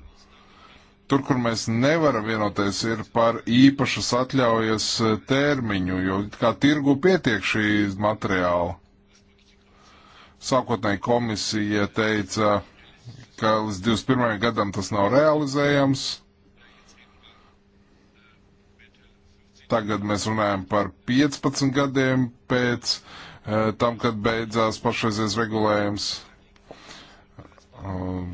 Tur, kur mēs nevaram vienoties, ir par īpašas atļaujas eh, termiņu, jo kā tirgu pietiek šī materiāla. Sākotnēji komisija teica, ka līdz 21. gadam tas nav realizējams. Tagad mēs runājam par 15 gadiem pēc uh, tam, kad beidzās pašreizies regulējums. Uh,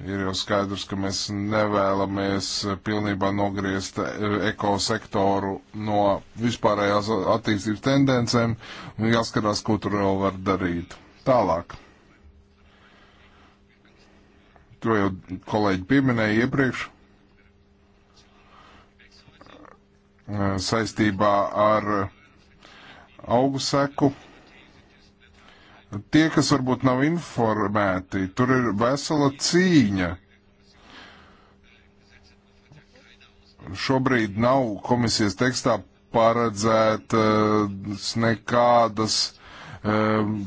Ir jau skaidrs, ka mēs nevēlamies pilnībā nogriezt eh, ekosektoru no vispārējās attīstības tendencēm un jāskatās, ko tur vēl var darīt. Tālāk. To jau kolēģi pieminēja iepriekš. Eh, saistībā ar augu seku Tie, kas varbūt nav informēti, tur ir vesela cīņa. Šobrīd nav komisijas tekstā paredzētas eh, nekādas um,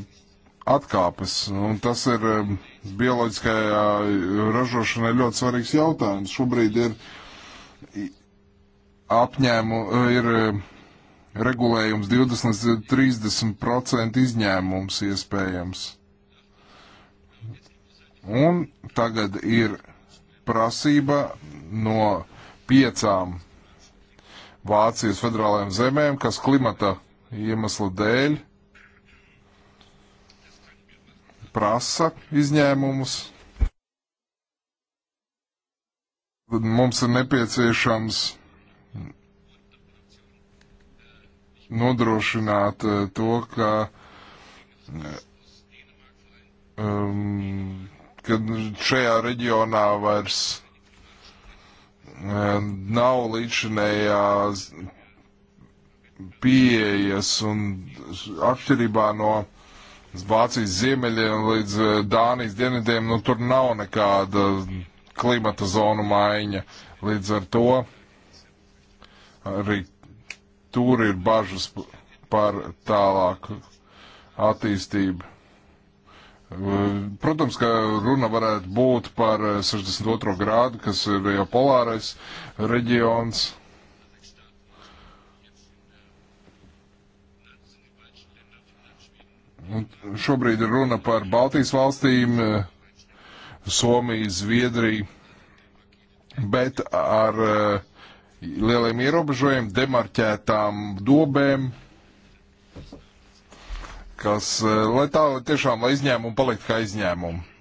atkāpes. Un tas ir um, bioloģiskajā ražošanai ļoti svarīgs jautājums. Šobrīd ir apņēmu, ir regulējums 20 līdz 30% izņēmums iespējams. Un tagad ir prasība no piecām Vācijas federālajām zemēm, kas klimata iemesla dēļ prasa izņēmumus. Mums ir nepieciešams nodrošināt eh, to, ka eh, um, kad šajā reģionā vairs eh, nav līdzinējā pieejas un atšķirībā no Vācijas ziemeļiem līdz Dānijas dienvidiem, nu tur nav nekāda klimata zonu maiņa. Līdz ar to arī tur ir bažas par tālāku attīstību. Ehm, protams, ka runa varētu būt par 62. grādu, kas ir jau polārais reģions. Un šobrīd ir runa par Baltijas valstīm, Somiju, Zviedriju, bet ar uh, lieliem ierobežojumiem, demarķētām dobēm, kas, eh, lai tā tiešām, lai izņēmumi palikt kā izņēmumi.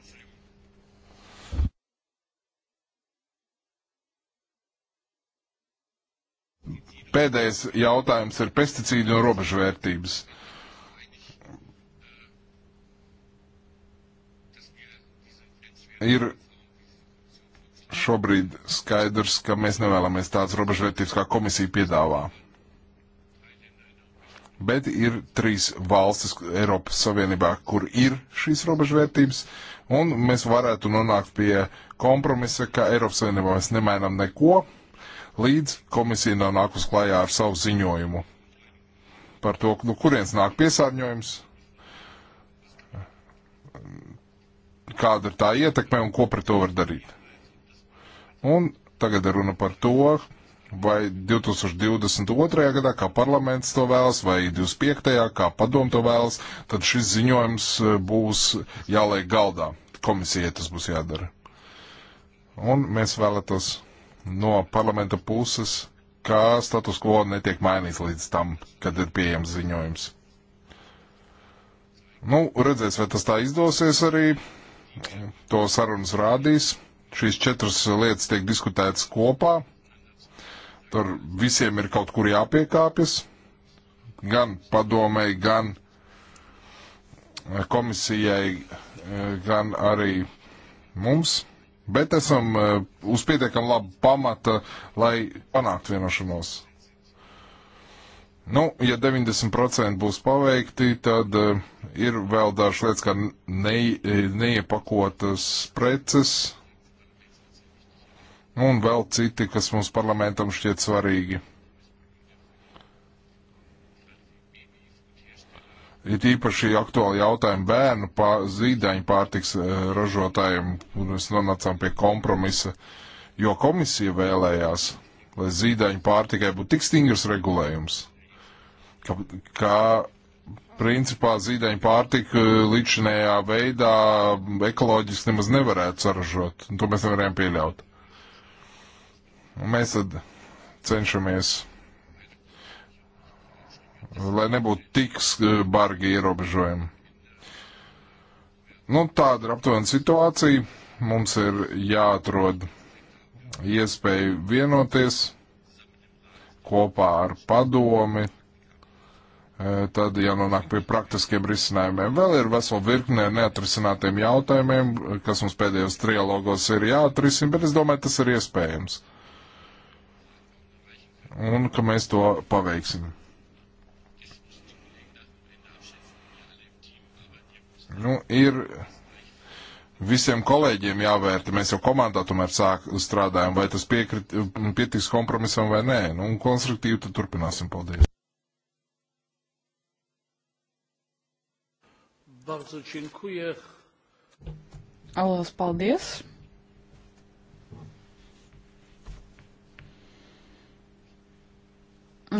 Pēdējais jautājums ir pesticīdu un robežvērtības. Ir šobrīd skaidrs, ka mēs nevēlamies tādas robežvērtības, kā komisija piedāvā. Bet ir trīs valstis Eiropas Savienībā, kur ir šīs robežvērtības, un mēs varētu nonākt pie kompromisa, ka Eiropas Savienībā mēs nemainām neko, līdz komisija nav nākus klājā ar savu ziņojumu par to, no nu, kurienes nāk piesārņojums, kāda ir tā ietekme un ko pret to var darīt. Un tagad ir runa par to, vai 2022. gadā, kā parlaments to vēlas, vai 25. kā padom to vēlas, tad šis ziņojums e, būs jāliek galdā. Komisijai tas būs jādara. Un mēs vēlētos no parlamenta puses, kā status quo netiek mainīts līdz tam, kad ir pieejams ziņojums. Nu, redzēs, vai tas tā izdosies arī. To sarunas rādīs. Šīs četras lietas tiek diskutētas kopā. Tur visiem ir kaut kur jāpiekāpjas. Gan padomēji, gan eh, komisijai, eh, gan arī mums, bet esam eh, uz pietiekam labu pamata, lai panāktu vienošanos. Nu, ja 90% būs paveikti, tad ir vēl dažas lietas, kā ne, neiepakotas preces, un vēl citi, kas mums parlamentam šķiet svarīgi. Ir īpaši aktuāli jautājumi bērnu pār, zīdaiņu pārtiks eh, ražotājiem, un mēs nonācām pie kompromisa, jo komisija vēlējās, lai zīdaiņu pārtikai būtu tik stingrs regulējums, ka, ka principā zīdaiņu pārtika eh, līdzinējā veidā ekoloģiski nemaz nevarētu saražot, un to mēs nevarējām pieļaut. Un mēs tad cenšamies, lai nebūtu tik eh, bargi ierobežojumi. Nu, tāda ir aptuvena situācija. Mums ir jāatrod iespēju vienoties kopā ar padomi, eh, tad jānonāk pie praktiskiem risinājumiem. Vēl ir vesela virkne neatrisinātiem jautājumiem, kas mums pēdējos trialogos ir jāatrisina, bet es domāju, tas ir iespējams un ka mēs to paveiksim. Nu, ir visiem kolēģiem jāvērta, mēs jau komandā tomēr sāk strādājam, vai tas piekrit, pietiks kompromisam vai nē. Nu, un konstruktīvi tad turpināsim. Paldies. Bardzo dziękuję. Alas, paldies.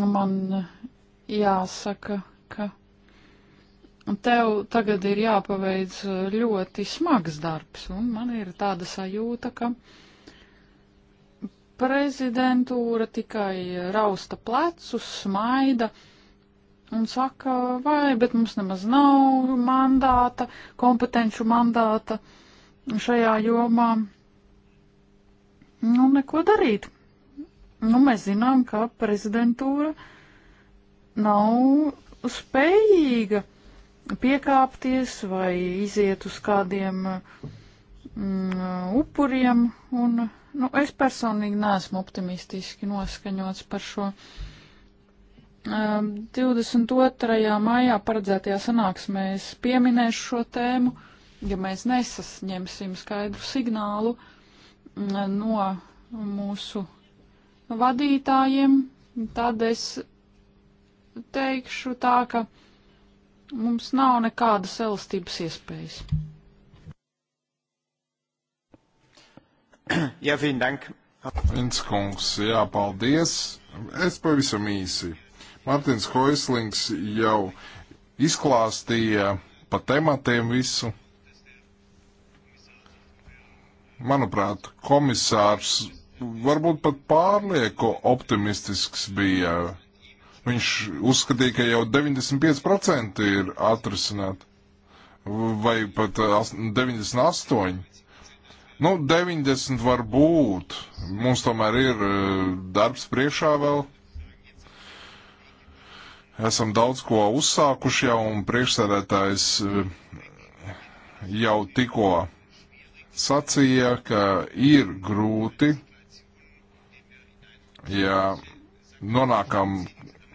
man jāsaka, ka tev tagad ir jāpaveic ļoti smags darbs, un man ir tāda sajūta, ka prezidentūra tikai rausta plecus, smaida un saka, vai, bet mums nemaz nav mandāta, kompetenču mandāta šajā jomā. Nu, neko darīt. Nu, mēs zinām, ka prezidentūra nav spējīga piekāpties vai iziet uz kādiem mm, upuriem. Un, nu, es personīgi neesmu optimistiski noskaņots par šo. 22. Ehm, maijā paredzētajā sanāksmē es pieminēšu šo tēmu, ja mēs nesasņemsim skaidru signālu mm, no mūsu vadītājiem, tad es teikšu tā, ka mums nav nekādas elastības iespējas. Jā, vielen dank. Vinskungs, jā, paldies. Es pavisam īsi. Martins Hoislings jau izklāstīja pa tematiem visu. Manuprāt, komisārs varbūt pat pārlieku optimistisks bija. Viņš uzskatīja, ka jau 95% ir atrisināt, vai pat 98%. Eh, nu, 90 var būt. Mums tomēr ir eh, darbs priekšā vēl. Esam daudz ko uzsākuši jau, un priekšsēdētājs eh, jau tikko sacīja, ka ir grūti ja nonākam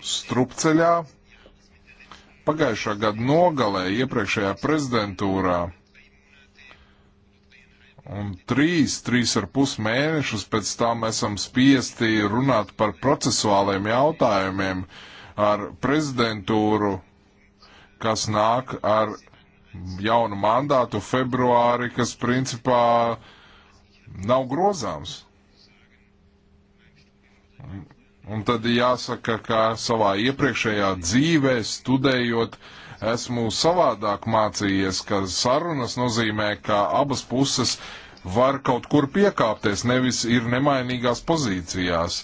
strupceļā, pagājušā gada nogalē, iepriekšējā prezidentūrā, un trīs, trīs ar pus mēnešus pēc tam esam spiesti runāt par procesuāliem jautājumiem ar prezidentūru, kas nāk ar jaunu mandātu februāri, kas principā nav grozāms. Un tad jāsaka, ka savā iepriekšējā dzīvē, studējot, esmu savādāk mācījies, ka sarunas nozīmē, ka abas puses var kaut kur piekāpties, nevis ir nemainīgās pozīcijās.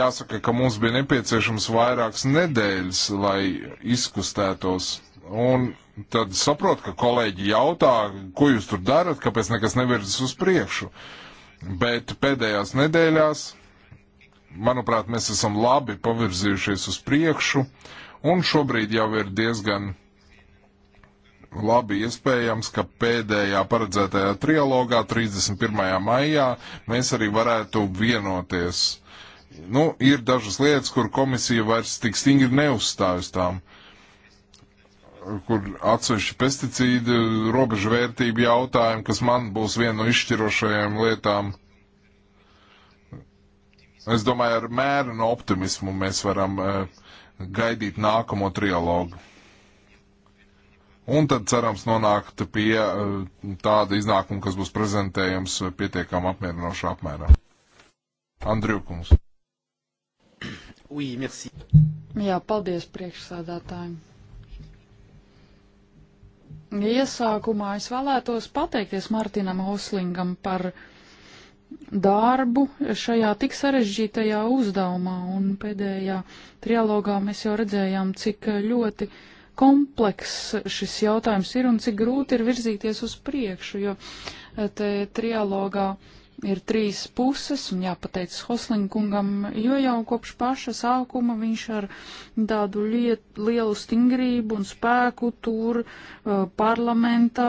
Jāsaka, ka mums bija nepieciešams vairākas nedēļas, lai izkustētos. Un tad saprot, ka kolēģi jautā, ko jūs tur darat, kāpēc nekas nevirzas uz priekšu. Bet pēdējās nedēļās manuprāt, mēs esam labi pavirzījušies uz priekšu, un šobrīd jau ir diezgan labi iespējams, ka pēdējā paredzētajā trialogā 31. maijā mēs arī varētu vienoties. Nu, ir dažas lietas, kur komisija vairs tik stingri neuzstājas tām, kur atsevišķi pesticīdi, robežu vērtību jautājumi, kas man būs viena no izšķirošajām lietām Es domāju, ar mēru un optimismu mēs varam eh, gaidīt nākamo trialogu. Un tad cerams nonākt pie eh, tāda iznākuma, kas būs prezentējams pietiekam apmierinošā apmērā. Andriju kungs. Oui, merci. Jā, paldies priekšsādātājiem. Iesākumā es vēlētos pateikties Martinam Hoslingam par darbu šajā tik sarežģītajā uzdevumā, un pēdējā trialogā mēs jau redzējām, cik ļoti komplekss šis jautājums ir un cik grūti ir virzīties uz priekšu, jo eh, te trialogā ir trīs puses, un jāpateicas Hoslinkungam, jo jau kopš paša sākuma viņš ar tādu liet, lielu stingrību un spēku tur uh, parlamenta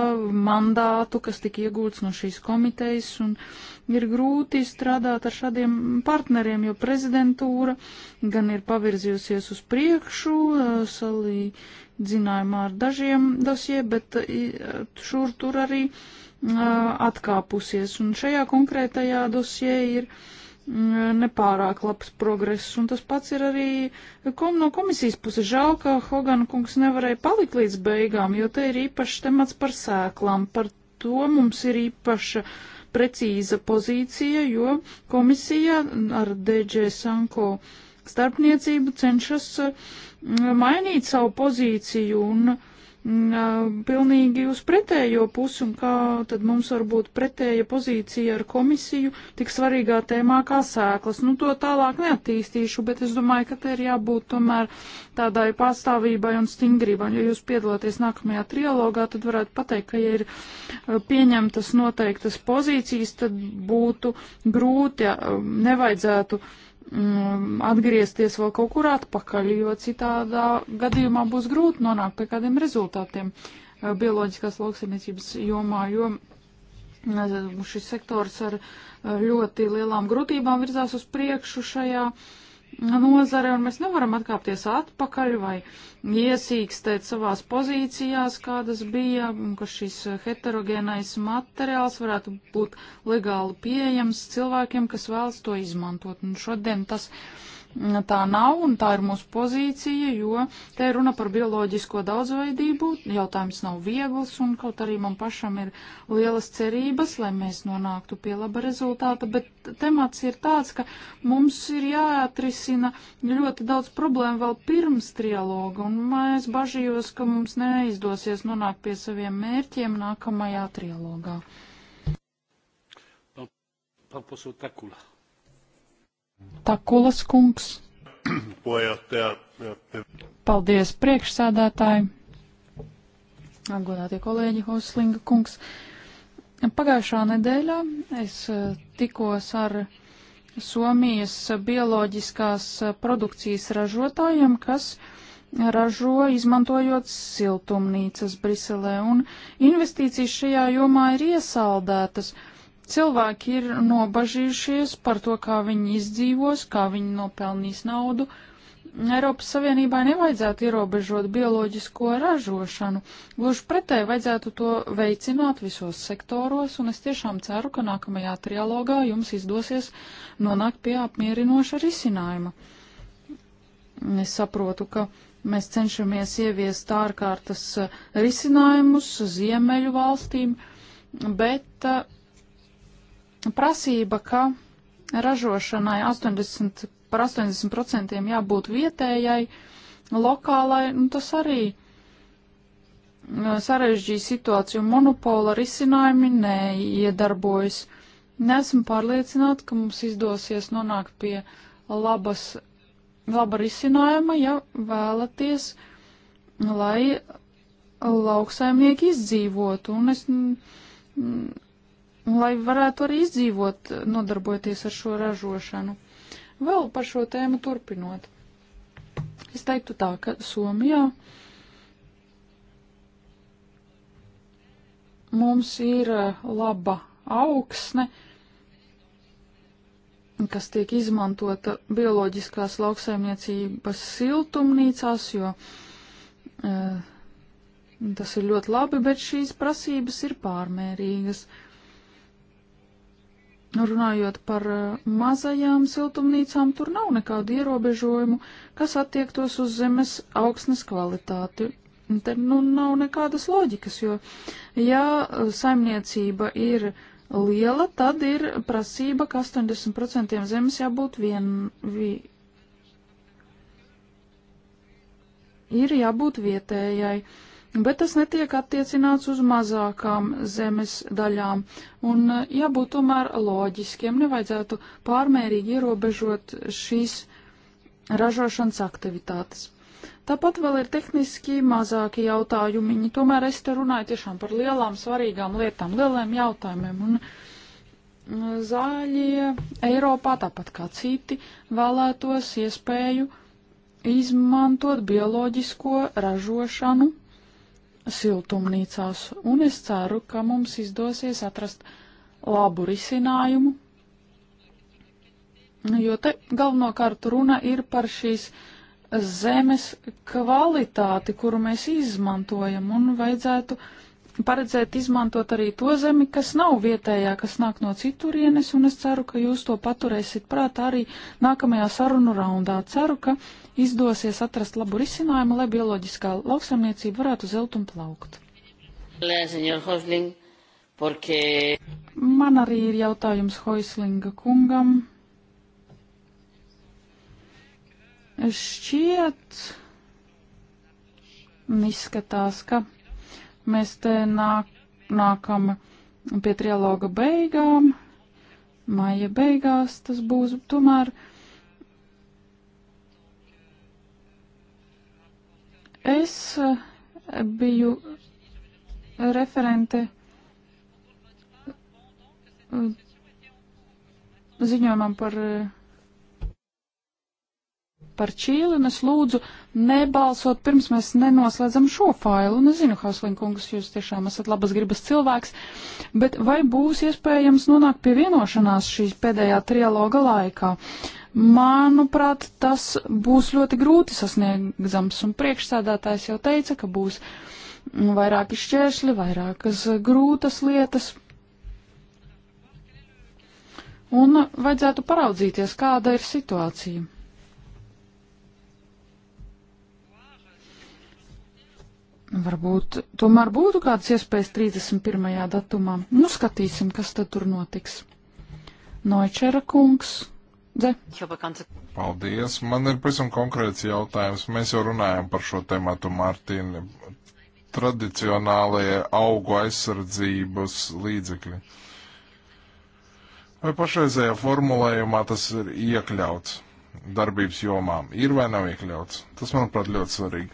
mandātu, kas tika iegūts no šīs komitejas, un uh, ir grūti strādāt ar šādiem partneriem, jo prezidentūra gan ir pavirzījusies uz priekšu, salīdzinājumā ar dažiem dosie, bet šur tur arī atkāpusies. Un šajā konkrētajā dosie ir nepārāk labs progress, un tas pats ir arī kom no komisijas puses. Žēl, ka Hogana kungs nevarēja palikt līdz beigām, jo te ir īpašs temats par sēklām, par to mums ir īpaša precīza pozīcija, jo komisija ar DG Sanko starpniecību cenšas mm, mainīt savu pozīciju un uh, pilnīgi uz pretējo pusi un kā tad mums var būt pretēja pozīcija ar komisiju tik svarīgā tēmā kā sēklas. Nu, to tālāk neattīstīšu, bet es domāju, ka te ir jābūt tomēr tādai pastāvībai un stingrībai. Ja jūs piedalāties nākamajā trialogā, tad varētu pateikt, ka ja ir pieņemtas noteiktas pozīcijas, tad būtu grūti, nevajadzētu. Uh, Mm, atgriezties vēl kaut kur atpakaļ, jo citādā gadījumā būs grūti nonākt pie kādiem rezultātiem eh, bioloģiskās lauksaimniecības jomā, jo mm, šis sektors ar eh, ļoti lielām grūtībām virzās uz priekšu šajā uh, Mhm. nozare, un mēs nevaram atkāpties atpakaļ vai iesīkstēt savās pozīcijās, kādas bija, ka šis heterogēnais materiāls varētu būt legāli pieejams cilvēkiem, kas vēlas to izmantot. Un šodien tas ir tā nav un tā ir mūsu pozīcija, jo te runa par bioloģisko daudzveidību, jautājums nav viegls un kaut arī man pašam ir lielas cerības, lai mēs nonāktu pie laba rezultāta, bet temats ir tāds, ka mums ir jāatrisina ļoti daudz problēmu vēl pirms trialoga un mēs bažījos, ka mums neizdosies nonākt pie saviem mērķiem nākamajā trialogā. Pan poseł Takula. Takulas kungs. Paldies priekšsēdētāji. Apgodātie kolēģi Hoslinga kungs. Pagājušā nedēļā es eh, tikos ar Somijas bioloģiskās eh, produkcijas ražotājiem, kas ražo izmantojot siltumnīcas Briselē, un investīcijas šajā jomā ir iesaldētas. Uh, Cilvēki ir nobažījušies par to, kā viņi izdzīvos, kā viņi nopelnīs naudu. Eiropas Savienībai nevajadzētu ierobežot bioloģisko ražošanu. Gluži pretēji vajadzētu to veicināt visos sektoros, un es tiešām ceru, ka nākamajā trialogā jums izdosies nonākt pie apmierinoša risinājuma. Es saprotu, ka mēs cenšamies ieviest ārkārtas risinājumus ziemeļu valstīm, bet prasība, ka ražošanai 80, par 80% jābūt vietējai, lokālai, nu tas arī uh, sarežģīja situāciju. Monopola risinājumi neiedarbojas. Nesmu pārliecināta, ka mums izdosies nonākt pie labas, laba risinājuma, ja vēlaties, lai lauksaimnieki izdzīvotu. Un es lai varētu arī izdzīvot, nodarboties ar šo ražošanu. Vēl par šo tēmu turpinot. Es teiktu tā, ka Somijā mums ir eh, laba augsne, kas tiek izmantota bioloģiskās lauksaimniecības siltumnīcās, jo e, tas ir ļoti labi, bet šīs prasības ir pārmērīgas. E, Nu, runājot par eh, mazajām siltumnīcām, tur nav nekādu ierobežojumu, kas attiektos uz zemes augsnes kvalitāti. Te nu, nav nekādas loģikas, jo, ja eh, saimniecība ir liela, tad ir prasība, ka 80% zemes jābūt vien. Vi, ir jābūt vietējai. Ja bet tas netiek attiecināts uz mazākām zemes daļām. Un eh, jābūt tomēr loģiskiem, nevajadzētu pārmērīgi ierobežot šīs ražošanas aktivitātes. Tāpat vēl ir tehniski mazāki jautājumiņi, tomēr es te runāju tiešām par lielām, svarīgām lietām, lieliem jautājumiem. Un eh, zāļie Eiropā, tāpat kā citi, vēlētos iespēju izmantot bioloģisko ražošanu siltumnīcās, un es ceru, ka mums izdosies atrast labu risinājumu, jo te galvenokārt runa ir par šīs zemes kvalitāti, kuru mēs izmantojam, un vajadzētu uh, paredzēt izmantot arī to zemi, kas nav vietējā, kas nāk no citurienes, un es ceru, ka jūs to paturēsiet prātā arī nākamajā sarunu raundā. Ceru, ka izdosies atrast labu risinājumu, lai bioloģiskā lauksaimniecība varētu zelt un plaukt. Man arī ir jautājums Hoislinga kungam. Šķiet, izskatās, ka Mēs te nāk, nākam pie trialoga beigām, maija beigās tas būs tomēr. Es eh, biju referente eh, ziņojumam par eh, par Čīli, un es lūdzu nebalsot, pirms mēs nenoslēdzam šo failu. Un es zinu, Hauslinkungs, jūs tiešām esat labas gribas cilvēks, bet vai būs iespējams nonākt pie vienošanās šīs pēdējā trialoga laikā? Manuprāt, tas būs ļoti grūti sasniegzams, un priekšsēdētājs jau teica, ka būs vairāki šķēršļi, vairākas grūtas lietas, un vajadzētu paraudzīties, kāda ir situācija. Varbūt tomēr būtu kādas iespējas 31. datumā. Nu, skatīsim, kas tad tur notiks. Noičera kungs. Dze. Paldies. Man ir pavisam konkrēts jautājums. Mēs jau runājam par šo tematu, Mārtiņa. Tradicionālajie augu aizsardzības līdzekļi. Vai pašreizējā formulējumā tas ir iekļauts darbības jomām? Ir vai nav iekļauts? Tas, manuprāt, ļoti svarīgi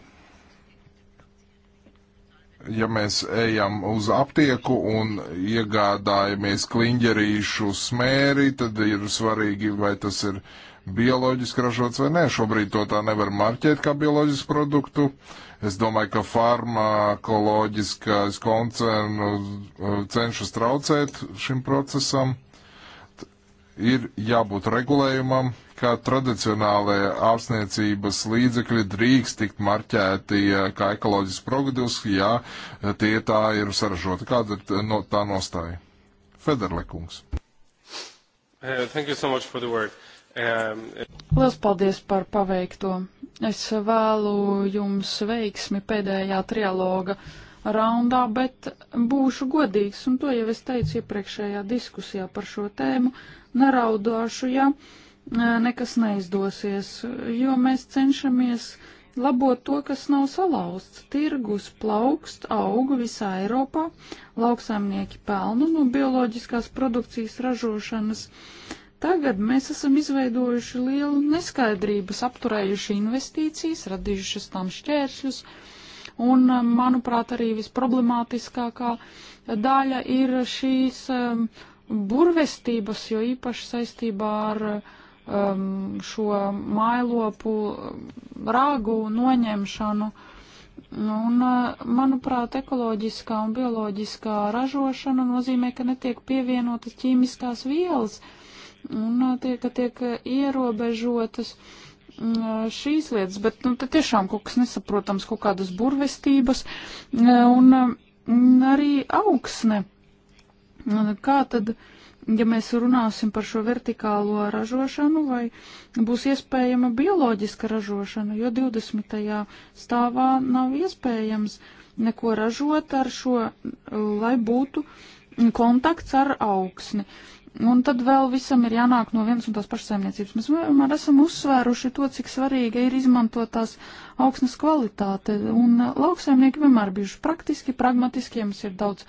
ja mēs ejam uz aptieku un iegādājamies kliņģerīšu smēri, tad ir svarīgi, vai tas ir bioloģiski ražots vai nē. Šobrīd to tā nevar marķēt kā bioloģisku produktu. Es domāju, ka farmakoloģiskais koncernu uh, cenšas traucēt šim procesam ir jābūt regulējumam, kā tradicionālajie ārstniecības līdzekļi drīkst tikt marķēti eh, kā ekoloģiski produkti, ja tie tā ir saražoti. Kāda ir no, tā nostāja? Federlekungs. Uh, so um, Lielas paldies par paveikto. Es vēlu jums veiksmi pēdējā trialoga uh, raundā, bet būšu godīgs, un to jau es teicu iepriekšējā diskusijā par šo tēmu, neraudāšu, ja e, nekas neizdosies, jo mēs cenšamies labot to, kas nav salauzts. Tirgus plaukst, auga visā Eiropā, lauksaimnieki pelnu no bioloģiskās produkcijas ražošanas. Tagad mēs esam izveidojuši lielu neskaidrības, apturējuši investīcijas, radījušas tam šķēršļus. Uh, Un, eh, manuprāt, arī visproblemātiskākā daļa ir šīs eh, burvestības, jo īpaši saistībā ar um, šo mailopu rāgu noņemšanu. Un, manuprāt, ekoloģiskā un bioloģiskā ražošana nozīmē, ka netiek pievienotas ķīmiskās vielas un tie, ka tiek ierobežotas uh, šīs lietas, bet nu, tiešām kaut kas nesaprotams, kaut kādas burvestības un arī augsne. Kā tad, ja mēs runāsim par šo vertikālo ražošanu, vai būs iespējama bioloģiska ražošana, jo 20. stāvā nav iespējams neko ražot ar šo, lai būtu kontakts ar augsni. Un tad vēl visam ir jānāk no vienas un tās pašas saimniecības. Mēs vienmēr esam uzsvēruši to, cik svarīga ir izmantot tās augsnes kvalitāte. Un uh, lauksaimnieki vienmēr bijuši praktiski, pragmatiski, jums ir daudz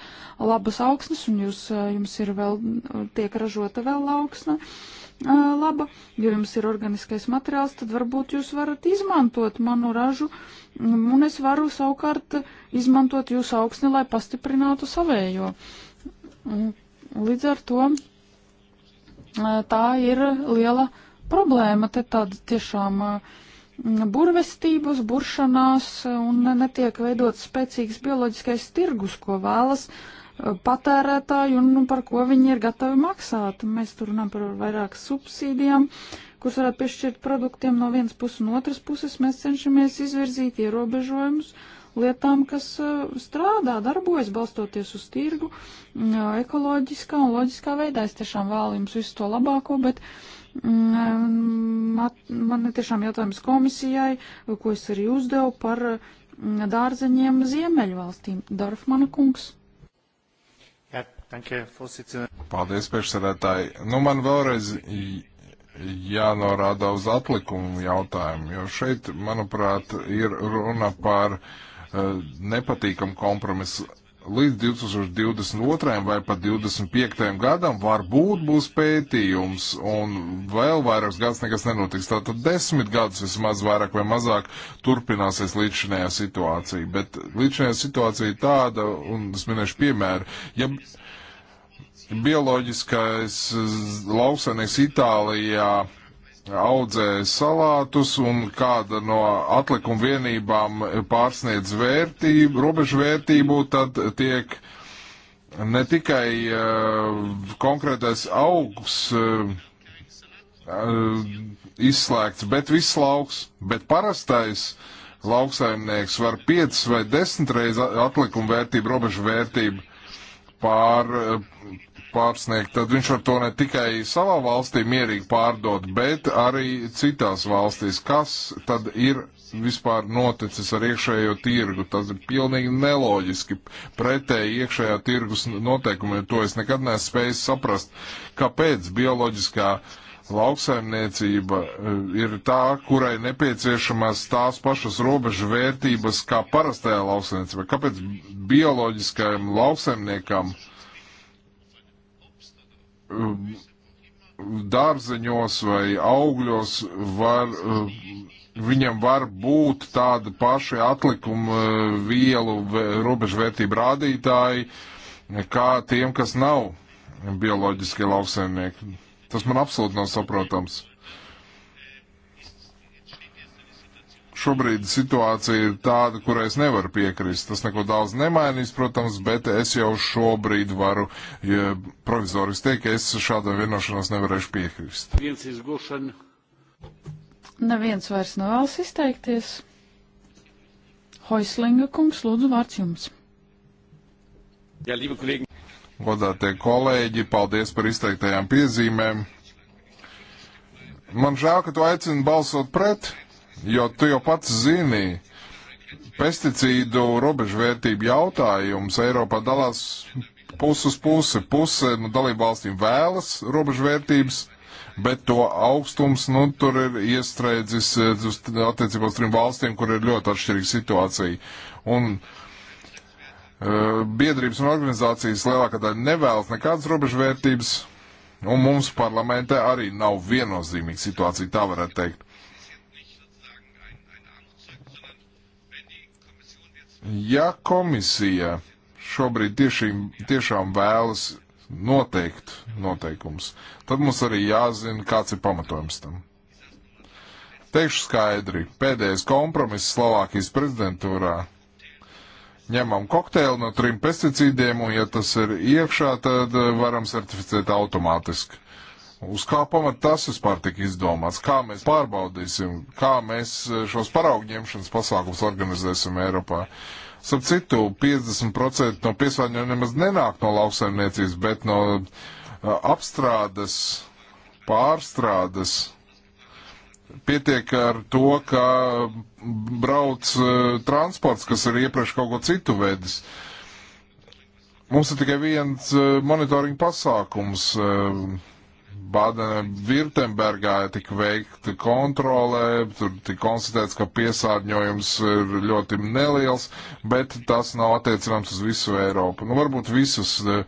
labas augsnes un jūs, uh, jums ir vēl, uh, tiek ražota vēl augsne laba, jo jums ir organiskais materiāls, tad varbūt jūs varat izmantot manu ražu, un es varu savukārt izmantot jūsu augsni, lai pastiprinātu savējo. Līdz ar to tā ir liela problēma. Te tāda tiešām burvestības, buršanās un netiek veidots spēcīgs bioloģiskais tirgus, ko vēlas patērētāji un nu, par ko viņi ir gatavi maksāt. Mēs tur runājam par vairāk subsīdijām, kuras varētu piešķirt produktiem no vienas puses un otras puses. Mēs cenšamies izvirzīt ierobežojumus. Uh, lietām, kas eh, strādā, darbojas, balstoties uz tirgu, mm, ekoloģiskā un loģiskā veidā. Es tiešām vēlu jums visu to labāko, bet mm, man ir tiešām jautājums komisijai, ko es arī uzdevu par mm, dārzeņiem Ziemeļvalstīm. Dorfmana kungs. Paldies, priekšsēdētāji. Nu, man vēlreiz jānorāda uz atlikumu jautājumu, jo šeit, manuprāt, ir runa par Eh, nepatīkamu kompromisu. Līdz 2022. vai pat 2025. gadam varbūt būs pētījums un vēl vairākus gadus nekas nenotiks. Tātad desmit gadus vismaz vairāk vai mazāk turpināsies līdzinējā situācija. Bet līdzinējā situācija ir tāda, un es minēšu piemēru, ja bioloģiskais eh, lauksainieks Itālijā audzē salātus un kāda no atlikuma vienībām pārsniedz vērtību, robežu vērtību, tad tiek ne tikai uh, konkrētais augs uh, uh, izslēgts, bet viss lauks, bet parastais lauksaimnieks var 5 vai 10 reizes atlikuma vērtību, robežu vērtību pār, uh, pārsniegt, tad viņš var to ne tikai savā valstī mierīgi pārdot, bet arī citās valstīs. Kas tad ir vispār noticis ar iekšējo tirgu? Tas ir pilnīgi neloģiski pretēji iekšējā tirgus noteikumiem. To es nekad neesmu spējis saprast, kāpēc bioloģiskā lauksaimniecība eh, ir tā, kurai nepieciešamās tās pašas robežu vērtības kā parastajā lauksaimniecībā. Kāpēc bioloģiskajam lauksaimniekam? dārzeņos vai augļos var, eh, viņam var būt tāda paša atlikuma eh, vielu robežvērtību rādītāji, kā tiem, kas nav bioloģiskie lauksaimnieki. Tas man absolūti nav saprotams. Šobrīd situācija ir tāda, kurai es nevaru piekrist. Tas neko daudz nemainīs, protams, bet es jau šobrīd varu ja provizoriski teikt, ka es šādai vienošanos nevarēšu piekrist. Neviens vairs nevēlas izteikties. Hoislinga kungs, lūdzu, vārds jums. Jā, liebe kolēģi. Godātie kolēģi, paldies par izteiktajām piezīmēm. Man žēl, ka tu aicini balsot pret, Jo tu jau pats zini, pesticīdu robežvērtību jautājums Eiropā dalās pusi uz pusi. Puse no nu, dalību valstīm vēlas robežvērtības, bet to augstums nu, tur ir iestrēdzis eh, attiecībā uz trim valstīm, kur ir ļoti atšķirīga situācija. Un, uh, Biedrības un organizācijas lielākā daļa nevēlas nekādas robežvērtības, un mums parlamentē arī nav viennozīmīga situācija, tā varētu teikt. Ja komisija šobrīd tiešām, tiešām vēlas noteikt noteikums, tad mums arī jāzina, kāds ir pamatojums tam. Teikšu skaidri, pēdējais kompromiss Slovākijas prezidentūrā. Ņemam kokteili no trim pesticīdiem, un ja tas ir iekšā, tad eh, varam certificēt automātiski. Uz kā pamat tas vispār tika izdomāts? Kā mēs pārbaudīsim, kā mēs eh, šos paraugņemšanas pasākums organizēsim Eiropā? Sap citu, 50% no piesārņojumiem nemaz nenāk no lauksaimniecības, bet no eh, apstrādes, pārstrādes. Pietiek ar to, ka brauc eh, transports, kas ir iepriekš kaut ko citu veidis. Mums ir tikai viens monitoringa pasākums Badenvirtembergā tika veikta kontrolē, tur tika konstatēts, ka piesārņojums ir ļoti neliels, bet tas nav attiecināms uz visu Eiropu. Nu, varbūt visus eh,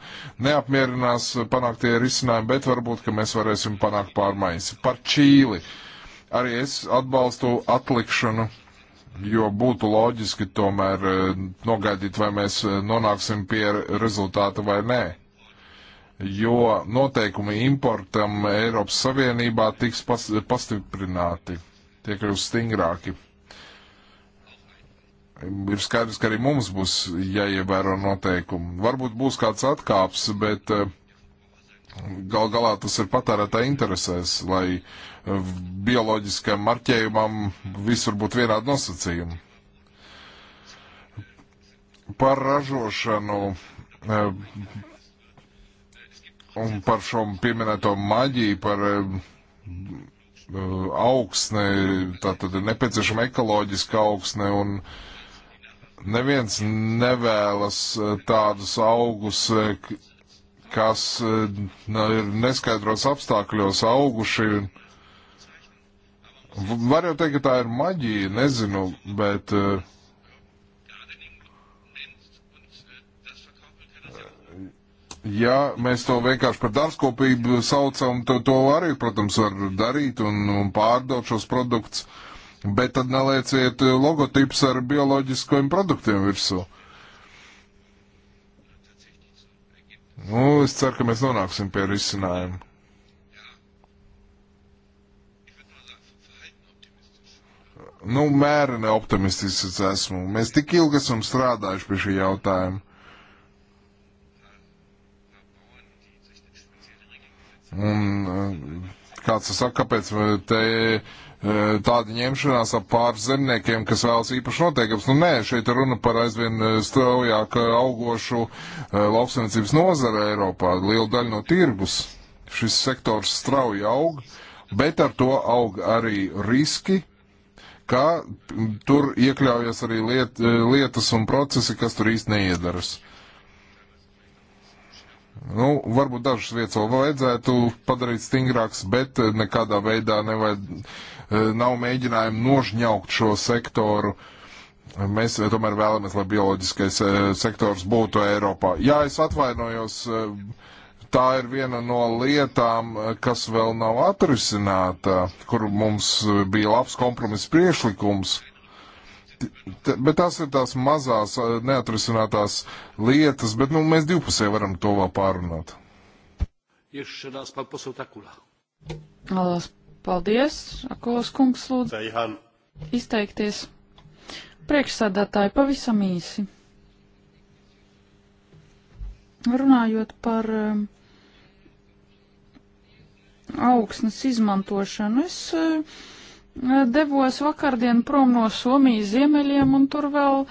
neapmierinās eh, panāktie risinājumi, bet varbūt, ka mēs varēsim panākt pārmaiņas. Par Čīli arī es atbalstu atlikšanu. Jo būtu loģiski tomēr eh, nogaidīt, vai mēs nonāksim pie rezultāta vai nē jo noteikumi importam Eiropas Savienībā tiks pas, pastiprināti, tiek kļūst stingrāki. Ir skaidrs, ka arī mums būs jāievēro noteikumi. Varbūt būs kāds atkāps, bet eh, gal galā tas ir patērētā interesēs, lai eh, bioloģiskajam marķējumam visur būtu vienādi nosacījumi. Par ražošanu eh, Un par šo pieminēto maģiju, par eh, eh, augsne, tātad ir nepieciešama ekoloģiska augsne un neviens nevēlas eh, tādus augus, kas ir neskaidros apstākļos auguši. Var jau teikt, ka tā ir maģija, nezinu, bet uh, Ja mēs to vienkārši par dārzkopību saucam, to, to arī, protams, var darīt un, un pārdot šos produktus, bet tad nelieciet logotips ar bioloģiskajiem produktiem virsū. Nu, es ceru, ka mēs nonāksim pie risinājuma. Nu, mērene optimistisks esmu. Mēs tik ilgi esam strādājuši pie šī jautājuma Un eh, kāds saka, kāpēc eh, te eh, tāda ņemšanās ap pāris zemniekiem, kas vēlas īpaši noteikums. Nu, nē, šeit runa par aizvien straujāk augošu lauksaimniecības nozara Eiropā. Liela daļa no tirgus šis sektors strauji aug, bet ar to aug arī riski, ka tur iekļaujas arī liet, lietas un procesi, kas tur īsti neiedaras. Uh, Nu, varbūt dažas vietas vēl vajadzētu padarīt stingrākas, bet eh, nekādā veidā nevajad, eh, nav mēģinājumu nožņaukt šo sektoru. Mēs tomēr vēlamies, lai bioloģiskais eh, sektors būtu Eiropā. Jā, es atvainojos, tā ir viena no lietām, kas vēl nav atrisināta, kur mums bija labs kompromiss priešlikums Bet tās ir tās mazās, eh, neatrisinātās lietas, bet nu, mēs divpusē varam to vēl pārunāt. Paldies, Akolas kungs, lūdzu. Izteikties. Priekšsēdētāji pavisam īsi. Runājot par eh, augsnes izmantošanu, es eh, devos vakardien prom no Somijas ziemeļiem, un tur vēl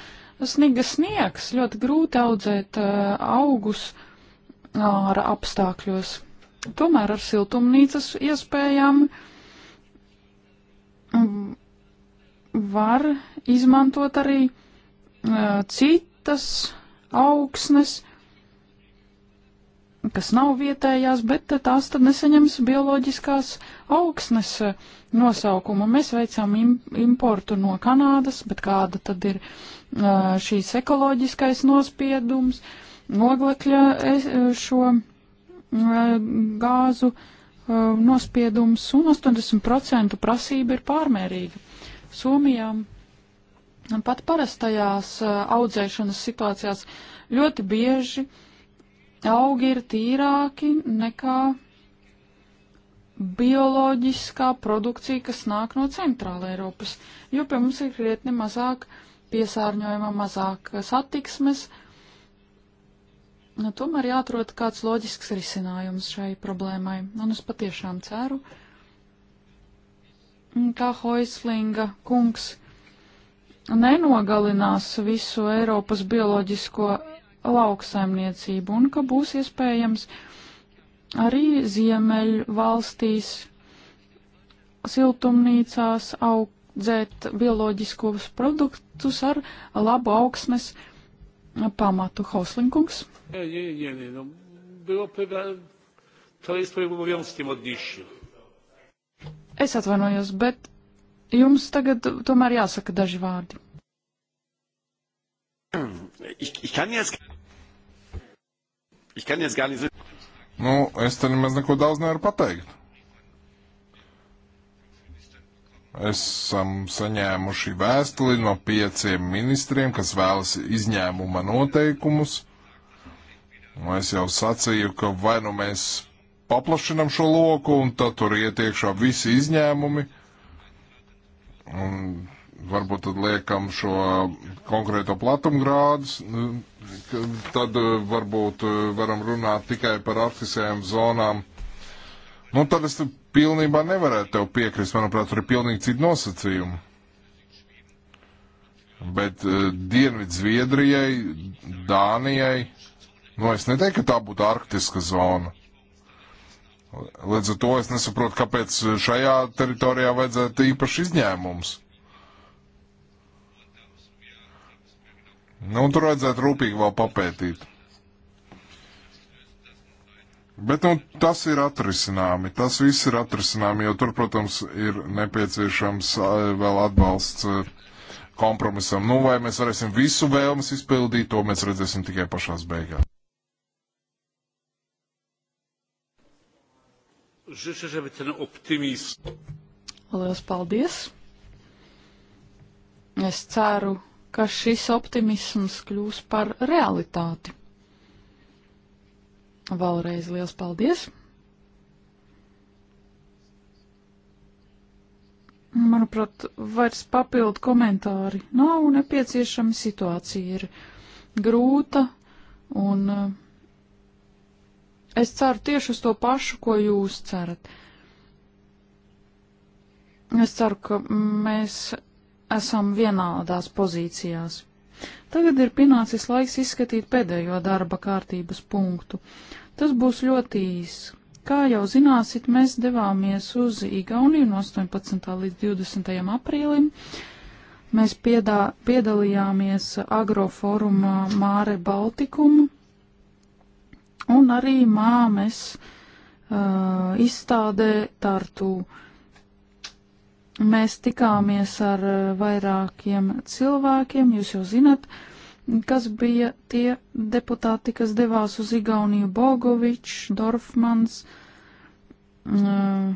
sniga sniegs. Ļoti grūti audzēt eh, augus ārā apstākļos. Tomēr ar siltumnīcas iespējām mm, var izmantot arī eh, citas augsnes, kas nav vietējās, bet tās tad neseņems bioloģiskās augsnes eh, nosaukumu. Mēs veicam importu no Kanādas, bet kāda tad ir šīs ekoloģiskais nospiedums, oglekļa šo gāzu nospiedums un 80% prasība ir pārmērīga. Somijā pat parastajās audzēšanas situācijās ļoti bieži augi ir tīrāki nekā bioloģiskā produkcija, kas nāk no centrāla Eiropas, jo pie mums ir krietni mazāk piesārņojuma, mazāk satiksmes. Nu, tomēr jāatrod kāds loģisks risinājums šai problēmai, un es patiešām ceru, kā Hoislinga kungs nenogalinās visu Eiropas bioloģisko lauksaimniecību un ka būs iespējams uh, Arī ziemeļu valstīs siltumnīcās audzēt bioloģiskos produktus ar labu augsnes pamatu. Hauslinkungs. Nie, nie, nie, nie. No, było pewne, to jest pewnym obowiązkiem odnieśli. Es atvainojos, bet jums tagad tomēr jāsaka daži vārdi. Ich, ich kann jetzt, ich kann jetzt gar nicht. Nu, es te nemaz neko daudz nevaru pateikt. Esam saņēmuši vēstuli no pieciem ministriem, kas vēlas izņēmuma noteikumus. Nu, es jau sacīju, ka vai nu mēs paplašinam šo loku, un tad tur iet iekšā visi izņēmumi. Un varbūt tad liekam šo konkrēto platumgrādus, tad eh, varbūt eh, varam runāt tikai par arktiskajām zonām. Nu, tad es pilnībā nevarētu tev piekrist, manuprāt, tur ir pilnīgi citi nosacījumi. Bet uh, eh, Dienvidzviedrijai, Dānijai, nu es neteiktu, ka tā būtu arktiska zona. Līdz ar to es nesaprotu, kāpēc šajā teritorijā vajadzētu īpaši izņēmums. Nu, tur vajadzētu rūpīgi vēl papētīt. Bet nu, tas ir atrisināmi. Tas viss ir atrisināmi, jo tur, protams, ir nepieciešams vēl atbalsts kompromisam. Nu, vai mēs varēsim visu vēlmes izpildīt, to mēs redzēsim tikai pašās beigās. Lielas paldies! Es ceru, ka šis optimisms kļūs par realitāti. Vēlreiz liels paldies! Manuprāt, vairs papildu komentāri nav nepieciešami. Situācija ir grūta un eh, es ceru tieši uz to pašu, ko jūs cerat. Es ceru, ka mēs esam vienādās pozīcijās. Tagad ir pienācis laiks izskatīt pēdējo darba kārtības punktu. Tas būs ļoti īs. Kā jau zināsit, mēs devāmies uz Igauniju no 18. līdz 20. aprīlim. Mēs piedā, piedalījāmies agroforumā Māre Baltikumu un arī māmes uh, izstādē Tartū. Uh, Mēs tikāmies ar eh, vairākiem cilvēkiem, jūs jau zinat, kas bija tie deputāti, kas devās uz Igauniju Bogovičs, Dorfmans, eh,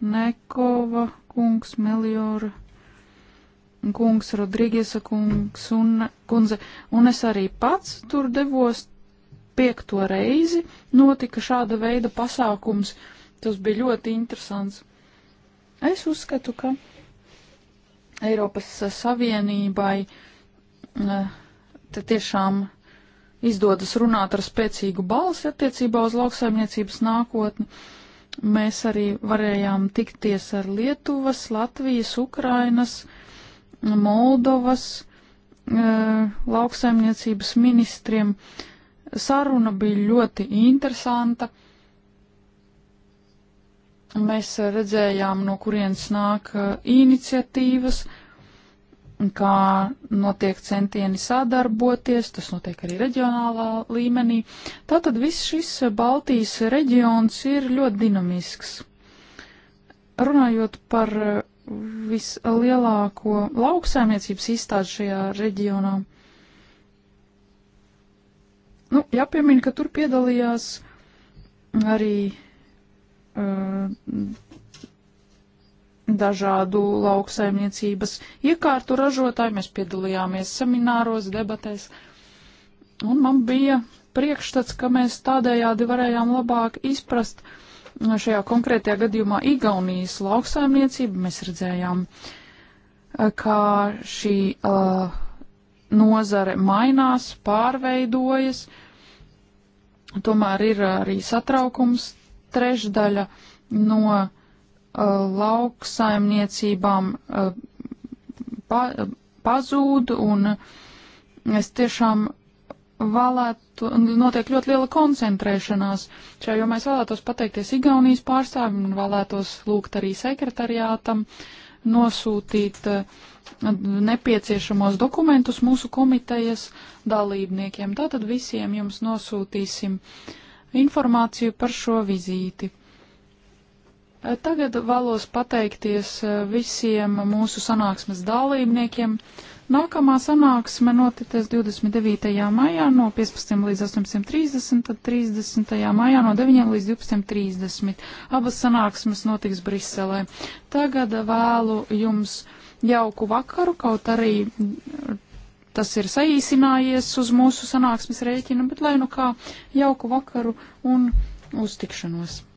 Nekova kungs, Meliora kungs, Rodrīgiesa kungs un kundze, un es arī pats tur devos piekto reizi, notika šāda veida pasākums, tas bija ļoti interesants. Es uzskatu, ka Eiropas Savienībai eh, tiešām izdodas runāt ar spēcīgu balsi attiecībā uz lauksaimniecības nākotni. Mēs arī varējām tikties ar Lietuvas, Latvijas, Ukrainas, Moldovas eh, lauksaimniecības ministriem. Saruna bija ļoti interesanta Mēs eh, redzējām, no kurienes nāk eh, iniciatīvas, kā notiek centieni sadarboties, tas notiek arī reģionālā līmenī. Tātad viss šis eh, Baltijas reģions ir ļoti dinamisks. Runājot par vislielāko lauksaimniecības izstādi šajā reģionā, nu, jāpiemina, ka tur piedalījās arī Um, dažādu lauksaimniecības iekārtu ražotāji. Mēs piedalījāmies semināros, debatēs, un man bija priekšstats, ka mēs tādējādi varējām labāk izprast šajā konkrētajā gadījumā Igaunijas lauksaimniecību. Mēs redzējām, uh, kā šī uh, nozare mainās, pārveidojas. Tomēr ir arī satraukums trešdaļa no uh, lauksaimniecībām uh, pa, pazūd, un es tiešām vēlētu, notiek ļoti liela koncentrēšanās šajā, jo mēs vēlētos pateikties Igaunijas pārstāvim un vēlētos lūgt arī sekretariātam nosūtīt uh, nepieciešamos dokumentus mūsu komitejas dalībniekiem. Tātad visiem jums nosūtīsim uh, informāciju par šo vizīti. Eh, tagad vēlos pateikties eh, visiem mūsu sanāksmes dalībniekiem. Nākamā sanāksme notiks 29. maijā no 15 līdz 18.30, tad 30. maijā no 9 līdz 12.30. Abas sanāksmes notiks Briselē. Tagad vēlu jums jauku vakaru, kaut arī tas ir saīsinājies uz mūsu sanāksmes rēķina, bet lai nu kā jauku vakaru un uztikšanos!